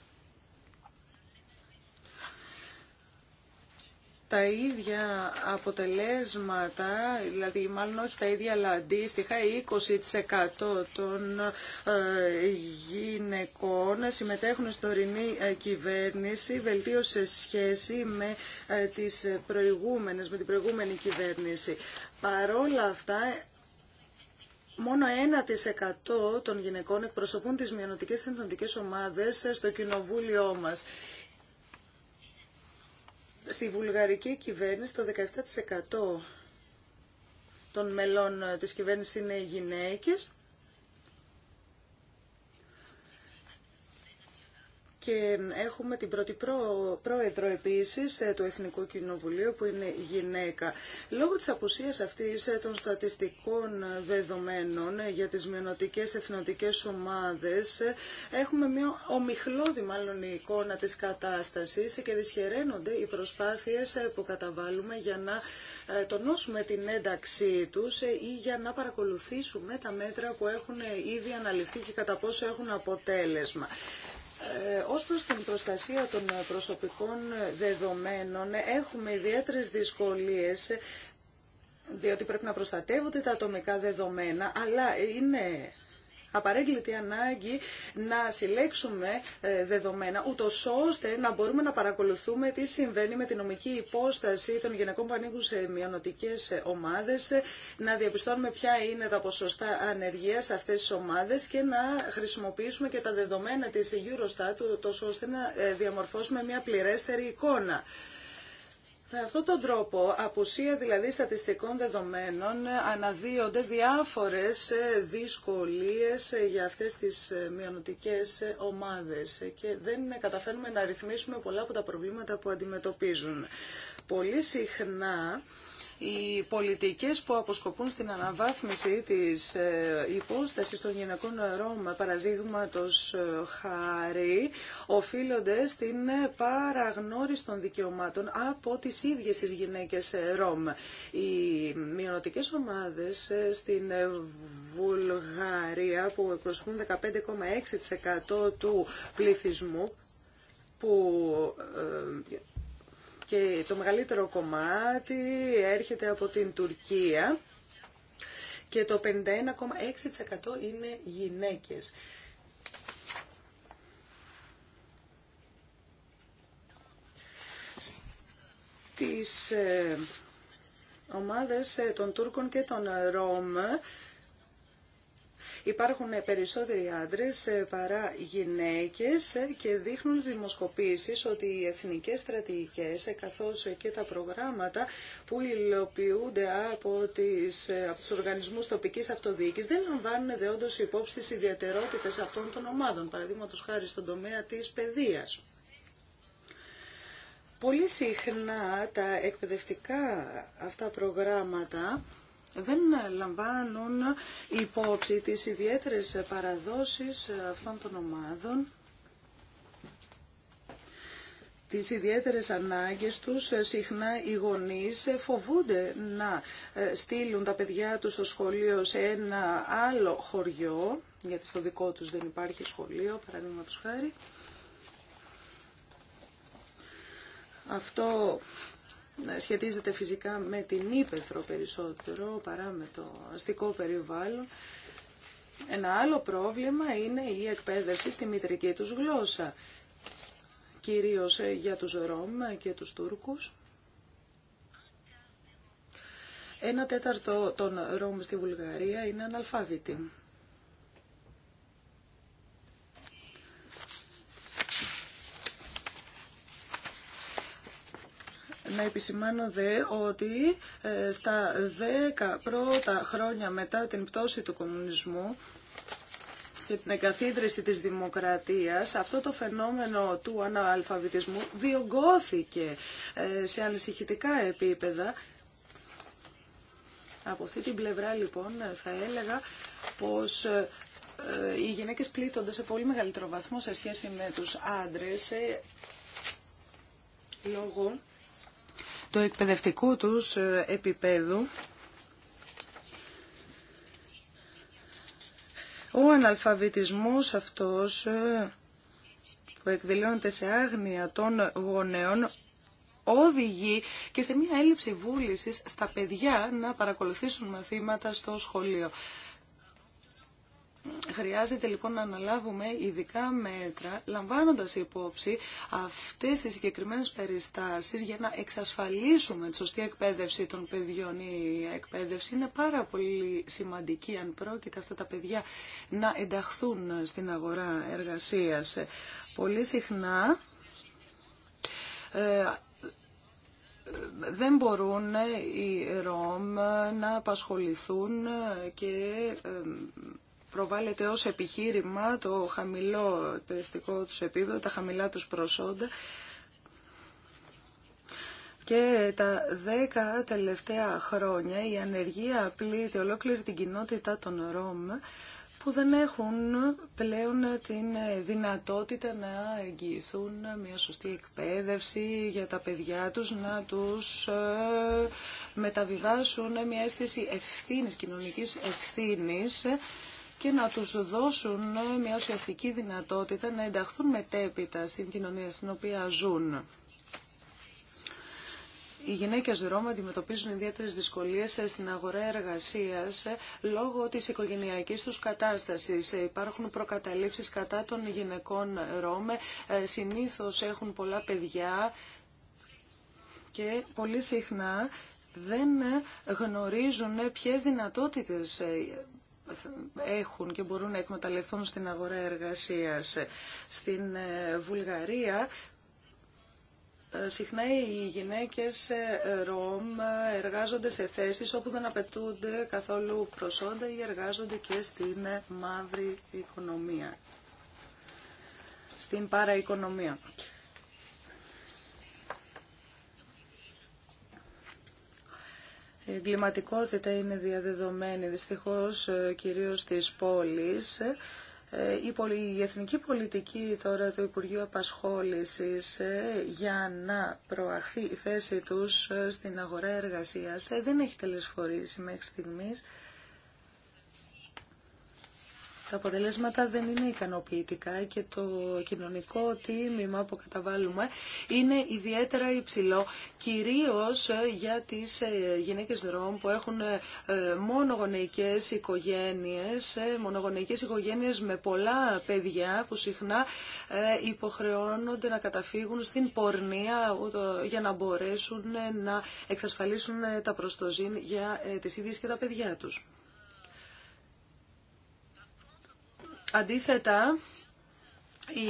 τα ίδια αποτελέσματα, δηλαδή μάλλον όχι τα ίδια αλλά αντίστοιχα 20% των ε, γυναικών συμμετέχουν στην τωρινή ε, κυβέρνηση, βελτίωσε σε σχέση με, ε, τις προηγούμενες, με την προηγούμενη κυβέρνηση. Παρόλα αυτά, Μόνο 1% των γυναικών εκπροσωπούν τις μειονοτικές θεντοντικές ομάδες στο κοινοβούλιο μας. Στη βουλγαρική κυβέρνηση το 17% των μελών της κυβέρνησης είναι γυναίκες και έχουμε την πρώτη πρόεδρο επίσης ε, του Εθνικού Κοινοβουλίου που είναι γυναίκα. Λόγω της απουσίας αυτής ε, των στατιστικών δεδομένων ε, για τις μειονοτικές εθνοτικές ομάδες έχουμε μια ομιχλώδη μάλλον η εικόνα της κατάστασης και δυσχεραίνονται οι προσπάθειες που καταβάλουμε για να τονώσουμε την ένταξή τους ή για να παρακολουθήσουμε τα μέτρα που έχουν ήδη αναλυθεί και κατά πόσο έχουν αποτέλεσμα. Ε, ως προς την προστασία των προσωπικών δεδομένων έχουμε ιδιαίτερες δυσκολίες διότι πρέπει να προστατεύονται τα ατομικά δεδομένα, αλλά είναι απαρέγκλητη ανάγκη να συλλέξουμε ε, δεδομένα, ούτω ώστε να μπορούμε να παρακολουθούμε τι συμβαίνει με την νομική υπόσταση των γυναικών που ανήκουν σε μειονοτικέ ε, ομάδε, ε, να διαπιστώνουμε ποια είναι τα ποσοστά ανεργία σε αυτέ τι ομάδε και να χρησιμοποιήσουμε και τα δεδομένα τη Eurostat, τόσο ώστε να διαμορφώσουμε μια πληρέστερη εικόνα. Με αυτόν τον τρόπο, απουσία δηλαδή στατιστικών δεδομένων, αναδύονται διάφορες ε, δυσκολίες ε, για αυτές τις ε, μειονοτικές ομάδες και δεν καταφέρνουμε να ρυθμίσουμε πολλά από τα προβλήματα που αντιμετωπίζουν. Πολύ συχνά οι πολιτικές που αποσκοπούν στην αναβάθμιση της ε, υπόστασης των γυναικών Ρώμα, παραδείγματος ε, χάρη, οφείλονται στην παραγνώριση των δικαιωμάτων από τις ίδιες τις γυναίκες ε, ΡΟΜ. Οι μειονοτικές ομάδες στην Βουλγαρία που εκπροσωπούν 15,6% του πληθυσμού που και το μεγαλύτερο κομμάτι έρχεται από την Τουρκία και το 51,6% είναι γυναίκες. Στις ε, ομάδες ε, των Τούρκων και των Ρώμ Υπάρχουν περισσότεροι άντρες ε, παρά γυναίκες ε, και δείχνουν δημοσκοπήσεις ότι οι εθνικές στρατηγικές ε, καθώς και τα προγράμματα που υλοποιούνται από, τις, από τους οργανισμούς τοπικής αυτοδιοίκησης δεν λαμβάνουν δεόντως υπόψη τις ιδιαιτερότητες αυτών των ομάδων, παραδείγματο χάρη στον τομέα της παιδείας. Πολύ συχνά τα εκπαιδευτικά αυτά προγράμματα δεν λαμβάνουν υπόψη τις ιδιαίτερες παραδόσεις αυτών των ομάδων τις ιδιαίτερες ανάγκες τους. Συχνά οι γονείς φοβούνται να ε, στείλουν τα παιδιά τους στο σχολείο σε ένα άλλο χωριό, γιατί στο δικό τους δεν υπάρχει σχολείο, παραδείγματος χάρη. Αυτό ναι, σχετίζεται φυσικά με την ύπεθρο περισσότερο παρά με το αστικό περιβάλλον. Ένα άλλο πρόβλημα είναι η εκπαίδευση στη μητρική τους γλώσσα, κυρίως για τους Ρώμα και τους Τούρκους. Ένα τέταρτο των Ρώμων στη Βουλγαρία είναι αναλφάβητοι. Να επισημάνω δε ότι ε, στα δέκα πρώτα χρόνια μετά την πτώση του κομμουνισμού και την εγκαθίδρυση της δημοκρατίας, αυτό το φαινόμενο του αναλφαβητισμού διωγγώθηκε ε, σε ανησυχητικά επίπεδα. Από αυτή την πλευρά λοιπόν θα έλεγα πως ε, οι γυναίκες πλήττονται σε πολύ μεγαλύτερο βαθμό σε σχέση με τους άντρες λόγω το εκπαιδευτικού τους ε, επίπεδου. Ο αναλφαβητισμός αυτός ε, που εκδηλώνεται σε άγνοια των γονέων οδηγεί και σε μια έλλειψη βούλησης στα παιδιά να παρακολουθήσουν μαθήματα στο σχολείο. Χρειάζεται λοιπόν να αναλάβουμε ειδικά μέτρα, λαμβάνοντας υπόψη αυτές τις συγκεκριμένες περιστάσεις για να εξασφαλίσουμε τη σωστή εκπαίδευση των παιδιών. Η εκπαίδευση είναι πάρα πολύ σημαντική αν πρόκειται αυτά τα παιδιά να ενταχθούν στην αγορά εργασίας. Πολύ συχνά ε, δεν μπορούν οι ΡΟΜ να απασχοληθούν και ε, προβάλλεται ως επιχείρημα το χαμηλό εκπαιδευτικό τους επίπεδο, τα χαμηλά τους προσόντα και τα δέκα τελευταία χρόνια η ανεργία πλήττει ολόκληρη την κοινότητα των ΡΟΜ που δεν έχουν πλέον την δυνατότητα να εγγυηθούν μια σωστή εκπαίδευση για τα παιδιά τους, να τους ε, μεταβιβάσουν μια αίσθηση ευθύνης, κοινωνικής ευθύνης και να τους δώσουν μια ουσιαστική δυνατότητα να ενταχθούν μετέπειτα στην κοινωνία στην οποία ζουν. Οι γυναίκες Ρώμα αντιμετωπίζουν ιδιαίτερες δυσκολίες στην αγορά εργασίας λόγω της οικογενειακής τους κατάστασης. Υπάρχουν προκαταλήψεις κατά των γυναικών Ρώμα, συνήθως έχουν πολλά παιδιά και πολύ συχνά δεν γνωρίζουν ποιες δυνατότητες έχουν και μπορούν να εκμεταλλευτούν στην αγορά εργασίας. Στην ε, Βουλγαρία ε, Συχνά οι γυναίκες ε, ΡΟΜ εργάζονται σε θέσεις όπου δεν απαιτούνται καθόλου προσόντα ή εργάζονται και στην μαύρη οικονομία, στην παραοικονομία. Η εγκληματικότητα είναι διαδεδομένη δυστυχώς ε, κυρίως στις πόλεις. Ε, η εθνική πολιτική τώρα του Υπουργείου Απασχόλησης ε, για να προαχθεί η θέση τους στην αγορά εργασίας δεν έχει τελεσφορήσει μέχρι στιγμής τα αποτελέσματα δεν είναι ικανοποιητικά και το κοινωνικό τίμημα που καταβάλουμε είναι ιδιαίτερα υψηλό, κυρίως για τις ε, γυναίκες δρόμου που έχουν ε, μόνογονεικές οικογένειες, ε, μονογονεϊκές οικογένειες με πολλά παιδιά που συχνά υποχρεώνονται να καταφύγουν στην πορνεία για να μπορέσουν να εξασφαλίσουν τα προστοζήν για τις ίδιες και τα παιδιά τους. Αντίθετα,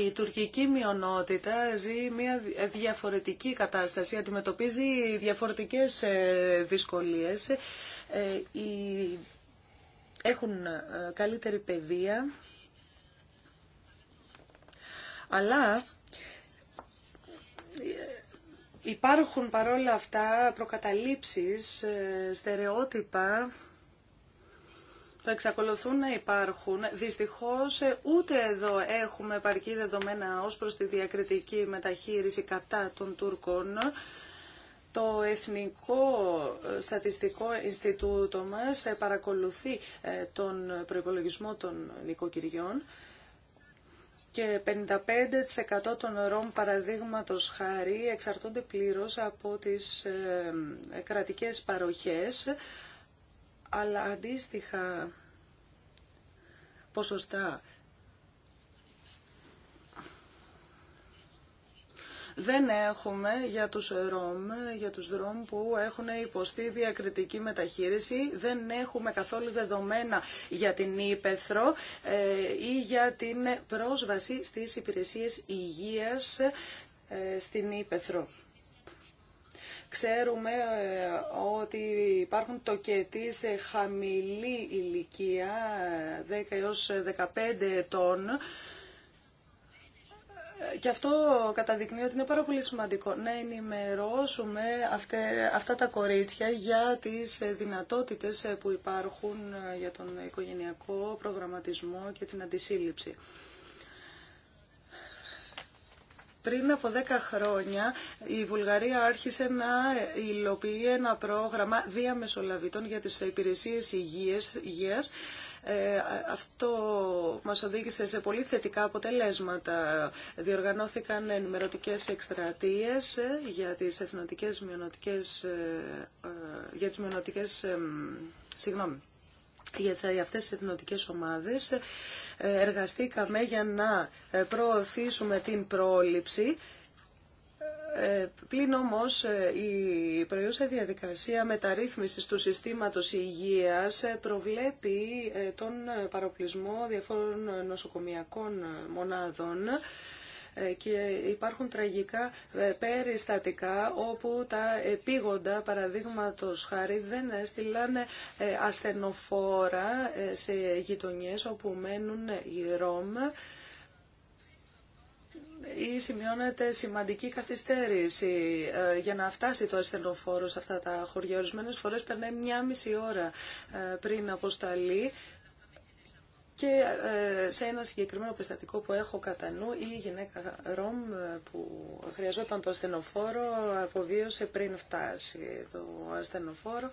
η τουρκική μειονότητα ζει μια διαφορετική κατάσταση, αντιμετωπίζει διαφορετικές ε, δυσκολίες. Ε, έχουν ε, καλύτερη παιδεία, αλλά υπάρχουν παρόλα αυτά προκαταλήψεις, στερεότυπα εξακολουθούν να υπάρχουν. Δυστυχώς ε, ούτε εδώ έχουμε επαρκή δεδομένα ως προς τη διακριτική μεταχείριση κατά των Τούρκων. Το Εθνικό ε, Στατιστικό Ινστιτούτο μας ε, παρακολουθεί τον προϋπολογισμό των νοικοκυριών και 55% των ΡΟΜ παραδείγματος χάρη εξαρτώνται πλήρως από τις κρατικές παροχές αλλά αντίστοιχα ποσοστά δεν έχουμε για τους ΡΟΜ, για τους που έχουν υποστεί διακριτική μεταχείριση, δεν έχουμε καθόλου δεδομένα για την ύπεθρο ε, ή για την πρόσβαση στις υπηρεσίες υγείας ε, στην ύπεθρο. Ξέρουμε ε, ότι υπάρχουν τοκετοί σε χαμηλή ηλικία, 10 έως 15 ετών, και αυτό καταδεικνύει ότι είναι πάρα πολύ σημαντικό να ενημερώσουμε αυτά τα κορίτσια για τις δυνατότητες που υπάρχουν για τον οικογενειακό προγραμματισμό και την αντισύλληψη. Πριν από 10 χρόνια η Βουλγαρία άρχισε να υλοποιεί ένα πρόγραμμα διαμεσολαβητών για τις υπηρεσίες υγείας, υγείας ε, αυτό μας οδήγησε σε πολύ θετικά αποτελέσματα. Διοργανώθηκαν ενημερωτικές εκστρατείες ε, για τις εθνοτικές μειονοτικές, ε, για τις μειονοτικές, συγγνώμη, για αυτές τις εθνοτικές ομάδες ε, εργαστήκαμε για να ε, προωθήσουμε την πρόληψη ε, Πλην όμως η προϊόντα διαδικασία μεταρρύθμισης του συστήματος υγείας προβλέπει τον παροπλισμό διαφόρων νοσοκομιακών μονάδων ε, και υπάρχουν τραγικά ε, περιστατικά όπου τα επίγοντα παραδείγματο χάρη δεν έστειλαν ε, ασθενοφόρα σε γειτονιές όπου μένουν οι Ρώμα ή σημειώνεται σημαντική καθυστέρηση για να φτάσει το ασθενοφόρο σε αυτά τα χωριά. Ορισμένε φορέ περνάει μια μισή ώρα πριν αποσταλεί και ε, σε ένα συγκεκριμένο περιστατικό που έχω κατά νου, η γυναίκα Ρομ ε, που χρειαζόταν το ασθενοφόρο αποβίωσε πριν φτάσει το ασθενοφόρο.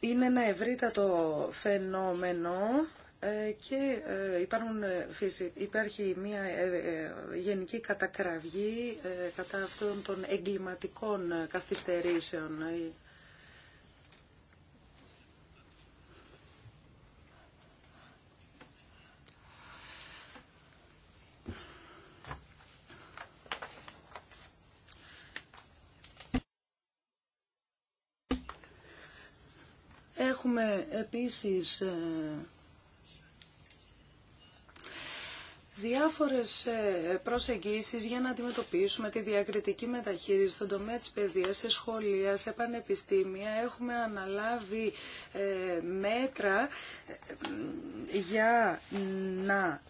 Είναι ένα ευρύτατο φαινόμενο ε, και υπάρχουν, υπάρχει μια γενική κατακραυγή κατά αυτών των εγκληματικών καθυστερήσεων Έχουμε επίσης ε, διάφορες ε, προσεγγίσεις για να αντιμετωπίσουμε τη διακριτική μεταχείριση στον τομέα της παιδείας, σε σχολεία, σε πανεπιστήμια. Έχουμε αναλάβει ε, μέτρα για να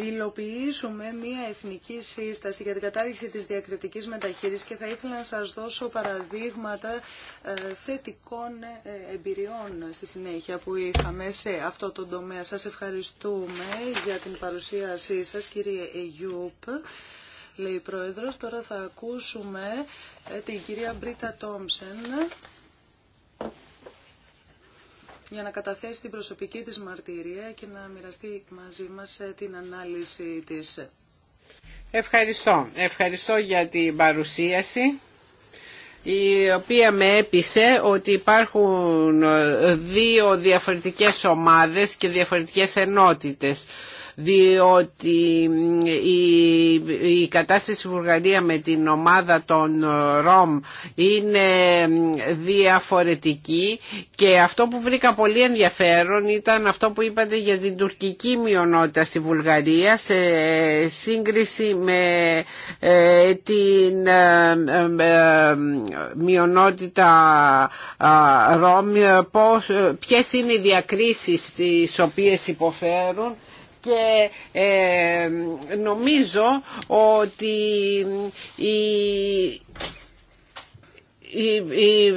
υλοποιήσουμε μία εθνική σύσταση για την κατάργηση της διακριτικής μεταχείρισης και θα ήθελα να σας δώσω παραδείγματα ε, θετικών ε, εμπειριών στη συνέχεια που είχαμε σε αυτό το τομέα. Σας ευχαριστούμε για την παρουσίασή σας κύριε Εγιούπ. Λέει η Πρόεδρος, τώρα θα ακούσουμε ε, την κυρία Μπρίτα Τόμψεν για να καταθέσει την προσωπική της μαρτυρία και να μοιραστεί μαζί μας ε, την ανάλυση της. Ευχαριστώ. Ευχαριστώ για την παρουσίαση η οποία με έπεισε ότι υπάρχουν ε, δύο διαφορετικές ομάδες και διαφορετικές ενότητες διότι η, κατάσταση στη Βουλγαρία με την ομάδα των ε, ΡΟΜ είναι διαφορετική και αυτό που βρήκα πολύ ενδιαφέρον ήταν αυτό που είπατε για την τουρκική μειονότητα στη Βουλγαρία σε σύγκριση με ε, την ε, μειονότητα ΡΟΜ. ποιες είναι οι διακρίσεις τις οποίες υποφέρουν και ε, νομίζω ότι η η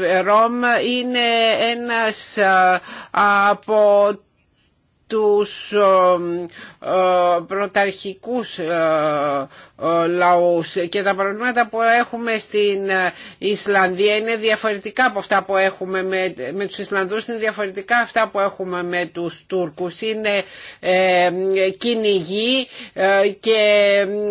είναι ένας ε, από τους ε, πρωταρχικούς ε, ε, λαούς και τα προβλήματα που έχουμε στην ε, Ισλανδία είναι διαφορετικά από αυτά που έχουμε με, με τους Ισλανδούς είναι διαφορετικά αυτά που έχουμε με τους Τούρκους είναι ε, κυνηγοί και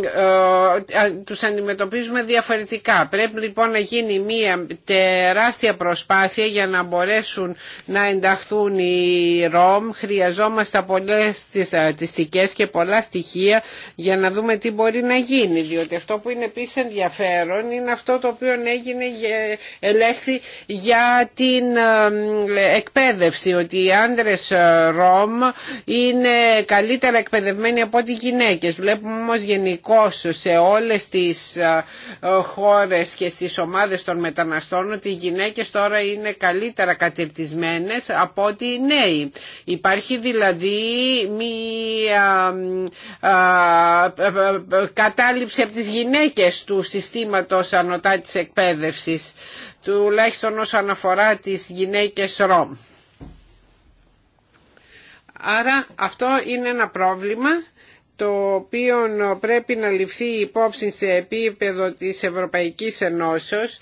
ε, τους αντιμετωπίζουμε διαφορετικά πρέπει λοιπόν να γίνει μια τεράστια προσπάθεια για να μπορέσουν να ενταχθούν οι Ρώμ χρειαζόμαστε πολλές τις στατιστικές και πολλά στοιχεία για να δούμε τι μπορεί να γίνει. Διότι αυτό που είναι επίσης ενδιαφέρον είναι αυτό το οποίο έγινε ελέγχθη για την εκπαίδευση. Ότι οι άντρες ε, Ρώμ είναι καλύτερα εκπαιδευμένοι από ό,τι γυναίκες. Βλέπουμε όμως γενικώ σε όλες τις ε, χώρες και στις ομάδες των μεταναστών ότι οι γυναίκες τώρα είναι καλύτερα κατηρτισμένες από ότι οι νέοι. Υπάρχει δηλαδή μία ε, ε, ε, κατάληψη από τις γυναίκες του συστήματος ανωτά της εκπαίδευσης, τουλάχιστον όσον αφορά τις γυναίκες ΡΟΜ. Άρα αυτό είναι ένα πρόβλημα το οποίο πρέπει να ληφθεί υπόψη σε επίπεδο της Ευρωπαϊκής Ενώσεως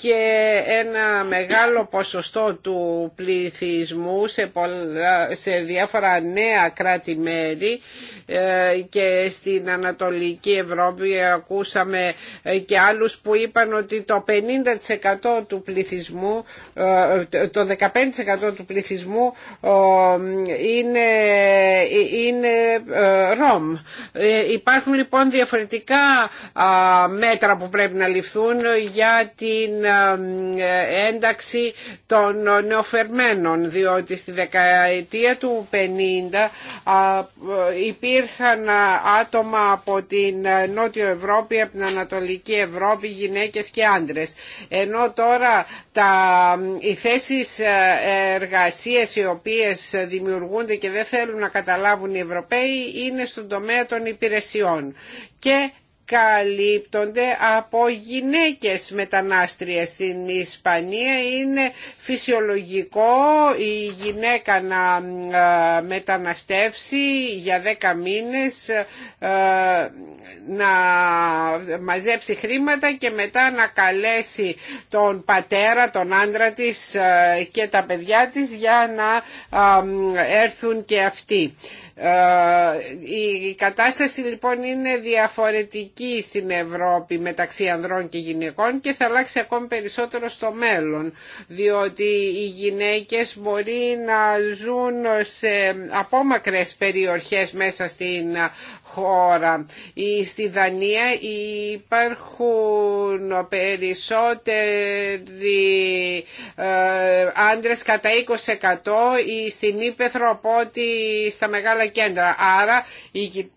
και ένα μεγάλο ποσοστό του πληθυσμού σε, πολλά, σε διάφορα νέα κράτη-μέρη ε, και στην Ανατολική Ευρώπη ακούσαμε ε, και άλλους που είπαν ότι το 50% του πληθυσμού, ε, το 15% του πληθυσμού είναι, είναι ρομ. Υπάρχουν λοιπόν διαφορετικά μέτρα που πρέπει να ληφθούν για την ε, ένταξη των νεοφερμένων διότι στη δεκαετία του 50 υπήρχαν άτομα από την Νότιο Ευρώπη, από την Ανατολική Ευρώπη, γυναίκες και άντρες. Ενώ τώρα τα, οι θέσεις ε, εργασίες οι οποίες δημιουργούνται και δεν θέλουν να καταλάβουν οι Ευρωπαίοι είναι στον τομέα των υπηρεσιών. Και καλύπτονται από γυναίκες μετανάστριες στην Ισπανία. Είναι φυσιολογικό η γυναίκα να ε, μεταναστεύσει για 10 μήνες, ε, να μαζέψει χρήματα και μετά να καλέσει τον πατέρα, τον άντρα της ε, και τα παιδιά της για να έρθουν και αυτοί. Ε, η κατάσταση λοιπόν είναι διαφορετική στην Ευρώπη μεταξύ ανδρών και γυναικών και θα αλλάξει ακόμη περισσότερο στο μέλλον διότι οι γυναίκες μπορεί να ζουν σε απόμακρες περιοχές μέσα στην χώρα. Στη Δανία υπάρχουν περισσότεροι ε, άντρε κατά 20% στην Ήπεθρο από ότι στα μεγάλα κέντρα. Άρα η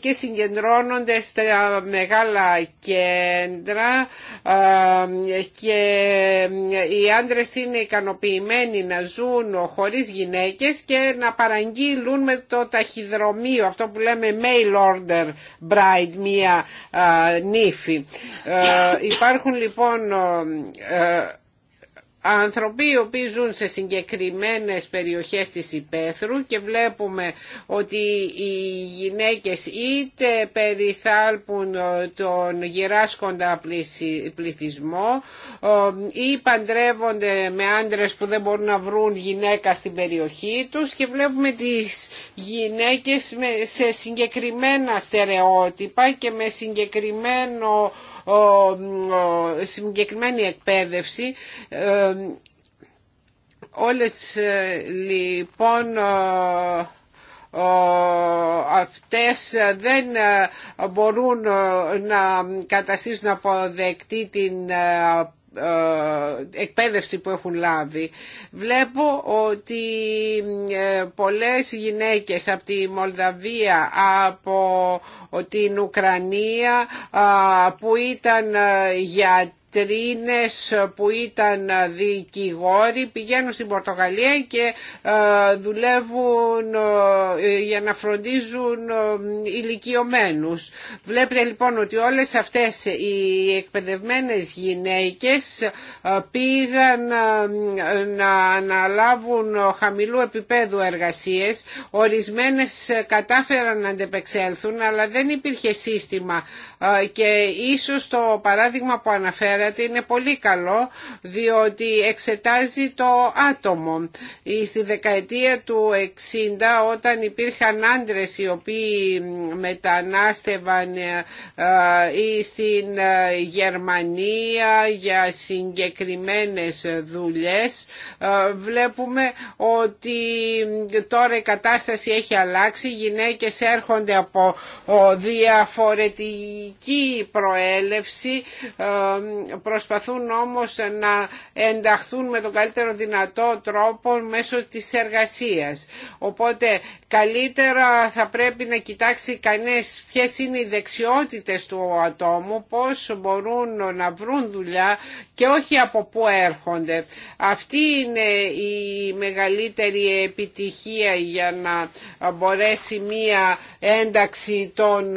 και συγκεντρώνονται στα μεγάλα κέντρα και οι άντρες είναι ικανοποιημένοι να ζουν χωρίς γυναίκες και να παραγγείλουν με το ταχυδρομείο, αυτό που λέμε mail order bride, μία νύφη. Ε, υπάρχουν λοιπόν ε, άνθρωποι οι οποίοι ζουν σε συγκεκριμένες περιοχές της υπαίθρου και βλέπουμε ότι οι γυναίκες είτε περιθάλπουν ε, τον γυράσκοντα πληθυσμό ε, ή παντρεύονται με άντρες που δεν μπορούν να βρουν γυναίκα στην περιοχή τους και βλέπουμε τις γυναίκες σε συγκεκριμένα στερεότυπα και με συγκεκριμένο συγκεκριμένη εκπαίδευση ε, όλες ε, λοιπόν αυτές δεν ε, μπορούν να καταστήσουν αποδεκτή την ε, εκπαίδευση που έχουν λάβει. Βλέπω ότι ε, πολλές γυναίκες από τη Μολδαβία, από την Ουκρανία ε, που ήταν για Τρίνες που ήταν δικηγόροι πηγαίνουν στην Πορτογαλία και ε, δουλεύουν ε, για να φροντίζουν ε, ηλικιωμένους. Βλέπετε λοιπόν ότι όλες αυτές οι εκπαιδευμένες γυναίκες πήγαν να αναλάβουν χαμηλού επίπεδου εργασίες. Ορισμένες κατάφεραν να αντεπεξέλθουν αλλά δεν υπήρχε σύστημα και ίσως το παράδειγμα που αναφέρω είναι πολύ καλό διότι εξετάζει το άτομο. Στη δεκαετία του 60 όταν υπήρχαν άντρες οι οποίοι μετανάστευαν ε, ε, ή στην ε, Γερμανία για συγκεκριμένες δουλειές βλέπουμε ότι τώρα η κατάσταση έχει αλλάξει, οι γυναίκες έρχονται από διαφορετική προέλευση προσπαθούν όμως να ενταχθούν με τον καλύτερο δυνατό τρόπο μέσω της εργασίας. Οπότε καλύτερα θα πρέπει να κοιτάξει κανείς ποιες είναι οι δεξιότητες του ατόμου, πώς μπορούν να βρουν δουλειά και όχι από πού έρχονται. Αυτή είναι η μεγαλύτερη επιτυχία για να μπορέσει μία ένταξη των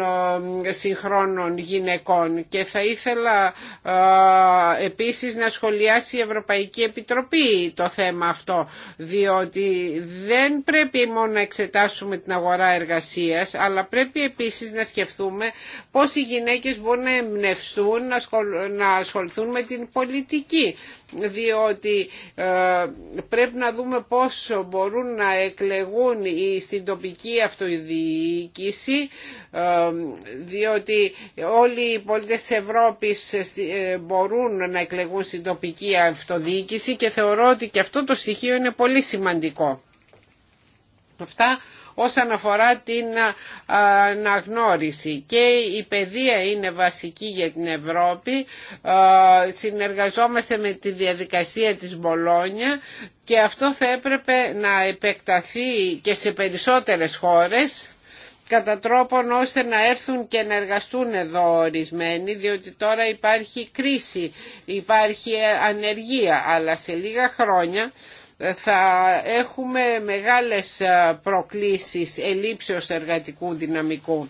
ε, συγχρόνων γυναικών και θα ήθελα ε, επίσης να σχολιάσει η Ευρωπαϊκή Επιτροπή το θέμα αυτό διότι δεν πρέπει μόνο να εξετάσουμε την αγορά εργασίας αλλά πρέπει επίσης να σκεφτούμε πώς οι γυναίκες μπορούν να εμπνευστούν να ασχοληθούν με την πολιτική διότι ε, πρέπει να δούμε πόσο μπορούν να εκλεγούν στην τοπική αυτοδιοίκηση ε, διότι όλοι οι πολίτες της Ευρώπης ε, μπορούν να εκλεγούν στην τοπική αυτοδιοίκηση και θεωρώ ότι και αυτό το στοιχείο είναι πολύ σημαντικό. Αυτά όσον αφορά την αναγνώριση. Και η παιδεία είναι βασική για την Ευρώπη. Συνεργαζόμαστε με τη διαδικασία της Μπολόνια και αυτό θα έπρεπε να επεκταθεί και σε περισσότερες χώρες κατά τρόπον ώστε να έρθουν και να εργαστούν εδώ ορισμένοι, διότι τώρα υπάρχει κρίση, υπάρχει ανεργία, αλλά σε λίγα χρόνια θα έχουμε μεγάλες προκλήσεις ελήψεως εργατικού δυναμικού.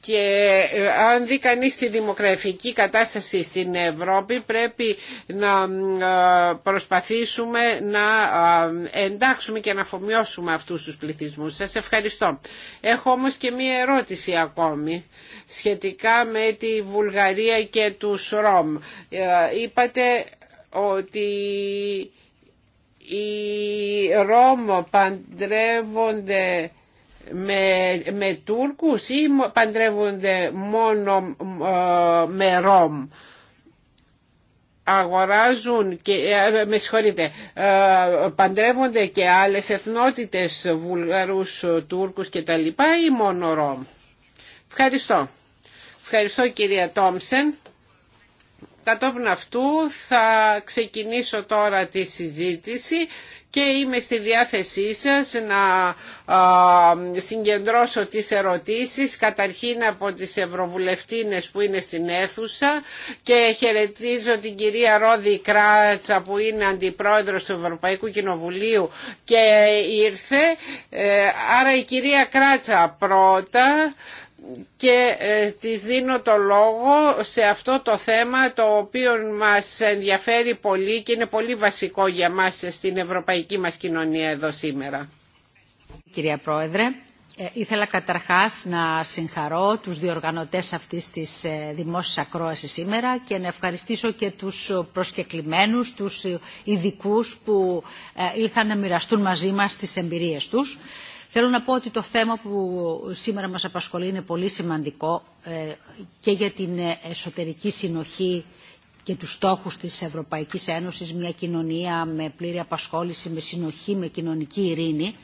Και ε, αν δει κανεί τη δημοκρατική κατάσταση στην Ευρώπη πρέπει να προσπαθήσουμε να εντάξουμε και να αφομοιώσουμε αυτούς τους πληθυσμούς. Σας ευχαριστώ. Έχω όμως και μία ερώτηση ακόμη σχετικά με τη Βουλγαρία και τους Ρομ. Ε, είπατε ότι οι Ρώμο παντρεύονται με, με Τούρκους ή παντρεύονται μόνο ε, με Ρώμ αγοράζουν και, ε, με συγχωρείτε, ε, παντρεύονται και άλλες εθνότητες, Βουλγαρούς, Τούρκους και τα λοιπά ή μόνο Ρώμ. Ευχαριστώ. Ευχαριστώ κυρία Τόμσεν. Κατόπιν αυτού θα ξεκινήσω τώρα τη συζήτηση και είμαι στη διάθεσή σας να συγκεντρώσω τις ερωτήσεις καταρχήν από τις ευρωβουλευτίνες που είναι στην αίθουσα και χαιρετίζω την κυρία Ρόδη Κράτσα που είναι αντιπρόεδρος του Ευρωπαϊκού Κοινοβουλίου και ήρθε. Ε, άρα η κυρία Κράτσα πρώτα και ε, της δίνω το λόγο σε αυτό το θέμα το οποίο μας ενδιαφέρει πολύ και είναι πολύ βασικό για μας στην ευρωπαϊκή μας κοινωνία εδώ σήμερα. Κυρία Πρόεδρε, ε, ήθελα καταρχάς να συγχαρώ τους διοργανωτές αυτής της ε, δημόσιας ακρόασης σήμερα και να ευχαριστήσω και τους προσκεκλημένους, τους ειδικού που ήλθαν να μοιραστούν μαζί μας τις εμπειρίες τους. Θέλω να πω ότι το θέμα που σήμερα μας απασχολεί είναι πολύ σημαντικό ε, και για την εσωτερική συνοχή και τους στόχους της Ευρωπαϊκής Ένωσης, μια κοινωνία με πλήρη απασχόληση, με συνοχή, με κοινωνική ειρήνη,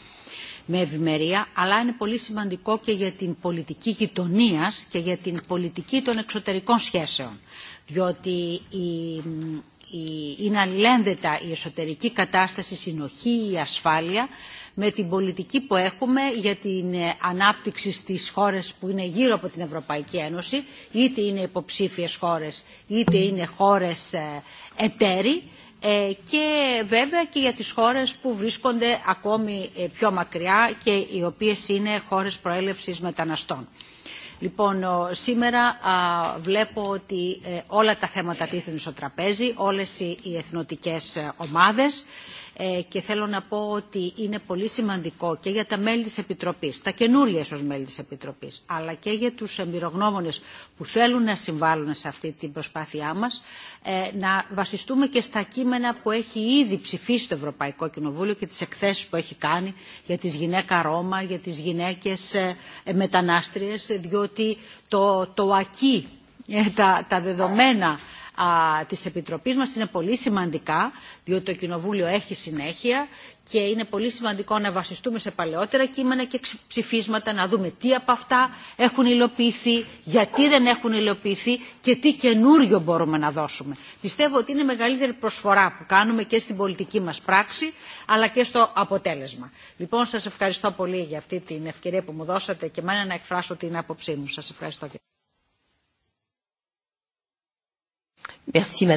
με ευημερία, αλλά είναι πολύ σημαντικό και για την πολιτική γειτονία και για την πολιτική των εξωτερικών σχέσεων. Διότι η, η, είναι αλληλένδετα η εσωτερική κατάσταση, η συνοχή, η ασφάλεια με την πολιτική που έχουμε για την ε, ανάπτυξη στις χώρες που είναι γύρω από την Ευρωπαϊκή Ένωση, είτε είναι υποψήφιες χώρες, είτε είναι χώρες ε, εταίροι, ε, και βέβαια και για τις χώρες που βρίσκονται ακόμη πιο μακριά και οι οποίες είναι χώρες προέλευσης μεταναστών. Λοιπόν, σήμερα βλέπω ότι όλα τα θέματα τίθενται στο τραπέζι, όλες οι εθνοτικές ομάδες. Ε, και θέλω να πω ότι είναι πολύ σημαντικό και για τα μέλη της Επιτροπής, τα καινούργια ίσως μέλη της Επιτροπής, αλλά και για τους εμπειρογνώμονες που θέλουν να συμβάλλουν σε αυτή την προσπάθειά μας, ε, να βασιστούμε και στα κείμενα που έχει ήδη ψηφίσει το Ευρωπαϊκό Κοινοβούλιο και τις εκθέσεις που έχει κάνει για τις γυναίκα Ρώμα, για τις γυναίκες ε, μετανάστριες, διότι το, το ακεί, τα δεδομένα Α της Επιτροπής μας είναι πολύ σημαντικά, διότι το Κοινοβούλιο έχει συνέχεια και είναι πολύ σημαντικό να βασιστούμε σε παλαιότερα κείμενα και ψηφίσματα, να δούμε τι από αυτά έχουν υλοποιηθεί, γιατί δεν έχουν υλοποιηθεί και τι καινούριο μπορούμε να δώσουμε. Πιστεύω ότι είναι μεγαλύτερη προσφορά που κάνουμε και στην πολιτική μας πράξη, αλλά και στο αποτέλεσμα. Λοιπόν, σας ευχαριστώ πολύ για αυτή την ευκαιρία που μου δώσατε και μένα να εκφράσω την άποψή μου. Σας ευχαριστώ. Merci,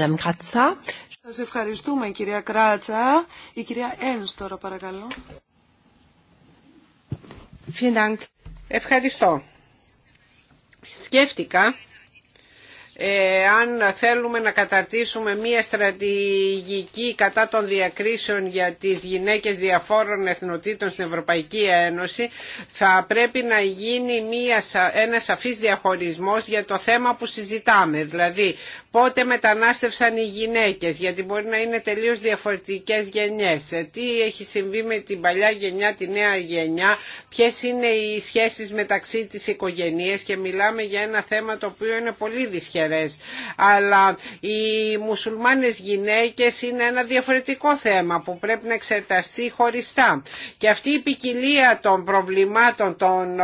ευχαριστούμε, κυρία Κράτσα. Η κυρία Ένς τώρα, παρακαλώ. Ευχαριστώ. Σκέφτηκα ε, αν θέλουμε να καταρτήσουμε μία στρατηγική κατά των διακρίσεων για τις γυναίκες διαφόρων εθνοτήτων στην Ευρωπαϊκή Ένωση θα πρέπει να γίνει μία, ένα σαφής διαχωρισμός για το θέμα που συζητάμε δηλαδή πότε μετανάστευσαν οι γυναίκες, γιατί μπορεί να είναι τελείως διαφορετικές γενιές. Ε, τι έχει συμβεί με την παλιά γενιά, τη νέα γενιά, ποιες είναι οι σχέσεις μεταξύ της οικογένειας και μιλάμε για ένα θέμα το οποίο είναι πολύ δυσχερές. Αλλά οι μουσουλμάνες γυναίκες είναι ένα διαφορετικό θέμα που πρέπει να εξεταστεί χωριστά. Και αυτή η ποικιλία των προβλημάτων των ε,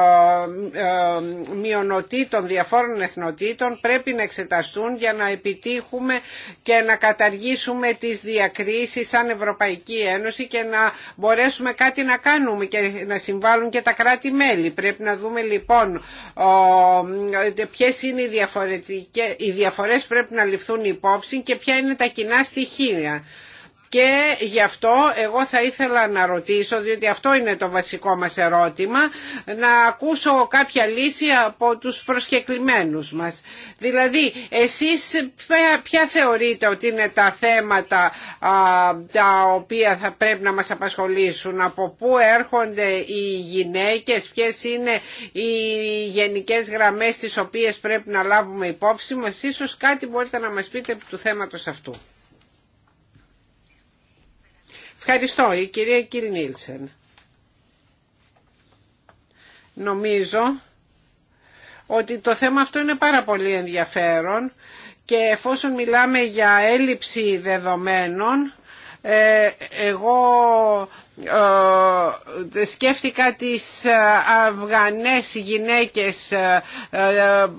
ε, μειονοτήτων, διαφόρων εθνοτήτων πρέπει να εξεταστούν για να επιτύχουμε και να καταργήσουμε τις διακρίσεις σαν Ευρωπαϊκή Ένωση και να μπορέσουμε κάτι να κάνουμε και να συμβάλλουν και τα κράτη-μέλη. Πρέπει να δούμε λοιπόν ε, ποιες είναι οι, διαφορετικές, οι διαφορές πρέπει να ληφθούν υπόψη και ποια είναι τα κοινά στοιχεία και γι' αυτό εγώ θα ήθελα να ρωτήσω, διότι αυτό είναι το βασικό μας ερώτημα, να ακούσω κάποια λύση από τους προσκεκλημένους μας. Δηλαδή, εσείς ποια θεωρείτε ότι είναι τα θέματα τα οποία θα πρέπει να μας απασχολήσουν, από πού έρχονται οι γυναίκες, ποιες είναι οι γενικές γραμμές τις οποίες πρέπει να λάβουμε υπόψη μας, ίσως κάτι μπορείτε να μας πείτε του θέματος αυτού. Ευχαριστώ, η κυρία Κιλ Νομίζω ότι το θέμα αυτό είναι πάρα πολύ ενδιαφέρον και εφόσον μιλάμε για έλλειψη δεδομένων, ε, εγώ ε, σκέφτηκα τις ε, Αυγανές γυναίκες ε,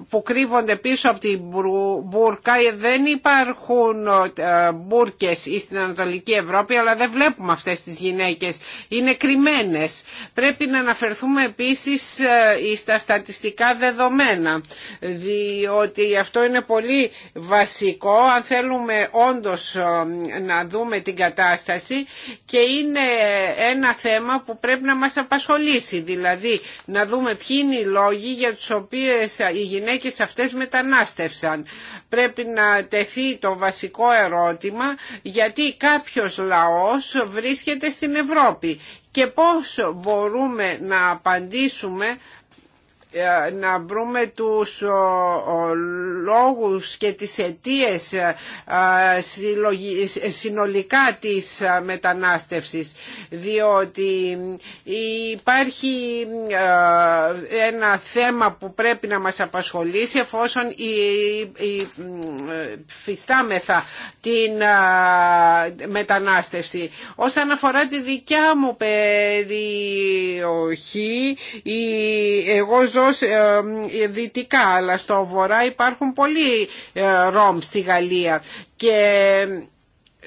που κρύβονται πίσω από την μπουρκα δεν υπάρχουν μπουρκες στην Ανατολική Ευρώπη αλλά δεν βλέπουμε αυτές τις γυναίκες είναι κρυμμένες πρέπει να αναφερθούμε επίσης στα στατιστικά δεδομένα διότι αυτό είναι πολύ βασικό αν θέλουμε όντως να δούμε την κατάσταση και είναι ένα θέμα που πρέπει να μας απασχολήσει, δηλαδή να δούμε ποιοι είναι οι λόγοι για τους οποίες οι γυναίκες αυτές μετανάστευσαν. Πρέπει να τεθεί το βασικό ερώτημα γιατί κάποιος λαός βρίσκεται στην Ευρώπη και πώς μπορούμε να απαντήσουμε ε, να βρούμε τους λόγους και τις αιτίες ε, συνολικά της ε, μετανάστευσης διότι υπάρχει ένα θέμα που πρέπει να μας απασχολήσει εφόσον φυστάμεθα την μετανάστευση. Όσον αφορά τη δικιά μου περιοχή εγώ ζω ε, ε, δυτικά αλλά στο βορρά υπάρχουν πολλοί ε, Ρομ στη Γαλλία και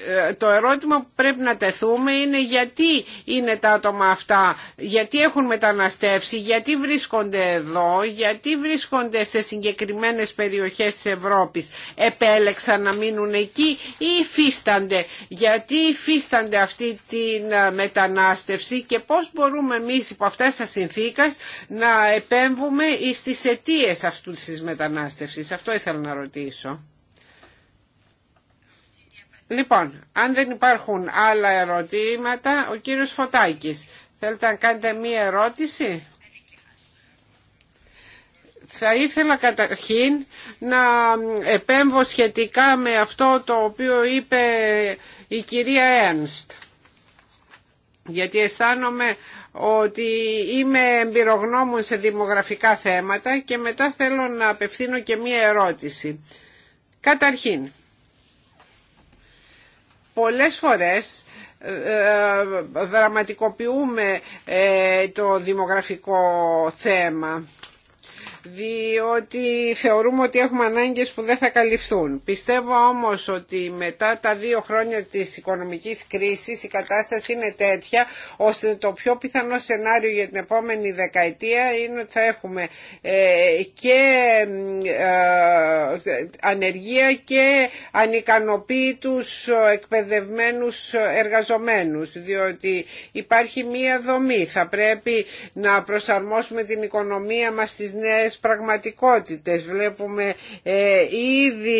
ε, το ερώτημα που πρέπει να τεθούμε είναι γιατί είναι τα άτομα αυτά, γιατί έχουν μεταναστεύσει, γιατί βρίσκονται εδώ, γιατί βρίσκονται σε συγκεκριμένες περιοχές της Ευρώπης. Επέλεξαν να μείνουν εκεί ή υφίστανται, γιατί υφίστανται αυτή την ε, μετανάστευση και πώς μπορούμε εμείς υπό αυτές τις συνθήκες να επέμβουμε στις αιτίες αυτού της μετανάστευσης. Αυτό ήθελα να ρωτήσω. Λοιπόν, αν δεν υπάρχουν άλλα ερωτήματα, ο κύριος Φωτάκης, θέλετε να κάνετε μία ερώτηση. Θα ήθελα καταρχήν να επέμβω σχετικά με αυτό το οποίο είπε η κυρία Ένστ. Γιατί αισθάνομαι ότι είμαι εμπειρογνώμων σε δημογραφικά θέματα και μετά θέλω να απευθύνω και μία ερώτηση. Καταρχήν, πολλές φορές ε, ε, δραματικοποιούμε ε, το δημογραφικό θέμα διότι θεωρούμε ότι έχουμε ανάγκες που δεν θα καλυφθούν. Πιστεύω όμως ότι μετά τα δύο χρόνια της οικονομικής κρίσης η κατάσταση είναι τέτοια ώστε το πιο πιθανό σενάριο για την επόμενη δεκαετία είναι ότι θα έχουμε ε, και ε, ανεργία και ανικανοποίητους ε, εκπαιδευμένους εργαζομένους διότι υπάρχει μία δομή. Θα πρέπει να προσαρμόσουμε την οικονομία μας στις νέες πραγματικότητες. Βλέπουμε ε, ήδη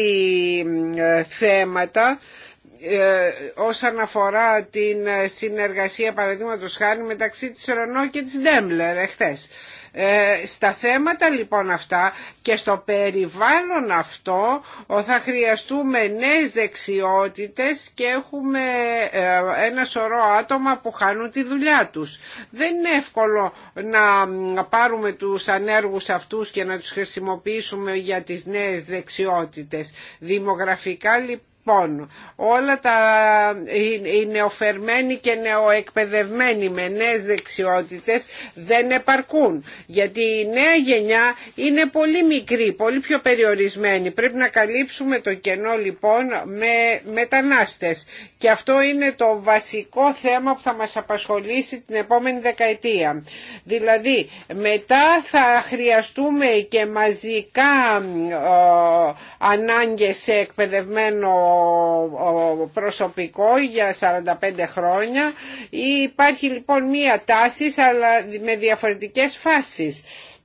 ε, θέματα ε, όσον αφορά την συνεργασία παραδείγματος χάρη μεταξύ της Ρενό και της Ντέμπλερ εχθές. Ε, στα θέματα λοιπόν αυτά και στο περιβάλλον αυτό θα χρειαστούμε νέες δεξιότητες και έχουμε ε, ένα σωρό άτομα που χάνουν τη δουλειά τους. Δεν είναι εύκολο να πάρουμε τους ανέργους αυτούς και να τους χρησιμοποιήσουμε για τις νέες δεξιότητες. Δημογραφικά λοιπόν λοιπόν όλα τα οι νεοφερμένοι και νεοεκπαιδευμένοι με νέες δεξιότητες δεν επαρκούν γιατί η νέα γενιά είναι πολύ μικρή, πολύ πιο περιορισμένη πρέπει να καλύψουμε το κενό λοιπόν με μετανάστες και αυτό είναι το βασικό θέμα που θα μας απασχολήσει την επόμενη δεκαετία δηλαδή μετά θα χρειαστούμε και μαζικά ανάγκες σε εκπαιδευμένο προσωπικό για 45 χρόνια. Υπάρχει λοιπόν μία τάση αλλά με διαφορετικές φάσεις.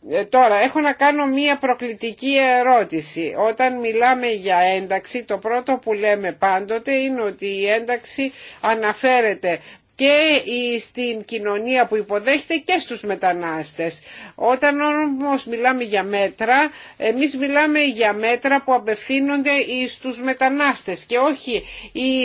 Ε, τώρα, έχω να κάνω μία προκλητική ερώτηση. Όταν μιλάμε για ένταξη, το πρώτο που λέμε πάντοτε είναι ότι η ένταξη αναφέρεται και στην κοινωνία που υποδέχεται και στους μετανάστες. Όταν όμως μιλάμε για μέτρα, εμείς μιλάμε για μέτρα που απευθύνονται στους μετανάστες και όχι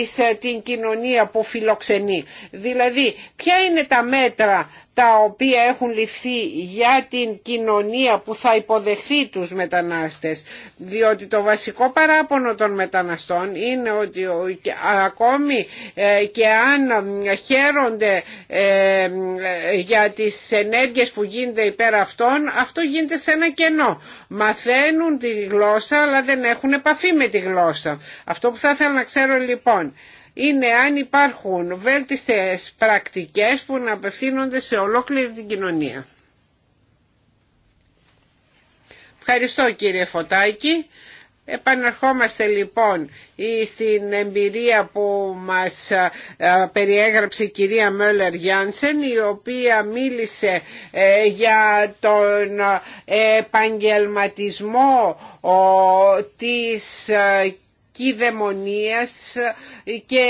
στην ε, την κοινωνία που φιλοξενεί. Δηλαδή, ποια είναι τα μέτρα τα οποία έχουν ληφθεί για την κοινωνία που θα υποδεχθεί τους μετανάστες. Διότι το βασικό παράπονο των μεταναστών είναι ότι ακόμη ε, και αν ε, χαίρονται ε, για τις ενέργειες που γίνονται υπέρ αυτών, αυτό γίνεται σε ένα κενό. Μαθαίνουν τη γλώσσα αλλά δεν έχουν επαφή με τη γλώσσα. Αυτό που θα ήθελα να ξέρω λοιπόν είναι αν υπάρχουν βέλτιστες πρακτικές που να απευθύνονται σε ολόκληρη την κοινωνία. Ευχαριστώ κύριε Φωτάκη. Επαναρχόμαστε λοιπόν στην εμπειρία που μας περιέγραψε η κυρία Μέλλερ Γιάνσεν η οποία μίλησε ε, για τον ε, επαγγελματισμό της ε, και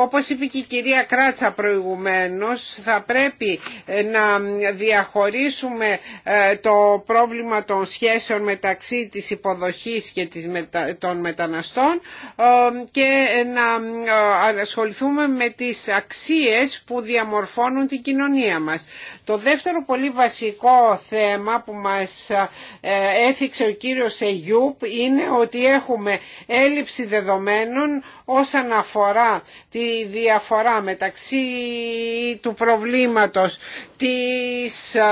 όπως είπε και η κυρία Κράτσα προηγουμένως θα πρέπει ε, να διαχωρίσουμε ε, το πρόβλημα των σχέσεων μεταξύ της υποδοχής και των μεταναστών ε, και να ασχοληθούμε με τις αξίες που διαμορφώνουν την κοινωνία μας. Το δεύτερο πολύ βασικό θέμα που μας ε, έθιξε ο κύριος Σεγιούπ είναι ότι έχουμε έλλειψη δεδομένων όσον αφορά τη διαφορά μεταξύ του προβλήματος της ε,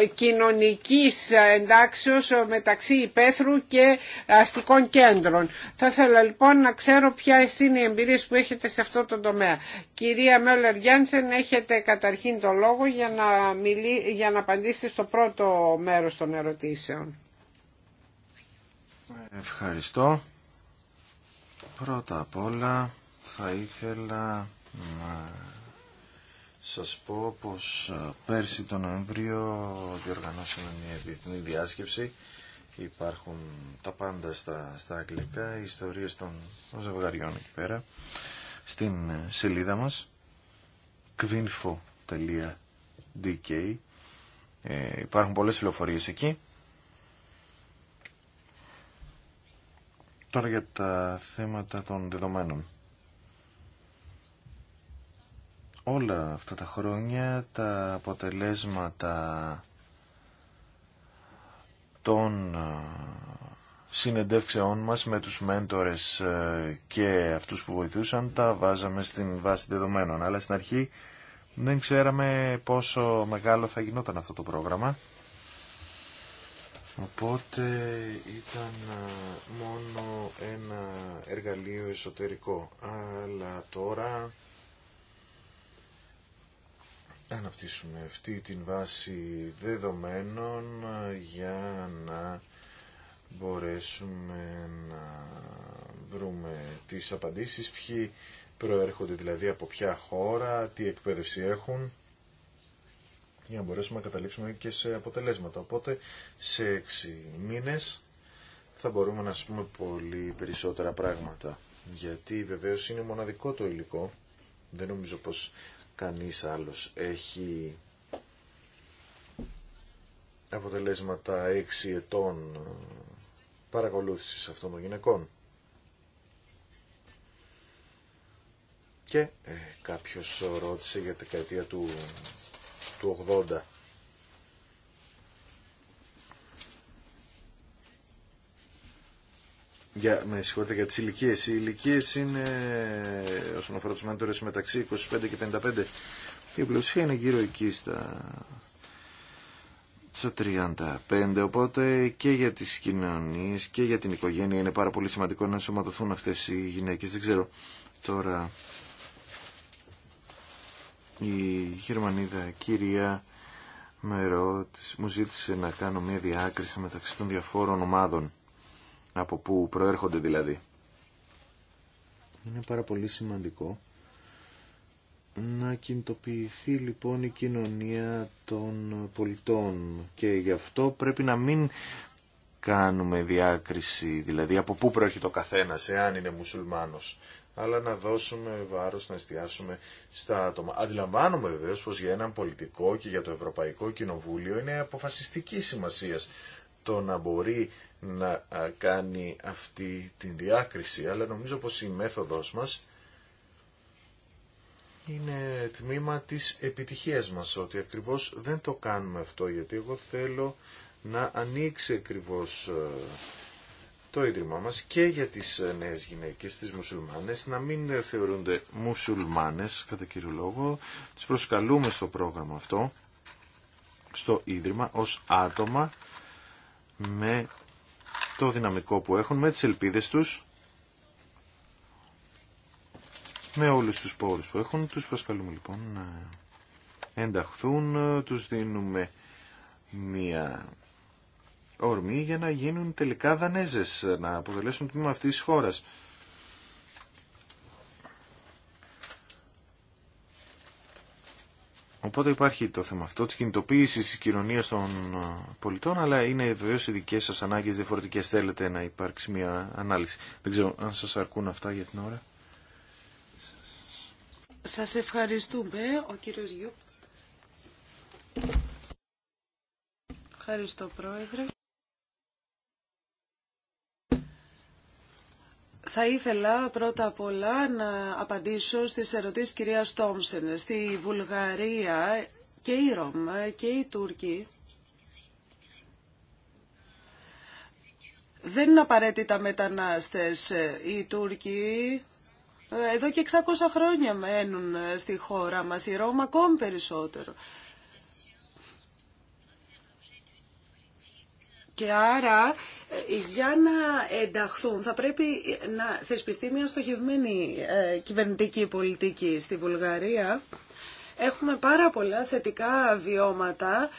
ε, κοινωνικής εντάξεως μεταξύ υπαίθρου και αστικών κέντρων. Θα ήθελα λοιπόν να ξέρω ποια είναι οι εμπειρία που έχετε σε αυτό το τομέα. Κυρία Μέλλερ Γιάνσεν, έχετε καταρχήν το λόγο για να, μιλή, για να απαντήσετε στο πρώτο μέρος των ερωτήσεων. Ευχαριστώ. Πρώτα απ' όλα θα ήθελα να σας πω πως ε, πέρσι τον Νοέμβριο διοργανώσαμε μια διεθνή διάσκεψη υπάρχουν τα πάντα στα, στα αγγλικά, οι ιστορίες των ζευγαριών εκεί πέρα στην ε, σελίδα μας kvinfo.dk ε, υπάρχουν πολλές φιλοφορίες εκεί Τώρα για τα θέματα των δεδομένων. Όλα αυτά τα χρόνια τα αποτελέσματα των ε, συνεντεύξεών μας με τους μέντορες ε, και αυτούς που βοηθούσαν τα βάζαμε στην βάση δεδομένων. Αλλά στην αρχή δεν ξέραμε πόσο μεγάλο θα γινόταν αυτό το πρόγραμμα Οπότε ήταν ε, μόνο ένα εργαλείο εσωτερικό. Αλλά τώρα αναπτύσσουμε αυτή την βάση δεδομένων ε, για να μπορέσουμε να βρούμε τις απαντήσεις, ποιοι προέρχονται δηλαδή από ποια χώρα, τι εκπαίδευση έχουν για να μπορέσουμε να καταλήξουμε και σε αποτελέσματα. Οπότε σε έξι μήνες θα μπορούμε να πούμε πολύ περισσότερα πράγματα. Γιατί βεβαίως είναι μοναδικό το υλικό. Δεν νομίζω πως κανείς άλλος έχει αποτελέσματα έξι ετών ε, παρακολούθησης αυτών των γυναικών. Και ε, κάποιος ρώτησε για την δεκαετία του του Για, με συγχωρείτε για τις ηλικίε. Οι ηλικίε είναι όσον αφορά τους μέντορες μεταξύ 25 και 55. Η πλούσια είναι γύρω εκεί στα, στα 35. Οπότε και για τις κοινωνίες και για την οικογένεια είναι πάρα πολύ σημαντικό να ενσωματωθούν αυτές οι γυναίκες. Δεν ξέρω τώρα η Γερμανίδα κυρία με ρώτησε, μου ζήτησε να κάνω μια διάκριση μεταξύ των διαφόρων ομάδων από που προέρχονται δηλαδή. Είναι πάρα πολύ σημαντικό να κινητοποιηθεί λοιπόν η κοινωνία των πολιτών και γι' αυτό πρέπει να μην κάνουμε διάκριση, δηλαδή από πού προέρχεται ο καθένας, εάν είναι μουσουλμάνος αλλά να δώσουμε βάρος, να εστιάσουμε στα άτομα. Αντιλαμβάνομαι βεβαίω πω για έναν πολιτικό και για το Ευρωπαϊκό Κοινοβούλιο είναι αποφασιστική σημασία το να μπορεί να κάνει αυτή την διάκριση, αλλά νομίζω πως η μέθοδος μας είναι τμήμα της επιτυχίας μας, ότι ακριβώς δεν το κάνουμε αυτό, γιατί εγώ θέλω να ανοίξει ακριβώς ε, το Ίδρυμά μας και για τις ε, νέες γυναίκες, τις μουσουλμάνες, να μην ε, θεωρούνται μουσουλμάνες κατά κύριο λόγο. Τις προσκαλούμε στο πρόγραμμα αυτό, στο Ίδρυμα, ως άτομα με το δυναμικό που έχουν, με τις ελπίδες τους, με όλους τους πόρους που έχουν. Τους προσκαλούμε λοιπόν να ενταχθούν, ε, τους δίνουμε μία ορμή για να γίνουν τελικά Δανέζες, να αποτελέσουν τμήμα αυτής της χώρας. Οπότε υπάρχει το θέμα αυτό της κινητοποίησης της κοινωνίας των ε, πολιτών, αλλά είναι βεβαίω οι δικές σας ανάγκες διαφορετικές. Θέλετε να υπάρξει μια ανάλυση. Δεν ξέρω αν σας αρκούν αυτά για την ώρα. Σας ευχαριστούμε, ο κύριος Γιούπ. Ευχαριστώ, Πρόεδρε. Θα ήθελα πρώτα απ' όλα να απαντήσω στις ερωτήσεις κυρίας Τόμσεν. Στη Βουλγαρία και η Ρώμα και οι Τούρκοι δεν είναι απαραίτητα μετανάστες. Οι Τούρκοι ε, εδώ και 600 χρόνια μένουν στη χώρα μας, η Ρώμα ακόμη περισσότερο. Και άρα ε, για να ενταχθούν θα πρέπει να θεσπιστεί μια στοχευμένη ε, κυβερνητική πολιτική στη Βουλγαρία. Έχουμε πάρα πολλά θετικά βιώματα.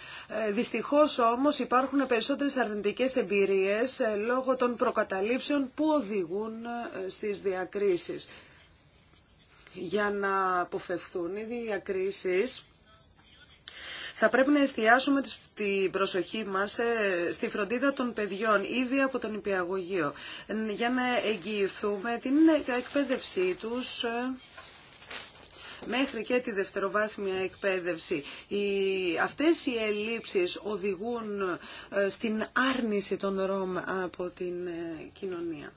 Ε, δυστυχώς όμως υπάρχουν περισσότερες αρνητικές εμπειρίες λόγω των προκαταλήψεων που οδηγούν στις διακρίσεις. Για να αποφευθούν οι διακρίσεις θα πρέπει να εστιάσουμε την προσοχή μας στη φροντίδα των παιδιών ήδη από τον υπηαγωγείο για να εγγυηθούμε την εκπαίδευσή τους ε, μέχρι και τη δευτεροβάθμια εκπαίδευση. Οι, αυτές οι ελλείψεις οδηγούν ε, στην άρνηση των ΡΟΜ από την ε, κοινωνία.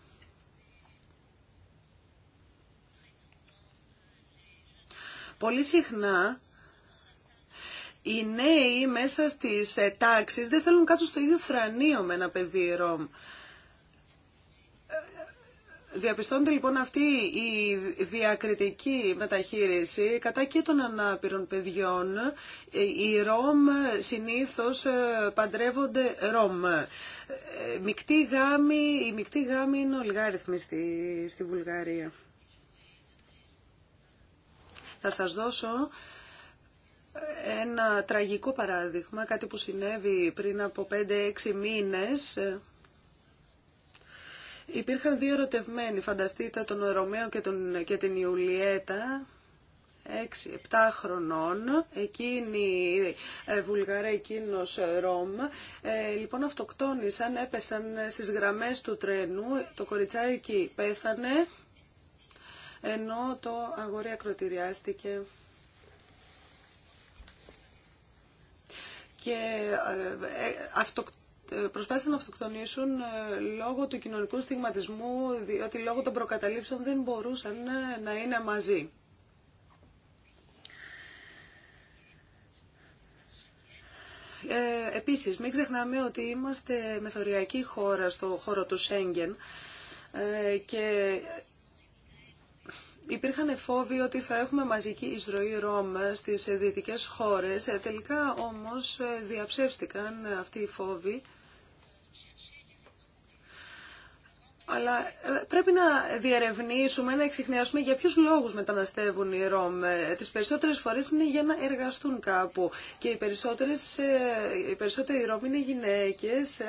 Πολύ συχνά οι νέοι μέσα στις ε, τάξεις δεν θέλουν κάτω στο ίδιο θρανείο με ένα παιδί ρομ. Διαπιστώνεται λοιπόν αυτή η διακριτική μεταχείριση κατά και των ανάπηρων παιδιών. Ε, οι Ρομ συνήθως ε, παντρεύονται Ρομ. Μικτή γάμη, η μεικτή γάμη είναι ολγάριθμη στη, στη Βουλγαρία. Θα σας δώσω ένα τραγικό παράδειγμα, κάτι που συνέβη πριν από 5-6 μήνες. Υπήρχαν δύο ερωτευμένοι, φανταστείτε τον Ρωμαίο και, τον, και την Ιουλιέτα, 6-7 χρονών, εκείνη ε, Βουλγαρία, εκείνος ε, Ρώμ, ε, λοιπόν αυτοκτόνησαν, έπεσαν στις γραμμές του τρένου, το κοριτσάκι πέθανε, ενώ το αγόρι ακροτηριάστηκε. και ε, ε, ε, προσπάθησαν να αυτοκτονήσουν λόγω του κοινωνικού στιγματισμού, διότι λόγω των προκαταλήψεων δεν μπορούσαν να είναι μαζί. Ε, επίσης, μην ξεχνάμε ότι είμαστε μεθοριακή χώρα στο χώρο του Σέγγεν και υπήρχαν φόβοι ότι θα έχουμε μαζική εισρωή Ρώμα στις δυτικές χώρες. Ε, τελικά όμως ε, διαψεύστηκαν αυτοί οι φόβοι. Αλλά ε, πρέπει να διερευνήσουμε, να εξηχνιάσουμε για ποιους λόγους μεταναστεύουν οι Ρώμ. Τις περισσότερες φορές είναι για να εργαστούν κάπου. Και οι, οι περισσότεροι Ρώμ είναι γυναίκες,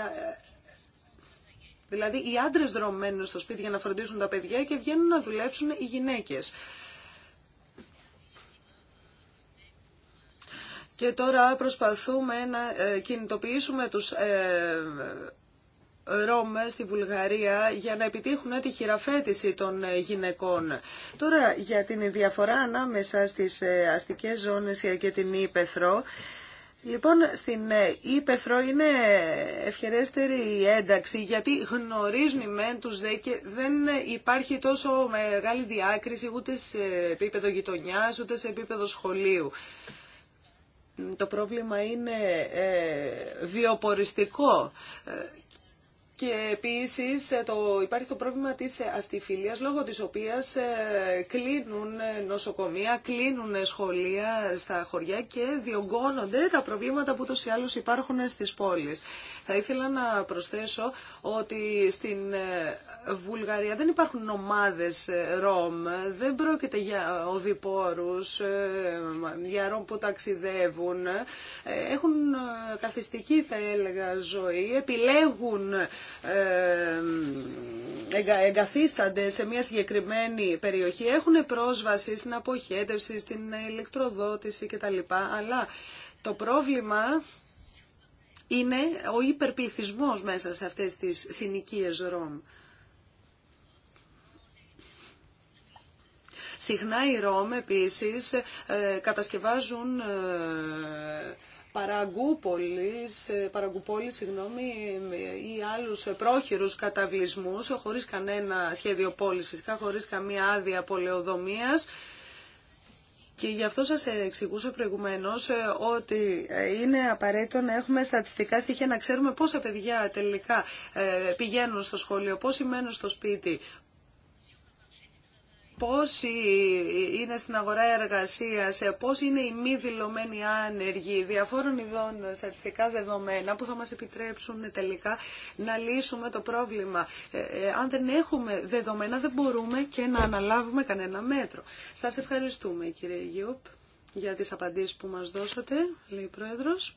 Δηλαδή οι άντρε δρομένουν στο σπίτι για να φροντίσουν τα παιδιά και βγαίνουν να δουλέψουν οι γυναίκες. Και τώρα προσπαθούμε να ε, κινητοποιήσουμε τους ε, Ρώμες στη Βουλγαρία για να επιτύχουν τη χειραφέτηση των ε, γυναικών. Τώρα για την διαφορά ανάμεσα στις αστικές ζώνες και την Ήπεθρο. Λοιπόν, στην ε, Ήπεθρο είναι ευχερέστερη η ένταξη, γιατί γνωρίζουν οι μεν τους δε και δεν ε, υπάρχει τόσο μεγάλη διάκριση ούτε σε επίπεδο γειτονιάς, ούτε σε επίπεδο σχολείου. Το πρόβλημα είναι ε, βιοποριστικό και επίσης ε, το, υπάρχει το πρόβλημα της ε, αστιφιλίας λόγω της οποίας ε, κλείνουν νοσοκομεία, κλείνουν σχολεία στα χωριά και διωγγώνονται τα προβλήματα που τόσοι ή υπάρχουν στις πόλεις. Θα ήθελα να προσθέσω ότι στην Βουλγαρία δεν υπάρχουν ομάδες ρομ, δεν πρόκειται για οδηπόρους, για ρομ που ταξιδεύουν. Έχουν καθιστική θα έλεγα ζωή, επιλέγουν ε, εγκαθίστανται σε μια συγκεκριμένη περιοχή έχουν πρόσβαση στην αποχέτευση, στην ηλεκτροδότηση κτλ. Αλλά το πρόβλημα είναι ο υπερπληθυσμός μέσα σε αυτές τις συνοικίες ΡΟΜ. Συχνά οι ΡΟΜ επίσης ε, κατασκευάζουν ε, Παραγκούπολης, ε, Παραγκούπολη, συγγνώμη, ή άλλους πρόχειρους καταβλισμούς, χωρίς κανένα σχέδιο πόλης φυσικά, χωρίς καμία άδεια πολεοδομίας. Και γι' αυτό σας εξηγούσα προηγουμένως ε, ότι ε, είναι απαραίτητο να έχουμε στατιστικά στοιχεία, να ξέρουμε πόσα παιδιά τελικά πηγαίνουν στο σχολείο, πόσοι μένουν στο σπίτι, πόσοι είναι στην αγορά εργασίας, ε, πόσοι είναι οι μη δηλωμένοι άνεργοι, διαφόρων ειδών στατιστικά δεδομένα που θα μας επιτρέψουν τελικά να λύσουμε το πρόβλημα. Ε, ε, αν δεν έχουμε δεδομένα δεν μπορούμε και να αναλάβουμε κανένα μέτρο. Σας ευχαριστούμε κύριε Γιούπ για τις απαντήσεις που μας δώσατε, λέει η Πρόεδρος.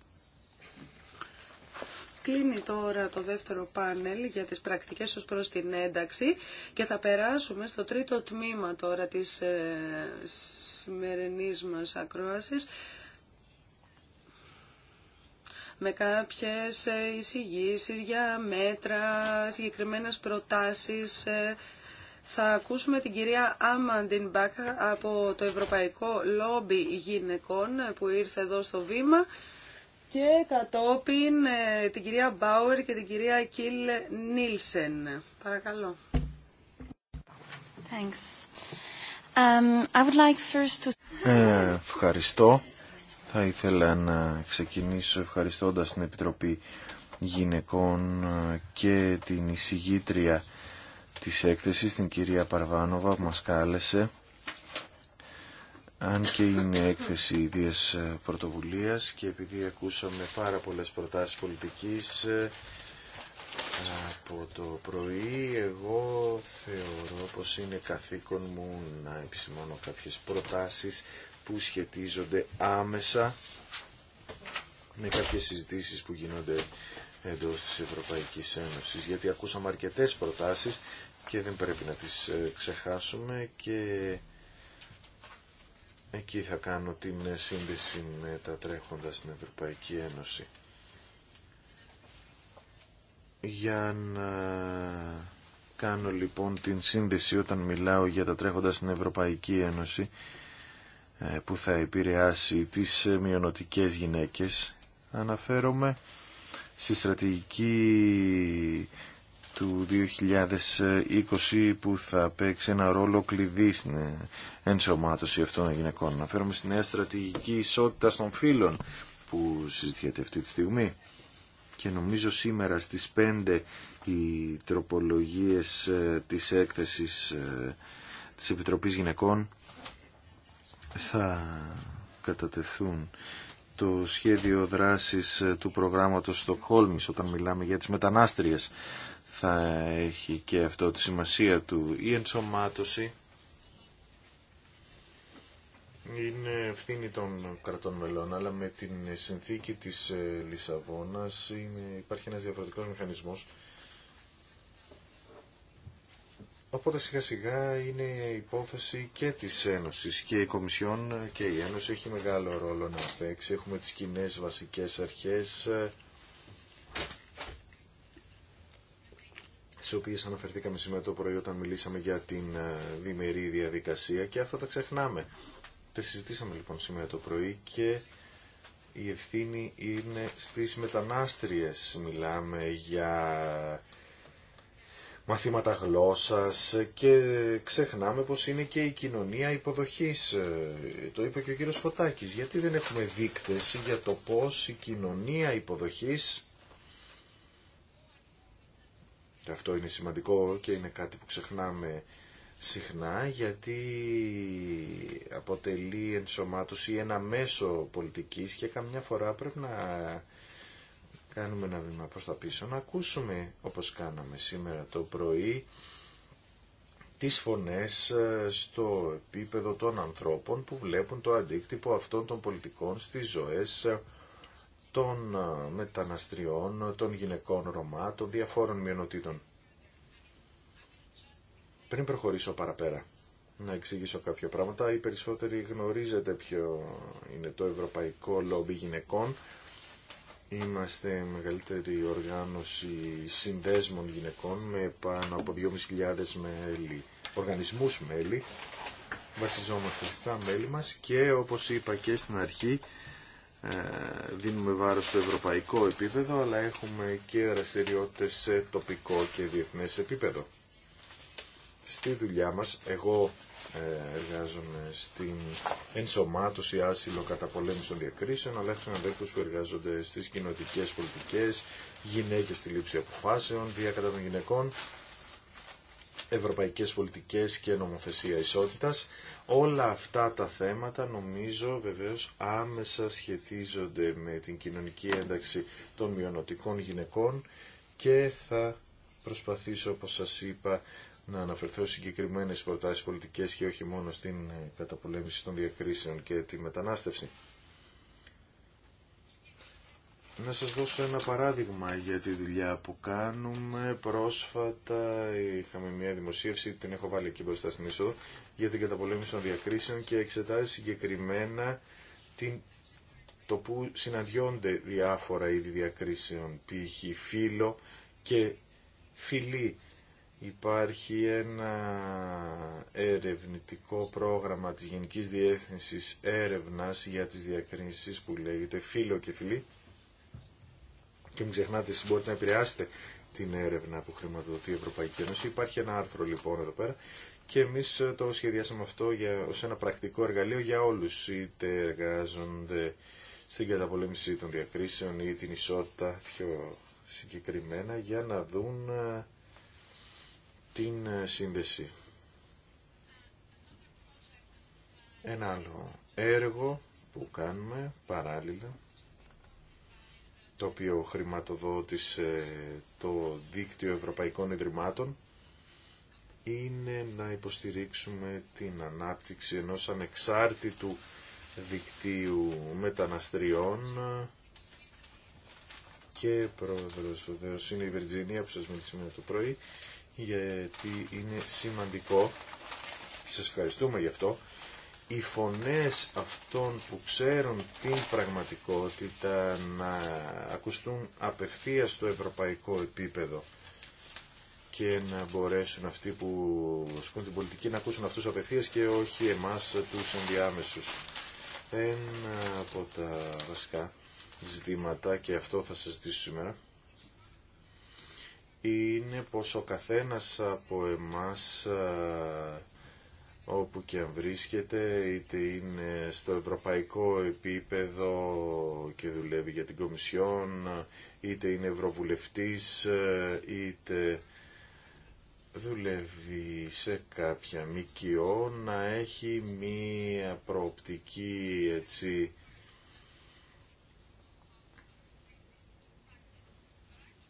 Κλείνει τώρα το δεύτερο πάνελ για τις πρακτικές ως προς την ένταξη και θα περάσουμε στο τρίτο τμήμα τώρα της ε, σημερινής μας με κάποιες ε, εισηγήσει για μέτρα, συγκεκριμένες προτάσεις. Ε. Θα ακούσουμε την κυρία Άμαντιν Μπάκα από το Ευρωπαϊκό Λόμπι Γυναικών ε, που ήρθε εδώ στο βήμα και κατόπιν ε, την κυρία Μπάουερ και την κυρία Κιλ Νίλσεν. Παρακαλώ. Thanks. Um, I would like first to... ε, ευχαριστώ. Θα ήθελα να ξεκινήσω ευχαριστώντας την Επιτροπή Γυναικών ε, και την εισηγήτρια της έκθεσης, την κυρία Παρβάνοβα που μας κάλεσε αν και είναι έκθεση ίδιας ε, πρωτοβουλίας και επειδή ακούσαμε πάρα πολλές προτάσεις πολιτικής ε, από το πρωί, εγώ θεωρώ πως είναι καθήκον μου να επισημώνω κάποιες προτάσεις που σχετίζονται άμεσα με κάποιες συζητήσεις που γίνονται εντός της Ευρωπαϊκής Ένωσης, γιατί ακούσαμε αρκετές προτάσεις και δεν πρέπει να τις ε, ξεχάσουμε και Εκεί θα κάνω την σύνδεση με τα τρέχοντα στην Ευρωπαϊκή Ένωση. Για να κάνω λοιπόν την σύνδεση όταν μιλάω για τα τρέχοντα στην Ευρωπαϊκή Ένωση ε, που θα επηρεάσει τις μειονοτικές γυναίκες αναφέρομαι στη στρατηγική του 2020 που θα παίξει ένα ρόλο κλειδί στην ενσωμάτωση αυτών των γυναικών. Αναφέρομαι στη νέα στρατηγική ισότητα των φύλων που συζητιέται αυτή τη στιγμή. Και νομίζω σήμερα στις 5 οι τροπολογίες ε, της έκθεσης ε, της Επιτροπής Γυναικών θα κατατεθούν το σχέδιο δράσης ε, του προγράμματος Στοκχόλμης όταν μιλάμε για τις μετανάστριες θα έχει και αυτό τη σημασία του. Η ενσωμάτωση είναι ευθύνη των κρατών μελών, αλλά με την συνθήκη της ε, Λισαβόνας είναι, υπάρχει ένας διαφορετικός μηχανισμός. Οπότε σιγά σιγά είναι υπόθεση και της Ένωσης και η Κομισιόν και η Ένωση έχει μεγάλο ρόλο να παίξει. Έχουμε τις κοινέ βασικές αρχές, ε, τις οποίες αναφερθήκαμε σήμερα το πρωί όταν μιλήσαμε για την ε, διμερή διαδικασία και αυτά τα ξεχνάμε. Τα συζητήσαμε λοιπόν σήμερα το πρωί και η ευθύνη είναι στις μετανάστριες. Μιλάμε για μαθήματα γλώσσας και ξεχνάμε πως είναι και η κοινωνία υποδοχής. Ε, το είπε και ο κύριος Φωτάκης. Γιατί δεν έχουμε δείκτες για το πώς η κοινωνία υποδοχής αυτό είναι σημαντικό και είναι κάτι που ξεχνάμε συχνά γιατί αποτελεί ενσωμάτωση ένα μέσο πολιτικής και καμιά φορά πρέπει να κάνουμε ένα βήμα προς τα πίσω, να ακούσουμε όπως κάναμε σήμερα το πρωί τις φωνές ε, στο επίπεδο των ανθρώπων που βλέπουν το αντίκτυπο αυτών των πολιτικών στις ζωές ε, των ε, μεταναστριών, των γυναικών Ρωμά, των διαφόρων μειονοτήτων. Πριν προχωρήσω παραπέρα, να εξηγήσω κάποια πράγματα. Οι περισσότεροι γνωρίζετε ποιο είναι το Ευρωπαϊκό Λόμπι Γυναικών. Είμαστε μεγαλύτερη οργάνωση συνδέσμων γυναικών με πάνω από 2.500 μέλη, οργανισμούς μέλη. Βασιζόμαστε στα μέλη μας και όπως είπα και στην αρχή ε, δίνουμε βάρος στο ευρωπαϊκό επίπεδο, αλλά έχουμε και δραστηριότητε σε τοπικό και διεθνές επίπεδο. Στη δουλειά μας, εγώ ε, εργάζομαι στην ενσωμάτωση, άσυλο, κατά καταπολέμηση των διακρίσεων, αλλά έχω συναδέλφου που εργάζονται στις κοινωτικές πολιτικές, γυναίκες στη λήψη αποφάσεων, διακατά των γυναικών ευρωπαϊκές πολιτικές και νομοθεσία ισότητας. Όλα αυτά τα θέματα νομίζω βεβαίως άμεσα σχετίζονται με την κοινωνική ένταξη των μειονοτικών γυναικών και θα προσπαθήσω όπως σας είπα να αναφερθώ συγκεκριμένες προτάσεις πολιτικές και όχι μόνο στην καταπολέμηση των διακρίσεων και τη μετανάστευση. Να σας δώσω ένα παράδειγμα για τη δουλειά που κάνουμε. Πρόσφατα είχαμε μια δημοσίευση, την έχω βάλει εκεί μπροστά στην είσοδο, για την καταπολέμηση των διακρίσεων και εξετάζει συγκεκριμένα την, το που συναντιόνται διάφορα είδη διακρίσεων, π.χ. φίλο και φιλή. Υπάρχει ένα ερευνητικό πρόγραμμα της Γενικής Διεύθυνσης Έρευνας για τις διακρίσεις που λέγεται Φίλο και Φιλή και μην ξεχνάτε μπορείτε να επηρεάσετε την έρευνα που χρηματοδοτεί η Ευρωπαϊκή Ένωση. Υπάρχει ένα άρθρο λοιπόν εδώ πέρα και εμείς ε, το σχεδιάσαμε αυτό για, ως ένα πρακτικό εργαλείο για όλους είτε εργάζονται στην καταπολέμηση των διακρίσεων ή την ισότητα πιο συγκεκριμένα για να δουν ε, την ε, σύνδεση. Ένα άλλο έργο που κάνουμε παράλληλα το οποίο χρηματοδότησε το Δίκτυο Ευρωπαϊκών Ιδρυμάτων είναι να υποστηρίξουμε την ανάπτυξη ενός ανεξάρτητου δικτύου μεταναστριών και πρόεδρος βεβαίως είναι η Βερτζίνια που σας μίλησε το πρωί γιατί είναι σημαντικό σας ευχαριστούμε γι' αυτό οι φωνές αυτών που ξέρουν την πραγματικότητα να ακουστούν απευθείας στο ευρωπαϊκό επίπεδο και να μπορέσουν αυτοί που ασκούν την πολιτική να ακούσουν αυτούς απευθείας και όχι εμάς τους ενδιάμεσους. Ένα από τα βασικά ζητήματα και αυτό θα σας ζητήσω σήμερα είναι πως ο καθένας από εμάς όπου και αν βρίσκεται, είτε είναι στο ευρωπαϊκό επίπεδο και δουλεύει για την Κομισιόν, είτε είναι ευρωβουλευτής, είτε δουλεύει σε κάποια μικιό, να έχει μία προοπτική έτσι,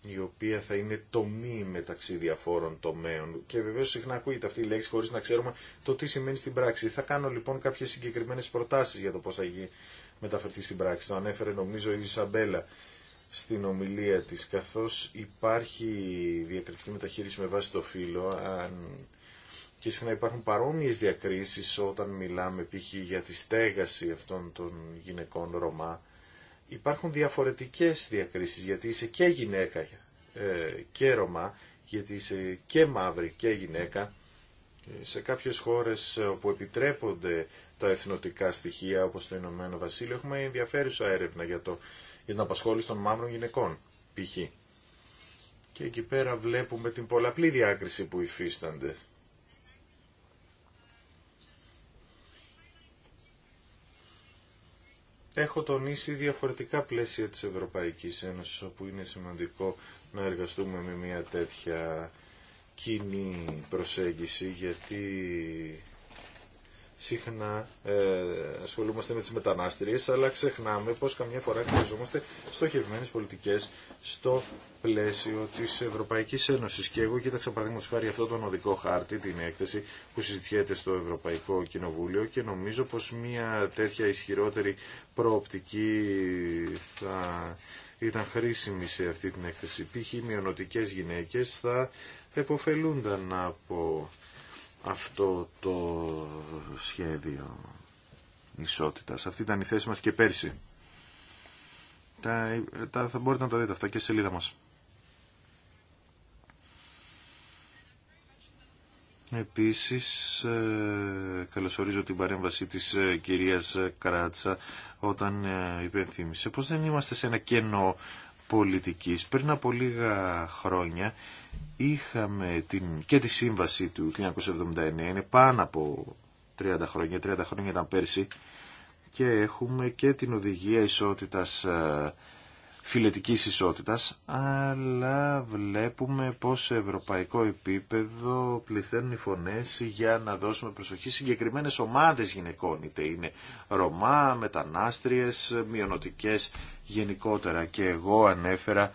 η οποία θα είναι τομή μεταξύ διαφόρων τομέων. Και βεβαίω συχνά ακούγεται αυτή η λέξη χωρί να ξέρουμε το τι σημαίνει στην πράξη. Θα κάνω λοιπόν κάποιε συγκεκριμένε προτάσει για το πώ θα μεταφερθεί στην πράξη. Το ανέφερε νομίζω η Ισαμπέλα στην ομιλία τη, καθώ υπάρχει διακριτική μεταχείριση με βάση το φύλλο, αν και συχνά υπάρχουν παρόμοιε διακρίσει όταν μιλάμε π.χ. για τη στέγαση αυτών των γυναικών Ρωμά υπάρχουν διαφορετικές διακρίσεις γιατί είσαι και γυναίκα ε, και Ρωμά, γιατί είσαι και μαύρη και γυναίκα. Ε, σε κάποιες χώρες όπου επιτρέπονται τα εθνοτικά στοιχεία όπως το Ηνωμένο Βασίλειο έχουμε ενδιαφέρουσα έρευνα για, το, για την απασχόληση των μαύρων γυναικών π.χ. Και εκεί πέρα βλέπουμε την πολλαπλή διάκριση που υφίστανται έχω τονίσει διαφορετικά πλαίσια της Ευρωπαϊκής Ένωσης, όπου είναι σημαντικό να εργαστούμε με μια τέτοια κοινή προσέγγιση, γιατί συχνά ε, ασχολούμαστε με τις μετανάστριες, αλλά ξεχνάμε πως καμιά φορά χρειαζόμαστε στοχευμένες πολιτικές στο πλαίσιο της Ευρωπαϊκής Ένωσης. Και εγώ κοίταξα παραδείγματος χάρη αυτό τον οδικό χάρτη, την έκθεση που συζητιέται στο Ευρωπαϊκό Κοινοβούλιο και νομίζω πως μια τέτοια ισχυρότερη προοπτική θα ήταν χρήσιμη σε αυτή την έκθεση. Π.χ. οι γυναίκες θα επωφελούνταν από αυτό το σχέδιο ισότητας. Αυτή ήταν η θέση μας και πέρσι. Τα, θα μπορείτε να τα δείτε αυτά και στη σελίδα μας. Επίσης, ε, καλωσορίζω την παρέμβαση της ε, κυρίας Καράτσα όταν ε, υπενθύμησε πως δεν είμαστε σε ένα κενό πολιτικής. Πριν από λίγα χρόνια είχαμε την, και τη σύμβαση του 1979, είναι πάνω από 30 χρόνια, 30 χρόνια ήταν πέρσι, και έχουμε και την οδηγία ισότητας ε, φιλετικής ισότητας, αλλά βλέπουμε πως σε ευρωπαϊκό επίπεδο πληθαίνουν οι φωνές για να δώσουμε προσοχή συγκεκριμένες ομάδες γυναικών, είτε είναι Ρωμά, μετανάστριες, μειονοτικές γενικότερα. Και εγώ ανέφερα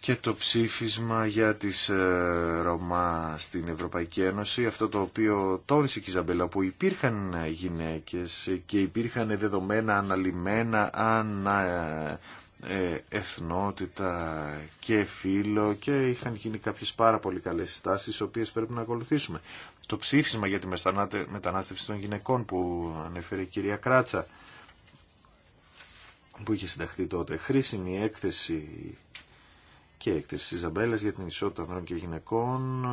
και το ψήφισμα για τις ε, Ρωμά στην Ευρωπαϊκή Ένωση, αυτό το οποίο τόνισε η Κιζαμπέλα, που υπήρχαν γυναίκες και υπήρχαν δεδομένα αναλυμένα ανά ε, εθνότητα και φίλο και είχαν γίνει κάποιες πάρα πολύ καλές στάσεις τις οποίες πρέπει να ακολουθήσουμε. Το ψήφισμα για τη μετανάστευση των γυναικών που ανέφερε η κυρία Κράτσα που είχε συνταχθεί τότε. Χρήσιμη έκθεση και έκθεση της Ζαμπέλας για την ισότητα ανδρών και γυναικών.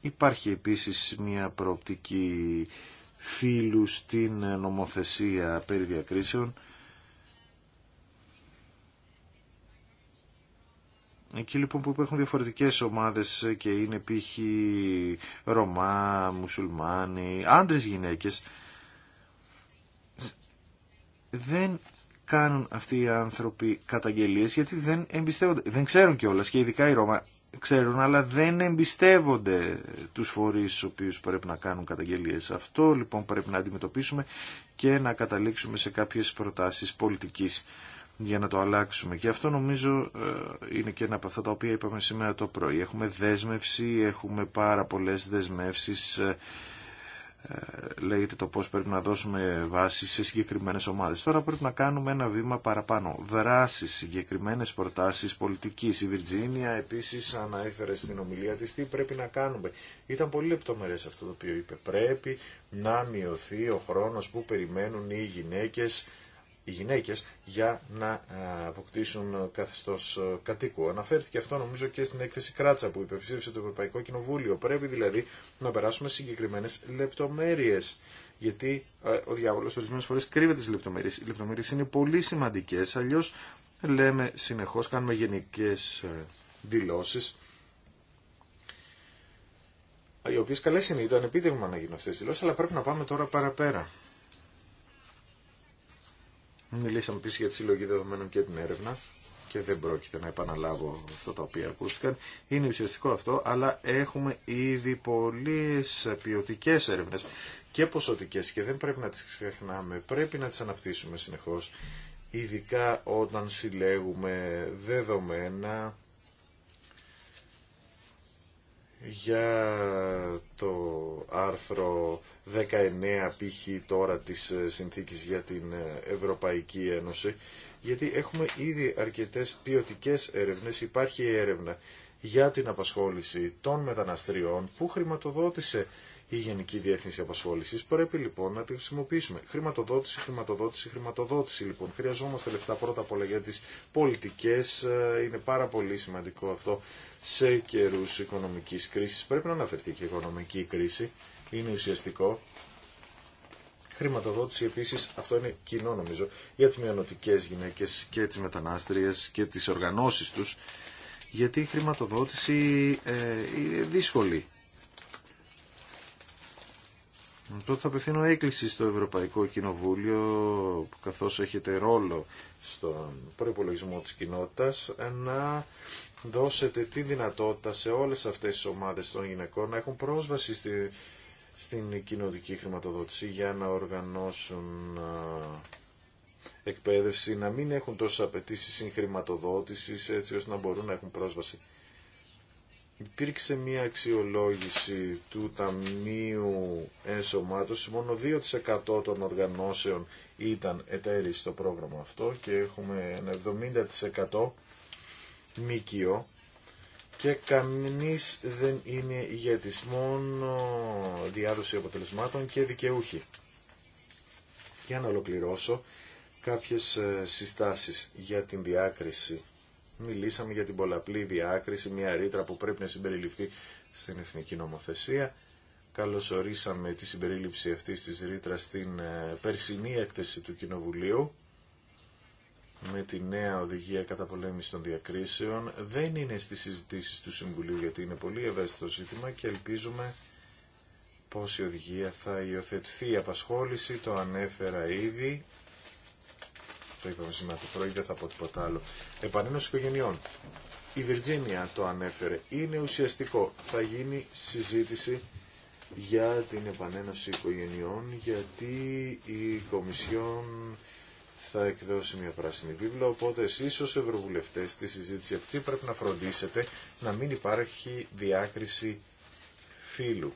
Υπάρχει επίσης μια προοπτική Φίλου στην νομοθεσία περί διακρίσεων. Εκεί λοιπόν που υπάρχουν διαφορετικές ομάδες και είναι π.χ. Ρωμά, Μουσουλμάνοι, άντρες γυναίκες, δεν κάνουν αυτοί οι άνθρωποι καταγγελίες γιατί δεν εμπιστεύονται, δεν ξέρουν κιόλας και ειδικά οι Ρώμα ξέρουν, αλλά δεν εμπιστεύονται τους φορείς στους οποίους πρέπει να κάνουν καταγγελίες. Αυτό λοιπόν πρέπει να αντιμετωπίσουμε και να καταλήξουμε σε κάποιες προτάσεις πολιτικής για να το αλλάξουμε. Και αυτό νομίζω ε, είναι και ένα από αυτά τα οποία είπαμε σήμερα το πρωί. Έχουμε δέσμευση, έχουμε πάρα πολλές δεσμεύσεις ε, ε, λέγεται το πώς πρέπει να δώσουμε βάση σε συγκεκριμένες ομάδες. Τώρα πρέπει να κάνουμε ένα βήμα παραπάνω. Δράσεις, συγκεκριμένες προτάσεις πολιτικής. Η Βιρτζίνια επίσης αναέφερε στην ομιλία της τι πρέπει να κάνουμε. Ήταν πολύ λεπτομερές αυτό το οποίο είπε. Πρέπει να μειωθεί ο χρόνος που περιμένουν οι γυναίκες οι γυναίκες για να ε, αποκτήσουν καθεστώς ε, κατοίκου. Αναφέρθηκε αυτό νομίζω και στην έκθεση Κράτσα που υπεψήφισε το Ευρωπαϊκό Κοινοβούλιο. Πρέπει δηλαδή να περάσουμε συγκεκριμένες λεπτομέρειες. Γιατί ε, ο διάβολος ορισμένες φορές κρύβεται τις λεπτομέρειες. Οι λεπτομέρειες είναι πολύ σημαντικές, αλλιώς λέμε συνεχώς, κάνουμε γενικές δηλώσεις οι οποίε καλέ είναι, ήταν επίτευγμα να γίνουν αυτέ τι δηλώσει, αλλά πρέπει να πάμε τώρα παραπέρα. Μιλήσαμε επίση για τη συλλογή δεδομένων και την έρευνα και δεν πρόκειται να επαναλάβω αυτό τα οποία ακούστηκαν. Είναι ουσιαστικό αυτό, αλλά έχουμε ήδη πολλέ ποιοτικέ έρευνε και ποσοτικές και δεν πρέπει να τις ξεχνάμε. Πρέπει να τις αναπτύσσουμε συνεχώς, ειδικά όταν συλλέγουμε δεδομένα για το άρθρο 19 π.χ. τώρα της ε, συνθήκης για την ε, Ευρωπαϊκή Ένωση, γιατί έχουμε ήδη αρκετές ποιοτικές έρευνες, υπάρχει έρευνα για την απασχόληση των μεταναστριών που χρηματοδότησε η Γενική Διεύθυνση Απασχόλησης. Πρέπει λοιπόν να τη χρησιμοποιήσουμε. Χρηματοδότηση, χρηματοδότηση, χρηματοδότηση λοιπόν. Χρειαζόμαστε λεφτά πρώτα απ' όλα για τι πολιτικές. Ε, είναι πάρα πολύ σημαντικό αυτό σε καιρού οικονομική κρίση. Πρέπει να αναφερθεί και η οικονομική κρίση. Είναι ουσιαστικό. Χρηματοδότηση επίση, αυτό είναι κοινό νομίζω, για τι μειονοτικές γυναίκε και τι μετανάστριες και τι οργανώσει του, γιατί η χρηματοδότηση ε, είναι δύσκολη. Τότε θα απευθύνω έκκληση στο Ευρωπαϊκό Κοινοβούλιο, καθώς έχετε ρόλο στον προϋπολογισμό της κοινότητας, να δώσετε τη δυνατότητα σε όλες αυτές τις ομάδες των γυναικών να έχουν πρόσβαση στη, στην κοινωτική χρηματοδότηση για να οργανώσουν εκπαίδευση, να μην έχουν τόσες απαιτήσει χρηματοδότηση έτσι ώστε να μπορούν να έχουν πρόσβαση υπήρξε μια αξιολόγηση του Ταμείου Ενσωμάτωσης. Μόνο 2% των οργανώσεων ήταν εταίροι στο πρόγραμμα αυτό και έχουμε ένα 70% μήκυο και κανείς δεν είναι ηγέτης, μόνο διάδοση αποτελεσμάτων και δικαιούχοι. Για να ολοκληρώσω κάποιες ε, συστάσεις για την διάκριση Μιλήσαμε για την πολλαπλή διάκριση, μια ρήτρα που πρέπει να συμπεριληφθεί στην εθνική νομοθεσία. Καλωσορίσαμε τη συμπερίληψη αυτής της ρήτρα στην ε, περσινή έκθεση του Κοινοβουλίου με τη νέα οδηγία Κατά πολέμηση των διακρίσεων. Δεν είναι στις συζητήσεις του Συμβουλίου γιατί είναι πολύ ευαίσθητο ζήτημα και ελπίζουμε πως η οδηγία θα υιοθετηθεί. Η απασχόληση το ανέφερα ήδη το είπαμε σήμερα το πρωί, δεν θα πω τίποτα άλλο. Επανένωση οικογενειών. Η Βιρτζίνια το ανέφερε. Είναι ουσιαστικό. Θα γίνει συζήτηση για την επανένωση οικογενειών γιατί η Κομισιόν θα εκδώσει μια πράσινη βίβλα οπότε εσείς ως Ευρωβουλευτές στη συζήτηση αυτή πρέπει να φροντίσετε να μην υπάρχει διάκριση φύλου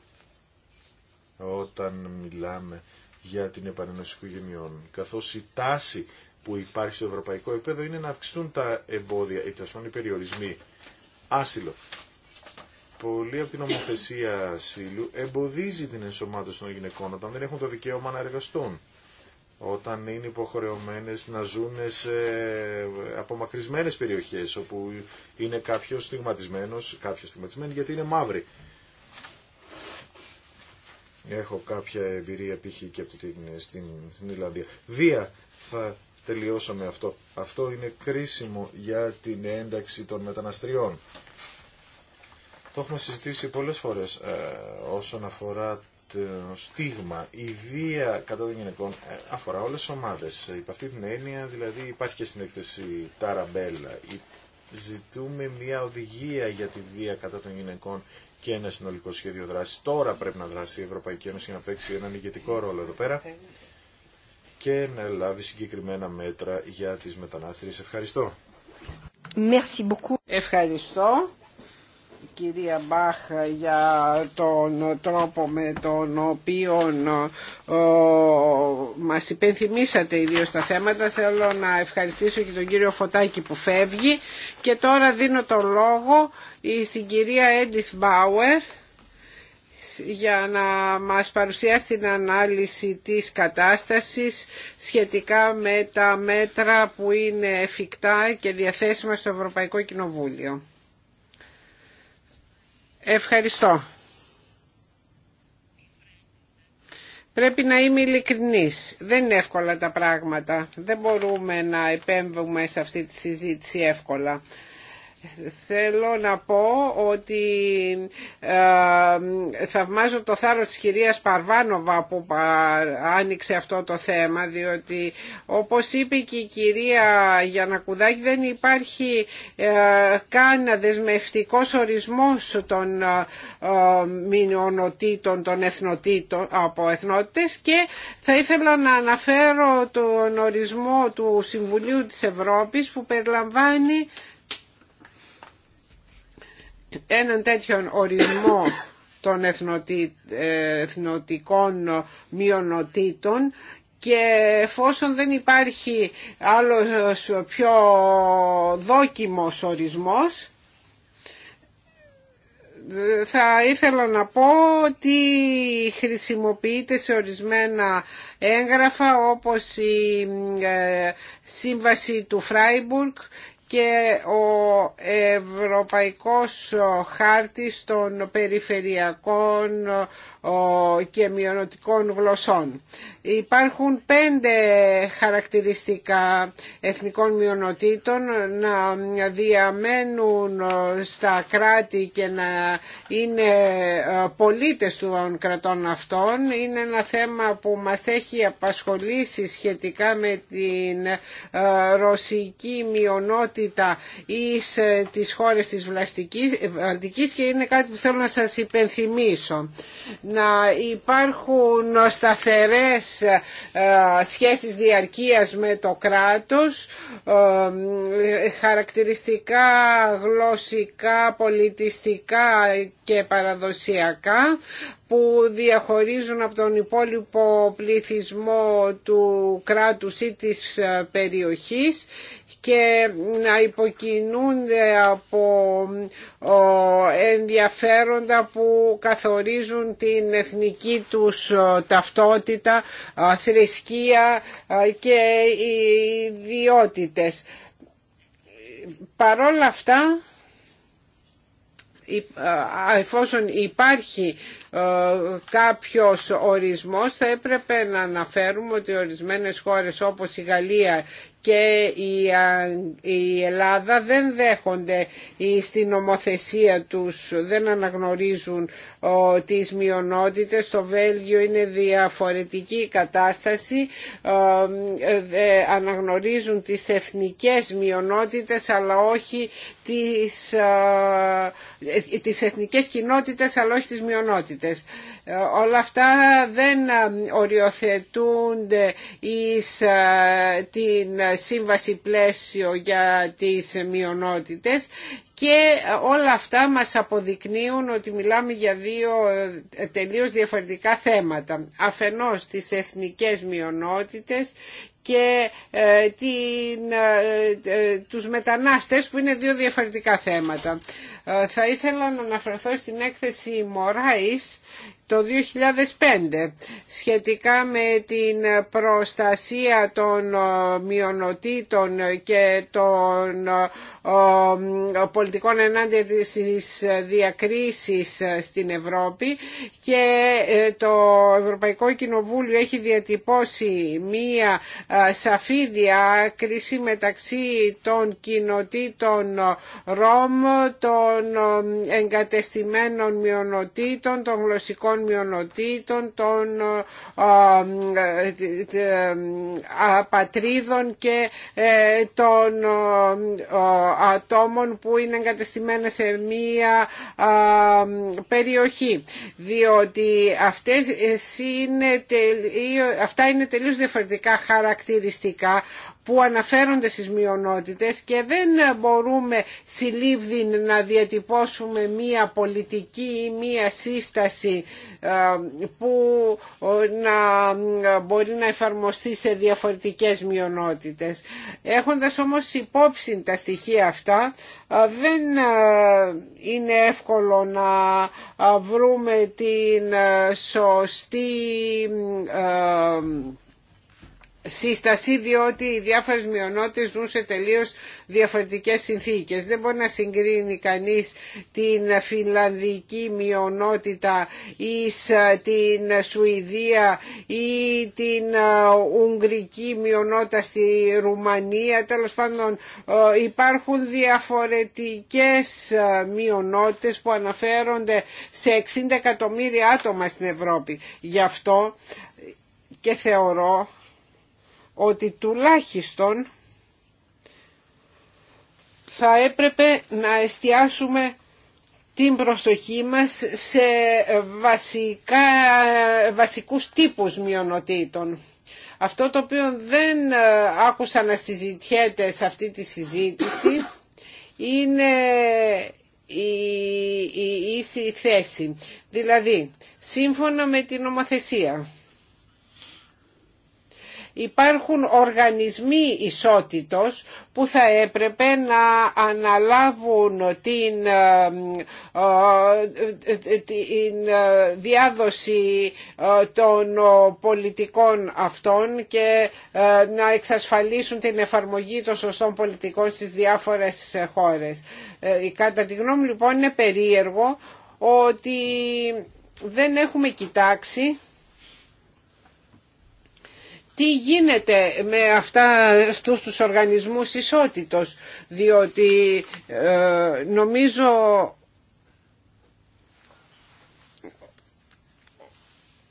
όταν μιλάμε για την επανένωση οικογενειών, καθώς η τάση που υπάρχει στο ευρωπαϊκό επίπεδο είναι να αυξηθούν τα εμπόδια, οι οι περιορισμοί. Άσυλο. πολύ από την ομοθεσία ασύλου εμποδίζει την ενσωμάτωση των γυναικών όταν δεν έχουν το δικαίωμα να εργαστούν. Όταν είναι υποχρεωμένε να ζουν σε απομακρυσμένε περιοχές όπου είναι κάποιο στιγματισμένος, κάποια στιγματισμένη γιατί είναι μαύρη. Έχω κάποια εμπειρία π.χ. και από την, στην, στην Ιλλανδία. Βία θα τελειώσαμε αυτό. Αυτό είναι κρίσιμο για την ένταξη των μεταναστριών. Το έχουμε συζητήσει πολλές φορές ε, όσον αφορά το στίγμα. Η βία κατά των γυναικών ε, αφορά όλες τις ομάδες. Υπ' αυτή την έννοια δηλαδή υπάρχει και στην έκθεση Ταραμπέλα. Ζητούμε μια οδηγία για τη βία κατά των γυναικών και ένα συνολικό σχέδιο δράση. Τώρα πρέπει να δράσει η Ευρωπαϊκή Ένωση για να παίξει έναν ηγετικό ρόλο εδώ πέρα και να λάβει συγκεκριμένα μέτρα για τις μετανάστριες. Ευχαριστώ. Merci beaucoup. Ευχαριστώ κυρία Μπάχ για τον τρόπο με τον οποίο ε, μας υπενθυμίσατε ιδίω τα θέματα. Θέλω να ευχαριστήσω και τον κύριο Φωτάκη που φεύγει και τώρα δίνω τον λόγο στην κυρία Έντις Μπάουερ για να μας παρουσιάσει την ανάλυση της κατάστασης σχετικά με τα μέτρα που είναι εφικτά και διαθέσιμα στο Ευρωπαϊκό Κοινοβούλιο. Ευχαριστώ. Πρέπει να είμαι ειλικρινής. Δεν είναι εύκολα τα πράγματα. Δεν μπορούμε να επέμβουμε σε αυτή τη συζήτηση εύκολα. Θέλω να πω ότι ε, θαυμάζω το θάρρος της κυρίας Παρβάνοβα που άνοιξε αυτό το θέμα διότι όπως είπε και η κυρία Γιανακουδάκη δεν υπάρχει ε, καν δεσμευτικός ορισμός των ε, μηνιονοτήτων, των εθνοτήτων από εθνότητες και θα ήθελα να αναφέρω τον ορισμό του Συμβουλίου της Ευρώπης που περιλαμβάνει έναν τέτοιον ορισμό των εθνοτικών μειονοτήτων και εφόσον δεν υπάρχει άλλος πιο δόκιμος ορισμός θα ήθελα να πω ότι χρησιμοποιείται σε ορισμένα έγγραφα όπως η ε, σύμβαση του Φράιμπουργκ και ο Ευρωπαϊκός Χάρτης των Περιφερειακών και μειωνοτικών γλωσσών. Υπάρχουν πέντε χαρακτηριστικά εθνικών μειονοτήτων να διαμένουν ε, στα κράτη και να είναι ε, πολίτες των κρατών αυτών. Είναι ένα θέμα που μας έχει απασχολήσει σχετικά με την ε, ρωσική μειονότητα εις τις χώρες της Βλαστικής, και είναι κάτι που θέλω να σας υπενθυμίσω να υπάρχουν σταθερές ε, σχέσεις διαρκείας με το κράτος, ε, ε, χαρακτηριστικά γλωσσικά, πολιτιστικά και παραδοσιακά που διαχωρίζουν από τον υπόλοιπο πληθυσμό του κράτους ή της περιοχής και να υποκινούνται από ενδιαφέροντα που καθορίζουν την εθνική τους ταυτότητα, θρησκεία και ιδιότητες. Παρόλα αυτά, εφόσον υπάρχει κάποιος ορισμός θα έπρεπε να αναφέρουμε ότι ορισμένες χώρες όπως η Γαλλία και η Ελλάδα δεν δέχονται στην νομοθεσία τους, δεν αναγνωρίζουν τις μειονότητες. Στο Βέλγιο είναι διαφορετική η κατάσταση, ε, αναγνωρίζουν τις εθνικές μειονότητες αλλά όχι τις, ε, ε, τις εθνικές κοινότητες αλλά όχι τις μειονότητες. Ε, όλα αυτά δεν οριοθετούνται εις την σύμβαση πλαίσιο για τις μειονότητες και όλα αυτά μας αποδεικνύουν ότι μιλάμε για δύο τελείως διαφορετικά θέματα. Αφενός τις εθνικές μειονότητες και ε, την, ε, ε, τους μετανάστες που είναι δύο διαφορετικά θέματα. Θα ήθελα να αναφερθώ στην έκθεση Μωράης το 2005 σχετικά με την προστασία των ε, μειονοτήτων και των ε, ε, πολιτικών ενάντια της διακρίσεις στην Ευρώπη και το Ευρωπαϊκό Κοινοβούλιο έχει διατυπώσει μία σαφή διάκριση μεταξύ των κοινοτήτων ΡΟΜ των εγκατεστημένων μειονοτήτων, των γλωσσικών των μειονοτήτων, των ε, ε, ε, απατρίδων και των ατόμων που είναι εγκατεστημένα σε μία περιοχή. Διότι αυτές είναι, αυτά είναι τελείως διαφορετικά χαρακτηριστικά που αναφέρονται στις μειονότητες και δεν μπορούμε συλλήβδη να διατυπώσουμε μία πολιτική ή μία σύσταση ε, που ε, να ε, μπορεί να εφαρμοστεί σε διαφορετικές μειονότητες. Έχοντας όμως υπόψη τα στοιχεία αυτά, δεν είναι εύκολο να βρούμε την σωστή σύσταση διότι οι διάφορες μειονότητες ζουν σε τελείως διαφορετικές συνθήκες. Δεν μπορεί να συγκρίνει κανείς την φιλανδική μειονότητα ή ε, την Σουηδία ή την ε, Ουγγρική μειονότητα στη Ρουμανία. Τέλος πάντων ε, υπάρχουν διαφορετικές μειονότητες που αναφέρονται σε 60 εκατομμύρια άτομα στην Ευρώπη. Γι' αυτό και θεωρώ ότι τουλάχιστον θα έπρεπε να εστιάσουμε την προσοχή μας σε βασικά, βασικούς τύπους μειονοτήτων. Αυτό το οποίο δεν ε, άκουσα να συζητιέται σε αυτή τη συζήτηση είναι η, η ίση θέση. Δηλαδή, σύμφωνα με την νομοθεσία υπάρχουν οργανισμοί ισότητος που θα έπρεπε να αναλάβουν την, ε, ε, ε, την διάδοση των πολιτικών αυτών και να εξασφαλίσουν την εφαρμογή των σωστών πολιτικών στις διάφορες χώρες. Κατά τη γνώμη λοιπόν είναι περίεργο ότι δεν έχουμε κοιτάξει τι γίνεται με αυτά, στους τους οργανισμούς ισότητος, διότι ε, νομίζω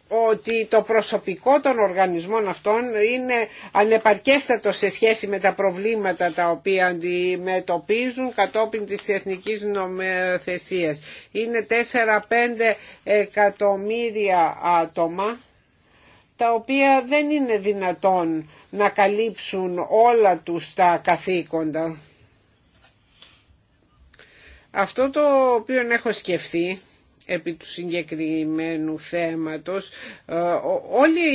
ότι το προσωπικό των οργανισμών αυτών είναι ανεπαρκέστατο σε σχέση με τα προβλήματα τα οποία αντιμετωπίζουν κατόπιν της εθνικής νομοθεσίας. Είναι 4-5 εκατομμύρια άτομα τα οποία δεν είναι δυνατόν να καλύψουν όλα τους τα καθήκοντα. Αυτό το οποίο έχω σκεφτεί επί του συγκεκριμένου θέματος. Ε, όλοι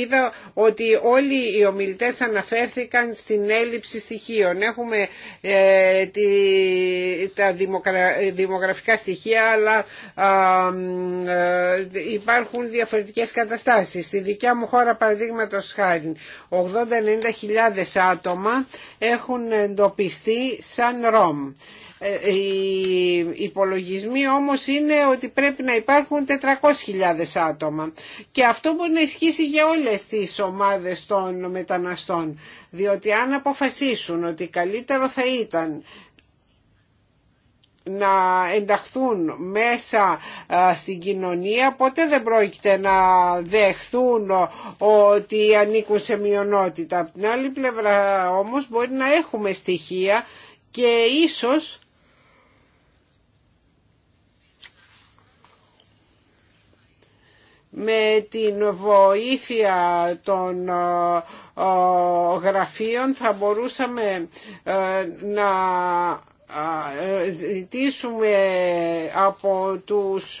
είδα ότι όλοι οι ομιλητές αναφέρθηκαν στην έλλειψη στοιχείων. Έχουμε ε, τη, τα δημογραφικά στοιχεία, αλλά ε, υπάρχουν διαφορετικές καταστάσεις. Στη δικιά μου χώρα, παραδείγματο χάρη, 80-90 χιλιάδες άτομα έχουν εντοπιστεί σαν ρομ. Ε, ε, οι υπολογισμοί όμως είναι ότι πρέπει να υπάρχουν 400.000 άτομα και αυτό μπορεί να ισχύσει για όλες τις ομάδες των μεταναστών διότι αν αποφασίσουν ότι καλύτερο θα ήταν να ενταχθούν μέσα στην κοινωνία ποτέ δεν πρόκειται να δεχθούν ότι ανήκουν σε μειονότητα. Από την άλλη πλευρά όμως μπορεί να έχουμε στοιχεία και ίσως με την βοήθεια των ε, ε, γραφείων θα μπορούσαμε ε, να ζητήσουμε από τους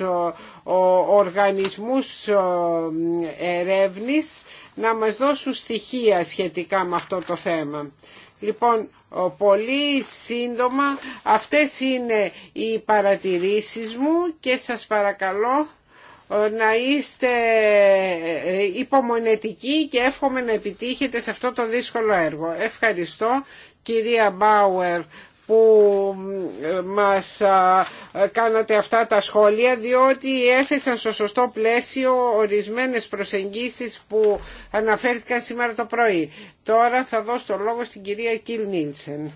οργανισμούς ερεύνης να μας δώσουν στοιχεία σχετικά με αυτό το θέμα. Λοιπόν, πολύ σύντομα αυτές είναι οι παρατηρήσεις μου και σας παρακαλώ να είστε υπομονετικοί και εύχομαι να επιτύχετε σε αυτό το δύσκολο έργο. Ευχαριστώ κυρία Μπάουερ που μας κάνατε αυτά τα σχόλια διότι έθεσαν στο σωστό πλαίσιο ορισμένες προσεγγίσεις που αναφέρθηκαν σήμερα το πρωί. Τώρα θα δώσω το λόγο στην κυρία Κιλ Νίλσεν.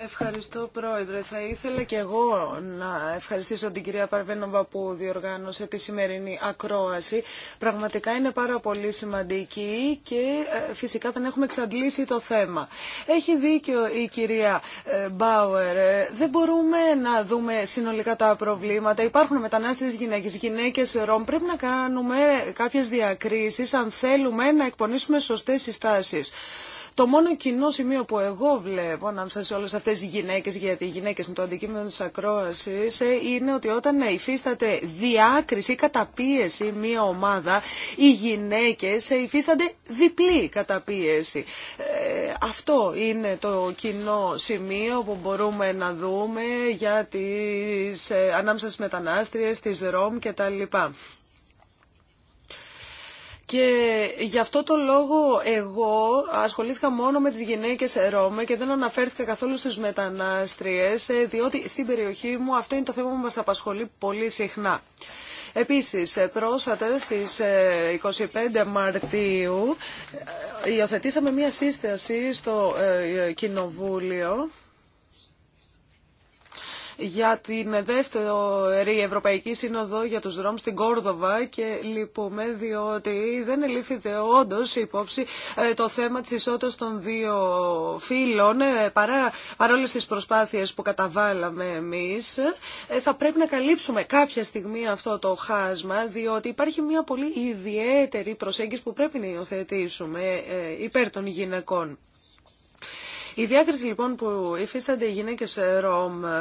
Ευχαριστώ Πρόεδρε. Θα ήθελα και εγώ να ευχαριστήσω την κυρία Παρβένοβα που διοργάνωσε τη σημερινή ακρόαση. Πραγματικά είναι πάρα πολύ σημαντική και ε, φυσικά δεν έχουμε εξαντλήσει το θέμα. Έχει δίκιο η κυρία ε, Μπάουερ. Ε, δεν μπορούμε να δούμε συνολικά τα προβλήματα. Υπάρχουν μετανάστες γυναίκες, γυναίκες ρομ. Πρέπει να κάνουμε κάποιες διακρίσεις αν θέλουμε να εκπονήσουμε σωστές συστάσεις. Το μόνο κοινό σημείο που εγώ βλέπω ανάμεσα σε όλες αυτές οι γυναίκες, γιατί οι γυναίκες είναι το αντικείμενο της ακρόασης, ε, είναι ότι όταν υφίσταται διάκριση ή καταπίεση μία ομάδα, οι γυναίκες ε, υφίστανται διπλή καταπίεση. Ε, αυτό είναι το κοινό σημείο που μπορούμε να δούμε για τις, ανάμεσα στις μετανάστριες, τις ΡΟΜ κτλ. Και γι' αυτό το λόγο εγώ ασχολήθηκα μόνο με τις γυναίκες Ρώμα και δεν αναφέρθηκα καθόλου στις μετανάστριες, ε, διότι στην περιοχή μου αυτό είναι το θέμα που μας απασχολεί πολύ συχνά. Επίσης, ε, πρόσφατα στις 25 ε, Μαρτίου υιοθετήσαμε μία σύσταση στο Κοινοβούλιο για την δεύτερη Ευρωπαϊκή Σύνοδο για τους δρόμους στην Κόρδοβα και λυπούμε διότι δεν ελήφθηκε όντως υπόψη ε, το θέμα της ισότητας των δύο φύλων ε, παρά, παρόλες τις προσπάθειες που καταβάλαμε εμείς ε, θα πρέπει να καλύψουμε κάποια στιγμή αυτό το χάσμα διότι υπάρχει μια πολύ ιδιαίτερη προσέγγιση που πρέπει να υιοθετήσουμε υπέρ των γυναικών. Η διάκριση λοιπόν που υφίστανται οι γυναίκες ΡΟΜ ε,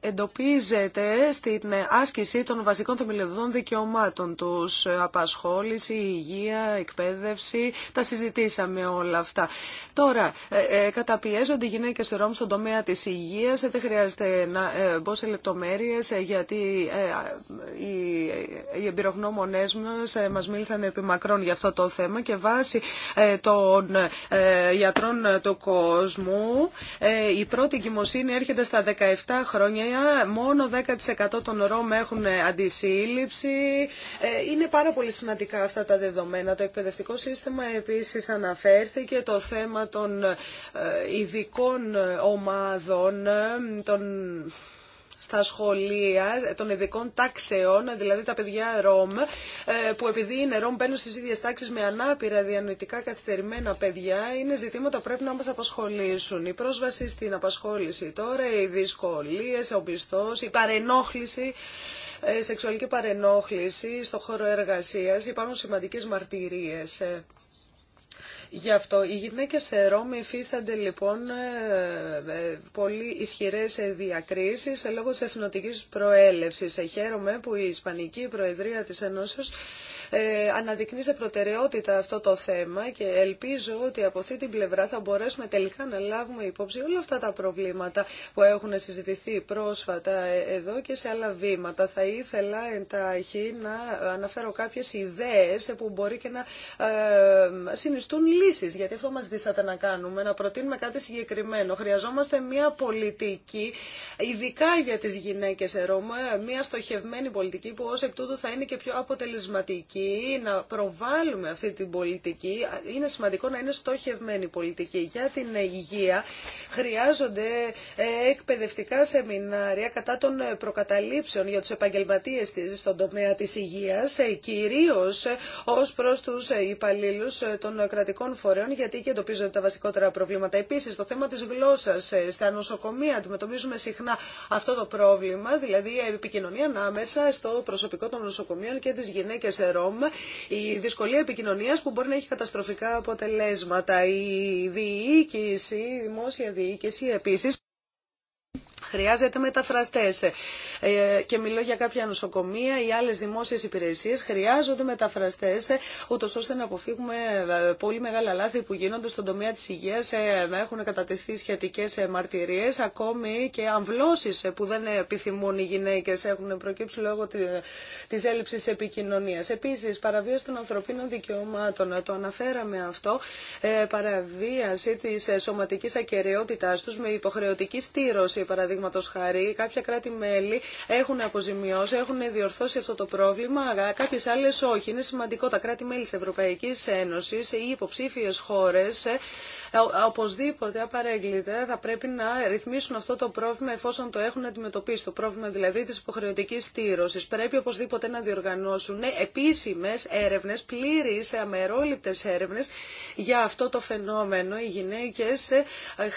εντοπίζεται στην άσκηση των βασικών θεμελιωδών δικαιωμάτων τους. Απασχόληση, υγεία, εκπαίδευση, τα συζητήσαμε όλα αυτά. Τώρα, ε, ε, καταπιέζονται οι γυναίκες ΡΟΜ στον τομέα της υγείας. Δεν χρειάζεται να μπω σε λεπτομέρειες γιατί οι εμπειρογνώμονές μας μας μίλησαν επί μακρόν για αυτό το θέμα και βάσει των γιατρών του κόσμου ε, η πρώτη εγκυμοσύνη έρχεται στα 17 χρόνια. Μόνο 10% των ΡΟΜ έχουν ε, αντισύλληψη. Ε, είναι πάρα πολύ σημαντικά αυτά τα δεδομένα. Το εκπαιδευτικό σύστημα επίσης αναφέρθηκε. Το θέμα των ειδικών ομάδων, των στα σχολεία ε, των ειδικών τάξεων, δηλαδή τα παιδιά ΡΟΜ, ε, που επειδή είναι ΡΟΜ μπαίνουν στις ίδιες τάξεις με ανάπηρα διανοητικά καθυστερημένα παιδιά, είναι ζητήματα που πρέπει να μα απασχολήσουν. Η πρόσβαση στην απασχόληση τώρα, οι δυσκολίε, ο πιστό, η παρενόχληση, ε, σεξουαλική παρενόχληση στο χώρο εργασίας, υπάρχουν σημαντικές μαρτυρίες. Γι' αυτό οι γυναίκες σε Ρώμη υφίστανται λοιπόν ε, ε, πολύ ισχυρές διακρίσεις λόγω της εθνοτικής προέλευσης. Ε, χαίρομαι που η Ισπανική Προεδρία της Ένωση. Ε, αναδεικνύει σε προτεραιότητα αυτό το θέμα και ελπίζω ότι από αυτή την πλευρά θα μπορέσουμε τελικά να λάβουμε υπόψη όλα αυτά τα προβλήματα που έχουν συζητηθεί πρόσφατα ε, εδώ και σε άλλα βήματα. Θα ήθελα εντάχει να αναφέρω κάποιες ιδέες που μπορεί και να ε, συνιστούν λύσεις, γιατί αυτό μας δίσατε να κάνουμε, να προτείνουμε κάτι συγκεκριμένο. Χρειαζόμαστε μια πολιτική, ειδικά για τις γυναίκες Ρώμα, μια στοχευμένη πολιτική που ως εκ τούτου θα είναι και πιο αποτελεσματική πολιτική, να προβάλλουμε αυτή την πολιτική. Είναι σημαντικό να είναι στοχευμένη η πολιτική. Για την υγεία χρειάζονται ε, εκπαιδευτικά σεμινάρια κατά των προκαταλήψεων για τους επαγγελματίες στον τομέα της υγείας, ε, κυρίως ε, ως προς τους υπαλλήλους των κρατικών φορέων, γιατί και εντοπίζονται τα βασικότερα προβλήματα. Επίσης, το θέμα της γλώσσας στα νοσοκομεία αντιμετωπίζουμε συχνά αυτό το πρόβλημα, δηλαδή η επικοινωνία ανάμεσα στο προσωπικό των νοσοκομείων και τις γυναίκες Ρώμα η δυσκολία επικοινωνίας που μπορεί να έχει καταστροφικά αποτελέσματα. Η διοίκηση, η δημόσια διοίκηση επίσης, χρειάζεται Ε, και μιλώ για κάποια νοσοκομεία ή άλλε δημόσιε υπηρεσίε. χρειάζονται μεταφραστέ, ε, ούτω ώστε να αποφύγουμε ε, πολύ μεγάλα λάθη που γίνονται στον τομέα της υγείας, ε, έχουν κατατεθεί σχετικέ μαρτυρίε, ακόμη και αμβλώσει που δεν επιθυμούν οι γυναίκε, έχουν προκύψει λόγω τη έλλειψη επικοινωνία. Επίση, παραβίαση των ανθρωπίνων δικαιωμάτων, το αναφέραμε αυτό, παραβίαση τη σωματική ακαιρεότητά του με υποχρεωτική στήρωση, χαρή, κάποια κράτη-μέλη έχουν αποζημιώσει, έχουν διορθώσει αυτό το πρόβλημα, κάποιε άλλε όχι. Είναι σημαντικό τα κράτη-μέλη τη Ευρωπαϊκή Ένωση, ή υποψήφιε χώρε ε, οπωσδήποτε απαραίτητα θα πρέπει να ρυθμίσουν αυτό το πρόβλημα εφόσον το έχουν αντιμετωπίσει. Το πρόβλημα δηλαδή τη υποχρεωτική στήρωση. Πρέπει οπωσδήποτε να διοργανώσουν επίσημε έρευνε, πλήρει, αμερόληπτε έρευνε για αυτό το φαινόμενο. Οι γυναίκε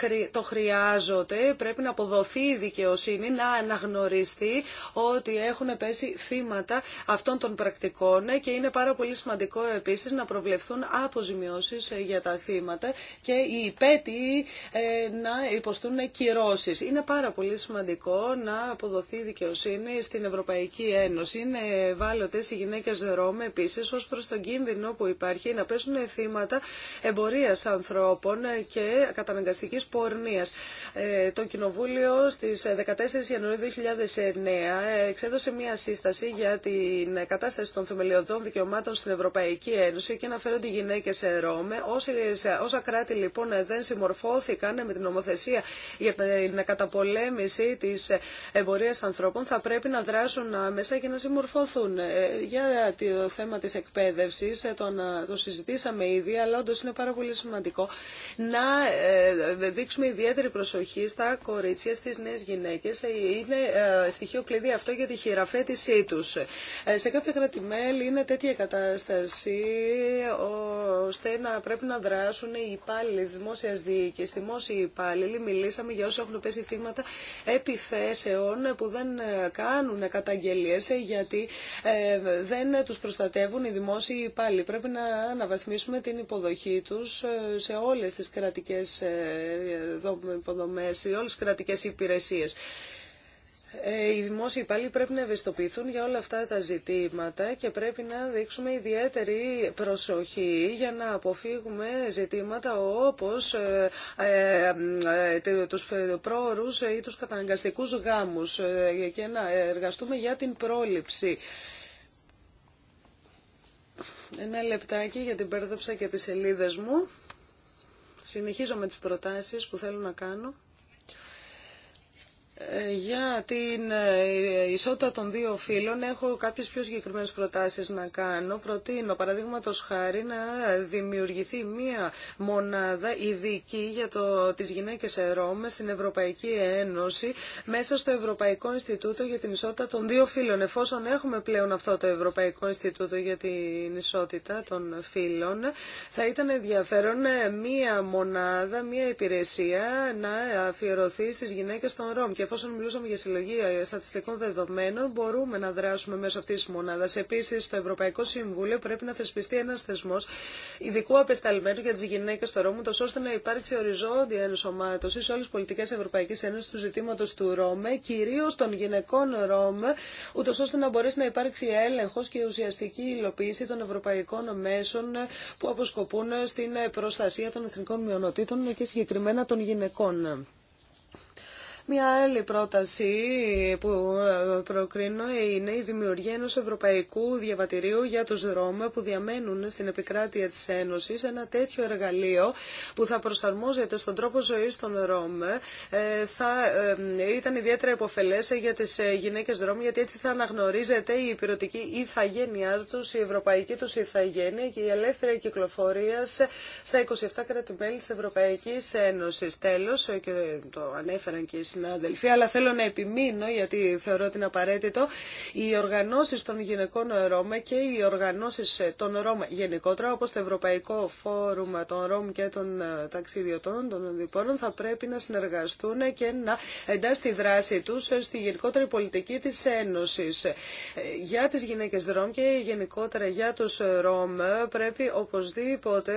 ε, το χρειάζονται. Πρέπει να αποδοθεί η δικαιοσύνη, να αναγνωριστεί ότι έχουν πέσει θύματα αυτών των πρακτικών και είναι πάρα πολύ σημαντικό επίση να προβλεφθούν αποζημιώσει ε, για τα θύματα και οι υπέτειοι ε, να υποστούν κυρώσεις. Είναι πάρα πολύ σημαντικό να αποδοθεί δικαιοσύνη στην Ευρωπαϊκή Ένωση. Είναι βάλλοντε οι γυναίκε Ρώμη επίση ω προ τον κίνδυνο που υπάρχει να πέσουν θύματα εμπορία ανθρώπων και καταναγκαστική πορνεία. Ε, το Κοινοβούλιο στι 14 Ιανουαρίου 2009 εξέδωσε μία σύσταση για την κατάσταση των θεμελιωδών δικαιωμάτων στην Ευρωπαϊκή Ένωση και αναφέρονται οι γυναίκε Ρώμη. Όσα κράτη λοιπόν λοιπόν ε, δεν συμμορφώθηκαν με την νομοθεσία για την καταπολέμηση τη εμπορία ανθρώπων θα πρέπει να δράσουν άμεσα και να συμμορφωθούν. Ε, για το θέμα τη εκπαίδευση ε, το συζητήσαμε ήδη, αλλά όντω είναι πάρα πολύ σημαντικό να δείξουμε ιδιαίτερη προσοχή στα κορίτσια, στι νέε γυναίκε. Είναι στοιχείο κλειδί αυτό για τη χειραφέτησή του. Σε κάποια κρατημέλη είναι τέτοια κατάσταση ώστε να πρέπει να δράσουν οι υπάλληλοι δημόσια διοίκηση, δημόσιοι υπάλληλοι, μιλήσαμε για όσοι έχουν πέσει θύματα επιθέσεων που δεν ε, κάνουν καταγγελίε ε, γιατί ε, δεν τους προστατεύουν οι δημόσιοι υπάλληλοι. Πρέπει να αναβαθμίσουμε την υποδοχή τους σε όλε τι κρατικέ υποδομέ, σε όλε τι κρατικέ υπηρεσίε. Ε, οι δημόσιοι υπάλληλοι πρέπει να ευαισθητοποιηθούν για όλα αυτά τα ζητήματα και πρέπει να δείξουμε ιδιαίτερη προσοχή για να αποφύγουμε ζητήματα όπως ε, ε, ε τους ή τους καταναγκαστικούς γάμους ε, και να εργαστούμε για την πρόληψη. Ένα λεπτάκι για την πέρδεψα και τις σελίδες μου. Συνεχίζω με τις προτάσεις που θέλω να κάνω. Για την ε, ισότητα των δύο φύλων έχω κάποιες πιο συγκεκριμένες προτάσεις να κάνω. Προτείνω, παραδείγματο χάρη, να δημιουργηθεί μία μονάδα ειδική για το, τις γυναίκες ρώμη στην Ευρωπαϊκή Ένωση μέσα στο Ευρωπαϊκό Ινστιτούτο για την Ισότητα των Δύο Φύλων. Εφόσον έχουμε πλέον αυτό το Ευρωπαϊκό Ινστιτούτο για την Ισότητα των Φύλων, θα ήταν ενδιαφέρον ε, μία μονάδα, μία υπηρεσία να αφιερωθεί στις γυναίκες των ΡΟΜ εφόσον μιλούσαμε για συλλογή ε, στατιστικών δεδομένων, μπορούμε να δράσουμε μέσω αυτή τη μονάδα. Επίση, στο Ευρωπαϊκό Συμβούλιο πρέπει να θεσπιστεί ένα θεσμό ειδικού απεσταλμένου για τι γυναίκε στο Ρώμα, ώστε να υπάρξει οριζόντια ενσωμάτωση σε όλε τι πολιτικέ Ευρωπαϊκή Ένωση του ζητήματο του Ρώμα, κυρίω των γυναικών Ρώμα, ούτω ώστε να μπορέσει να υπάρξει έλεγχο και ουσιαστική υλοποίηση των ευρωπαϊκών μέσων που αποσκοπούν στην προστασία των εθνικών μειονοτήτων και συγκεκριμένα των γυναικών. Μια άλλη πρόταση που ε, προκρίνω είναι η δημιουργία ενός ευρωπαϊκού διαβατηρίου για τους Ρώμα που διαμένουν στην επικράτεια της Ένωσης. Ένα τέτοιο εργαλείο που θα προσαρμόζεται στον τρόπο ζωής των Ρώμ ε, θα ε, ήταν ιδιαίτερα υποφελές για τις γυναίκες Ρώμ γιατί έτσι θα αναγνωρίζεται η υπηρετική ηθαγένειά τους, η ευρωπαϊκή τους ηθαγένεια και η ελεύθερη κυκλοφορία στα 27 κράτη-μέλη της Ευρωπαϊκής Ένωσης. Τέλος, και το ανέφεραν και συνάδελφοι, αλλά θέλω να επιμείνω γιατί θεωρώ ότι είναι απαραίτητο. Οι οργανώσεις των γυναικών Ρώμα και οι οργανώσεις των Ρώμα γενικότερα, όπως το Ευρωπαϊκό Φόρουμ των Ρώμ και των ε, ταξιδιωτών, των διπώνων, θα πρέπει να συνεργαστούν και να εντάσσουν τη δράση τους στη γενικότερη πολιτική της Ένωσης. Ε, για τις γυναίκες Ρώμ και γενικότερα για τους Ρώμ πρέπει οπωσδήποτε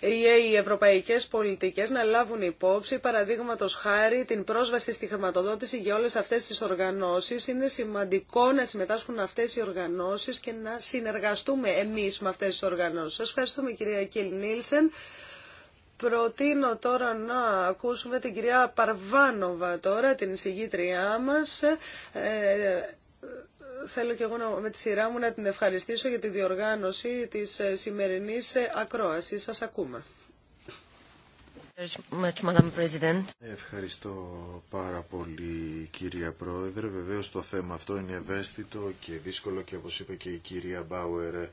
ε, οι ευρωπαϊκές πολιτικές να λάβουν υπόψη, παραδείγματος χάρη, την πρόσβαση στη χρηματοδότηση για όλες αυτές τις οργανώσεις. Είναι σημαντικό να συμμετάσχουν αυτές οι οργανώσεις και να συνεργαστούμε εμείς με αυτές τις οργανώσεις. Σας ευχαριστούμε κυρία Κιλ Νίλσεν. Προτείνω τώρα να ακούσουμε την κυρία Παρβάνοβα τώρα, την συγγήτριά μας. Ε, θέλω και εγώ να, με τη σειρά μου να την ευχαριστήσω για τη διοργάνωση της ε, σημερινής ε, ακρόασης. Σας ακούμε. Ευχαριστώ πάρα πολύ κυρία Πρόεδρε. Βεβαίως το θέμα αυτό είναι ευαίσθητο και δύσκολο και όπως είπε και η κυρία Μπάουερ, ε,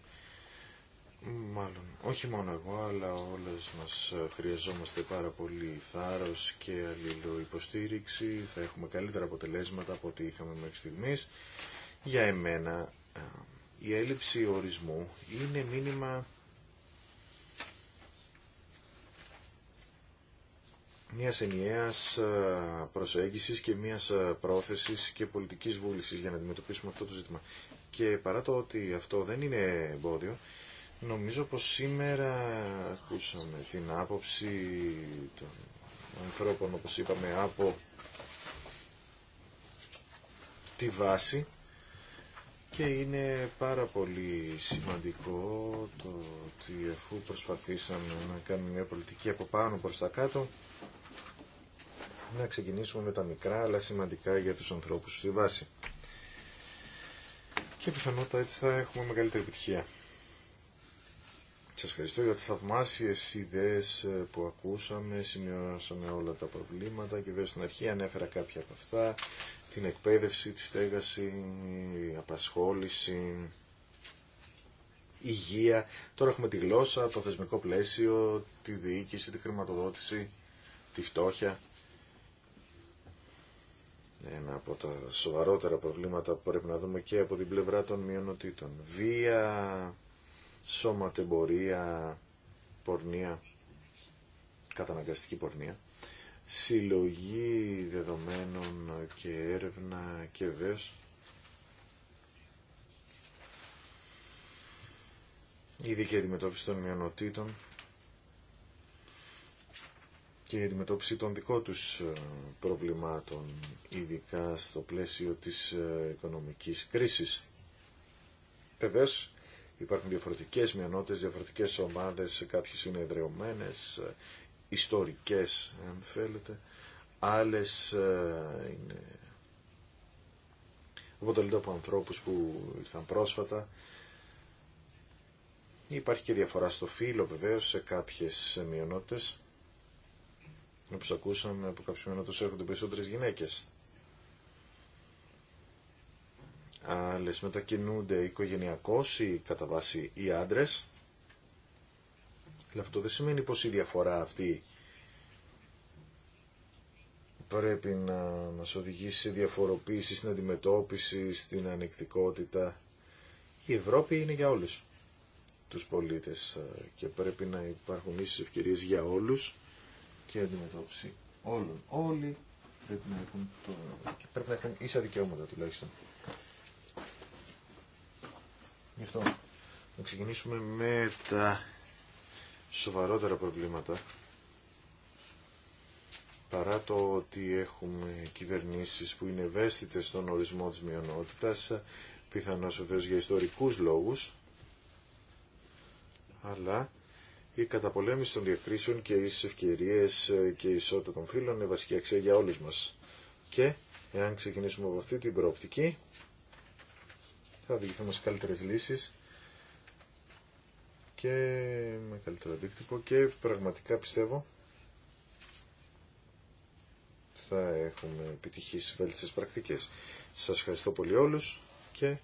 μάλλον όχι μόνο εγώ αλλά όλες μας χρειαζόμαστε πάρα πολύ θάρρος και αλληλοϊποστήριξη. Θα έχουμε καλύτερα αποτελέσματα από ό,τι είχαμε μέχρι στιγμής για εμένα ε, η έλλειψη ορισμού είναι μήνυμα μιας ενιαίας ε, προσέγγισης και μιας ε, πρόθεση και πολιτικής βούλησης για να αντιμετωπίσουμε αυτό το ζήτημα. Και παρά το ότι αυτό δεν είναι εμπόδιο, νομίζω πως σήμερα ακούσαμε την άποψη των ανθρώπων, όπως είπαμε, από τη βάση και είναι πάρα πολύ σημαντικό το ότι αφού προσπαθήσαμε να κάνουμε μια πολιτική από πάνω προς τα κάτω, να ξεκινήσουμε με τα μικρά αλλά σημαντικά για τους ανθρώπους στη βάση. Και πιθανότατα έτσι θα έχουμε μεγαλύτερη επιτυχία. Σας ευχαριστώ για τις θαυμάσιες ιδέες ε, που ακούσαμε, σημειώσαμε όλα τα προβλήματα και βέβαια στην αρχή ανέφερα κάποια από αυτά, την εκπαίδευση, τη στέγαση, απασχόληση, υγεία. Τώρα έχουμε τη γλώσσα, το θεσμικό πλαίσιο, τη διοίκηση, τη χρηματοδότηση, τη φτώχεια. Ένα από τα σοβαρότερα προβλήματα που πρέπει να δούμε και από την πλευρά των μειονοτήτων. Βία, σωματεμπορία, πορνεία, καταναγκαστική πορνεία, συλλογή δεδομένων και έρευνα και βέβαια η δίκαιη αντιμετώπιση των μειονοτήτων και η αντιμετώπιση των δικών τους ε, προβλημάτων, ειδικά στο πλαίσιο της ε, οικονομικής κρίσης. Βεβαίως, Υπάρχουν διαφορετικές μειονότητες, διαφορετικές ομάδες, κάποιες είναι εδρεωμένες, ιστορικές αν θέλετε, άλλες ε, είναι αποτελείται από ανθρώπους που ήρθαν πρόσφατα. Υπάρχει και διαφορά στο φύλλο βεβαίω σε κάποιες μειονότητες. Όπως ακούσαμε από κάποιους μειονότητες έρχονται περισσότερες γυναίκες. άλλες μετακινούνται οικογενειακώς ή κατά βάση οι άντρες. Αλλά αυτό δεν σημαίνει πως η διαφορά αυτή πρέπει να μας οδηγήσει σε διαφοροποίηση, στην αντιμετώπιση, στην ανεκτικότητα. Η Ευρώπη είναι για όλους τους πολίτες ε, και πρέπει να υπάρχουν ίσες ευκαιρίες για όλους και αντιμετώπιση όλων. Όλοι πρέπει να έχουν, το... πρέπει να έχουν ίσα δικαιώματα τουλάχιστον. Γι' αυτό να ξεκινήσουμε με τα σοβαρότερα προβλήματα παρά το ότι έχουμε κυβερνήσεις που είναι ευαίσθητες στον ορισμό της μειονότητας, πιθανώς βεβαίω για ιστορικούς λόγους, αλλά η καταπολέμηση των διακρίσεων και οι ευκαιρίες και η ισότητα των φύλων είναι βασική αξία για όλους μας. Και εάν ξεκινήσουμε από αυτή την προοπτική, θα διηγηθούμε σε καλύτερες λύσεις και με καλύτερο αντίκτυπο και πραγματικά πιστεύω θα έχουμε στις βέλτιστες πρακτικές. Σας ευχαριστώ πολύ όλους και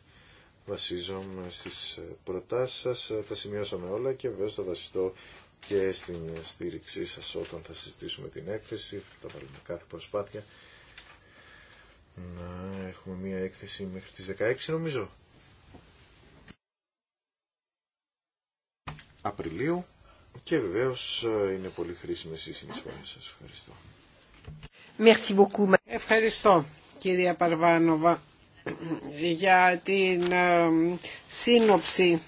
βασίζομαι στις προτάσεις σας, τα σημειώσαμε όλα και βέβαια θα βασιστώ και στην στήριξή σας όταν θα συζητήσουμε την έκθεση, θα βάλουμε κάθε προσπάθεια να έχουμε μία έκθεση μέχρι τις 16 νομίζω. Απριλίου και βεβαίως ε, είναι πολύ χρήσιμε οι συνεισφορέ σα. Ευχαριστώ. Merci beaucoup. Ευχαριστώ κυρία Παρβάνοβα για την ε, σύνοψη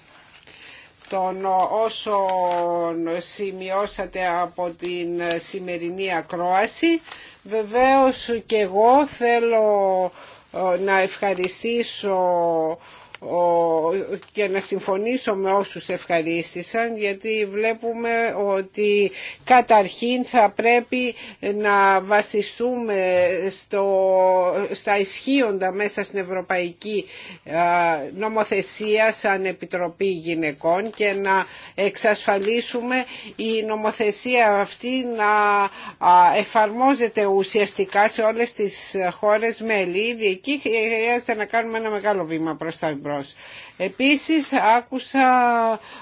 των όσων σημειώσατε από την σημερινή ακρόαση. Βεβαίως και εγώ θέλω ε, να ευχαριστήσω και να συμφωνήσω με όσους ευχαρίστησαν γιατί βλέπουμε ότι καταρχήν θα πρέπει να βασιστούμε στο, στα ισχύοντα μέσα στην Ευρωπαϊκή νομοθεσία σαν Επιτροπή Γυναικών και να εξασφαλίσουμε η νομοθεσία αυτή να εφαρμόζεται ουσιαστικά σε όλες τις χώρες μέλη. Ήδη εκεί χρειάζεται να κάνουμε ένα μεγάλο βήμα προς τα εμπρό. Επίσης άκουσα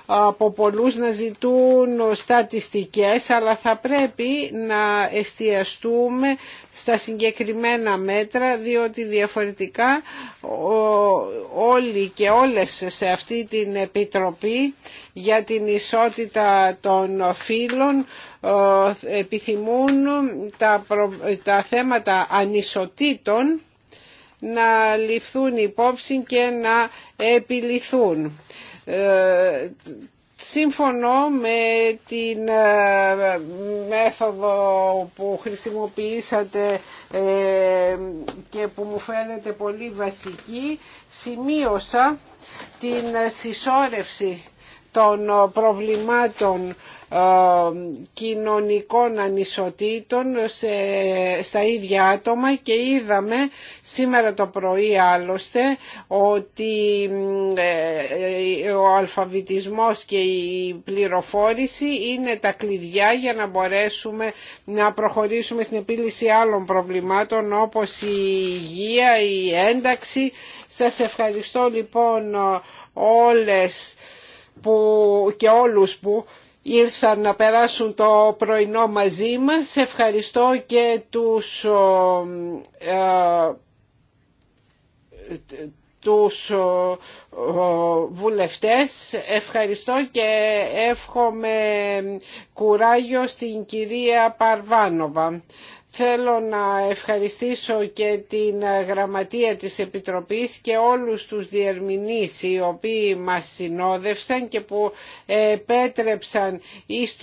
από πολλούς να ζητούν στατιστικές αλλά θα πρέπει να εστιαστούμε στα συγκεκριμένα μέτρα διότι διαφορετικά όλοι και όλες σε αυτή την Επιτροπή για την ισότητα των φύλων επιθυμούν τα, τα θέματα ανισοτήτων να ληφθούν υπόψη και να επιληθούν. Ε, σύμφωνο με την ε, μέθοδο που χρησιμοποιήσατε ε, και που μου φαίνεται πολύ βασική, σημείωσα την συσσόρευση των προβλημάτων ε, κοινωνικών ανισοτήτων σε, στα ίδια άτομα και είδαμε σήμερα το πρωί άλλωστε ότι ε, ε, ο αλφαβητισμός και η πληροφόρηση είναι τα κλειδιά για να μπορέσουμε να προχωρήσουμε στην επίλυση άλλων προβλημάτων όπως η υγεία, η ένταξη. Σας ευχαριστώ λοιπόν όλες που, και όλους που ήρθαν να περάσουν το πρωινό μαζί μας. Ευχαριστώ και τους, ε, τους βουλευτές. Ευχαριστώ και εύχομαι κουράγιο στην κυρία Παρβάνοβα. Θέλω να ευχαριστήσω και την γραμματεία της Επιτροπής και όλους τους διερμηνείς οι οποίοι μας συνόδευσαν και που επέτρεψαν εις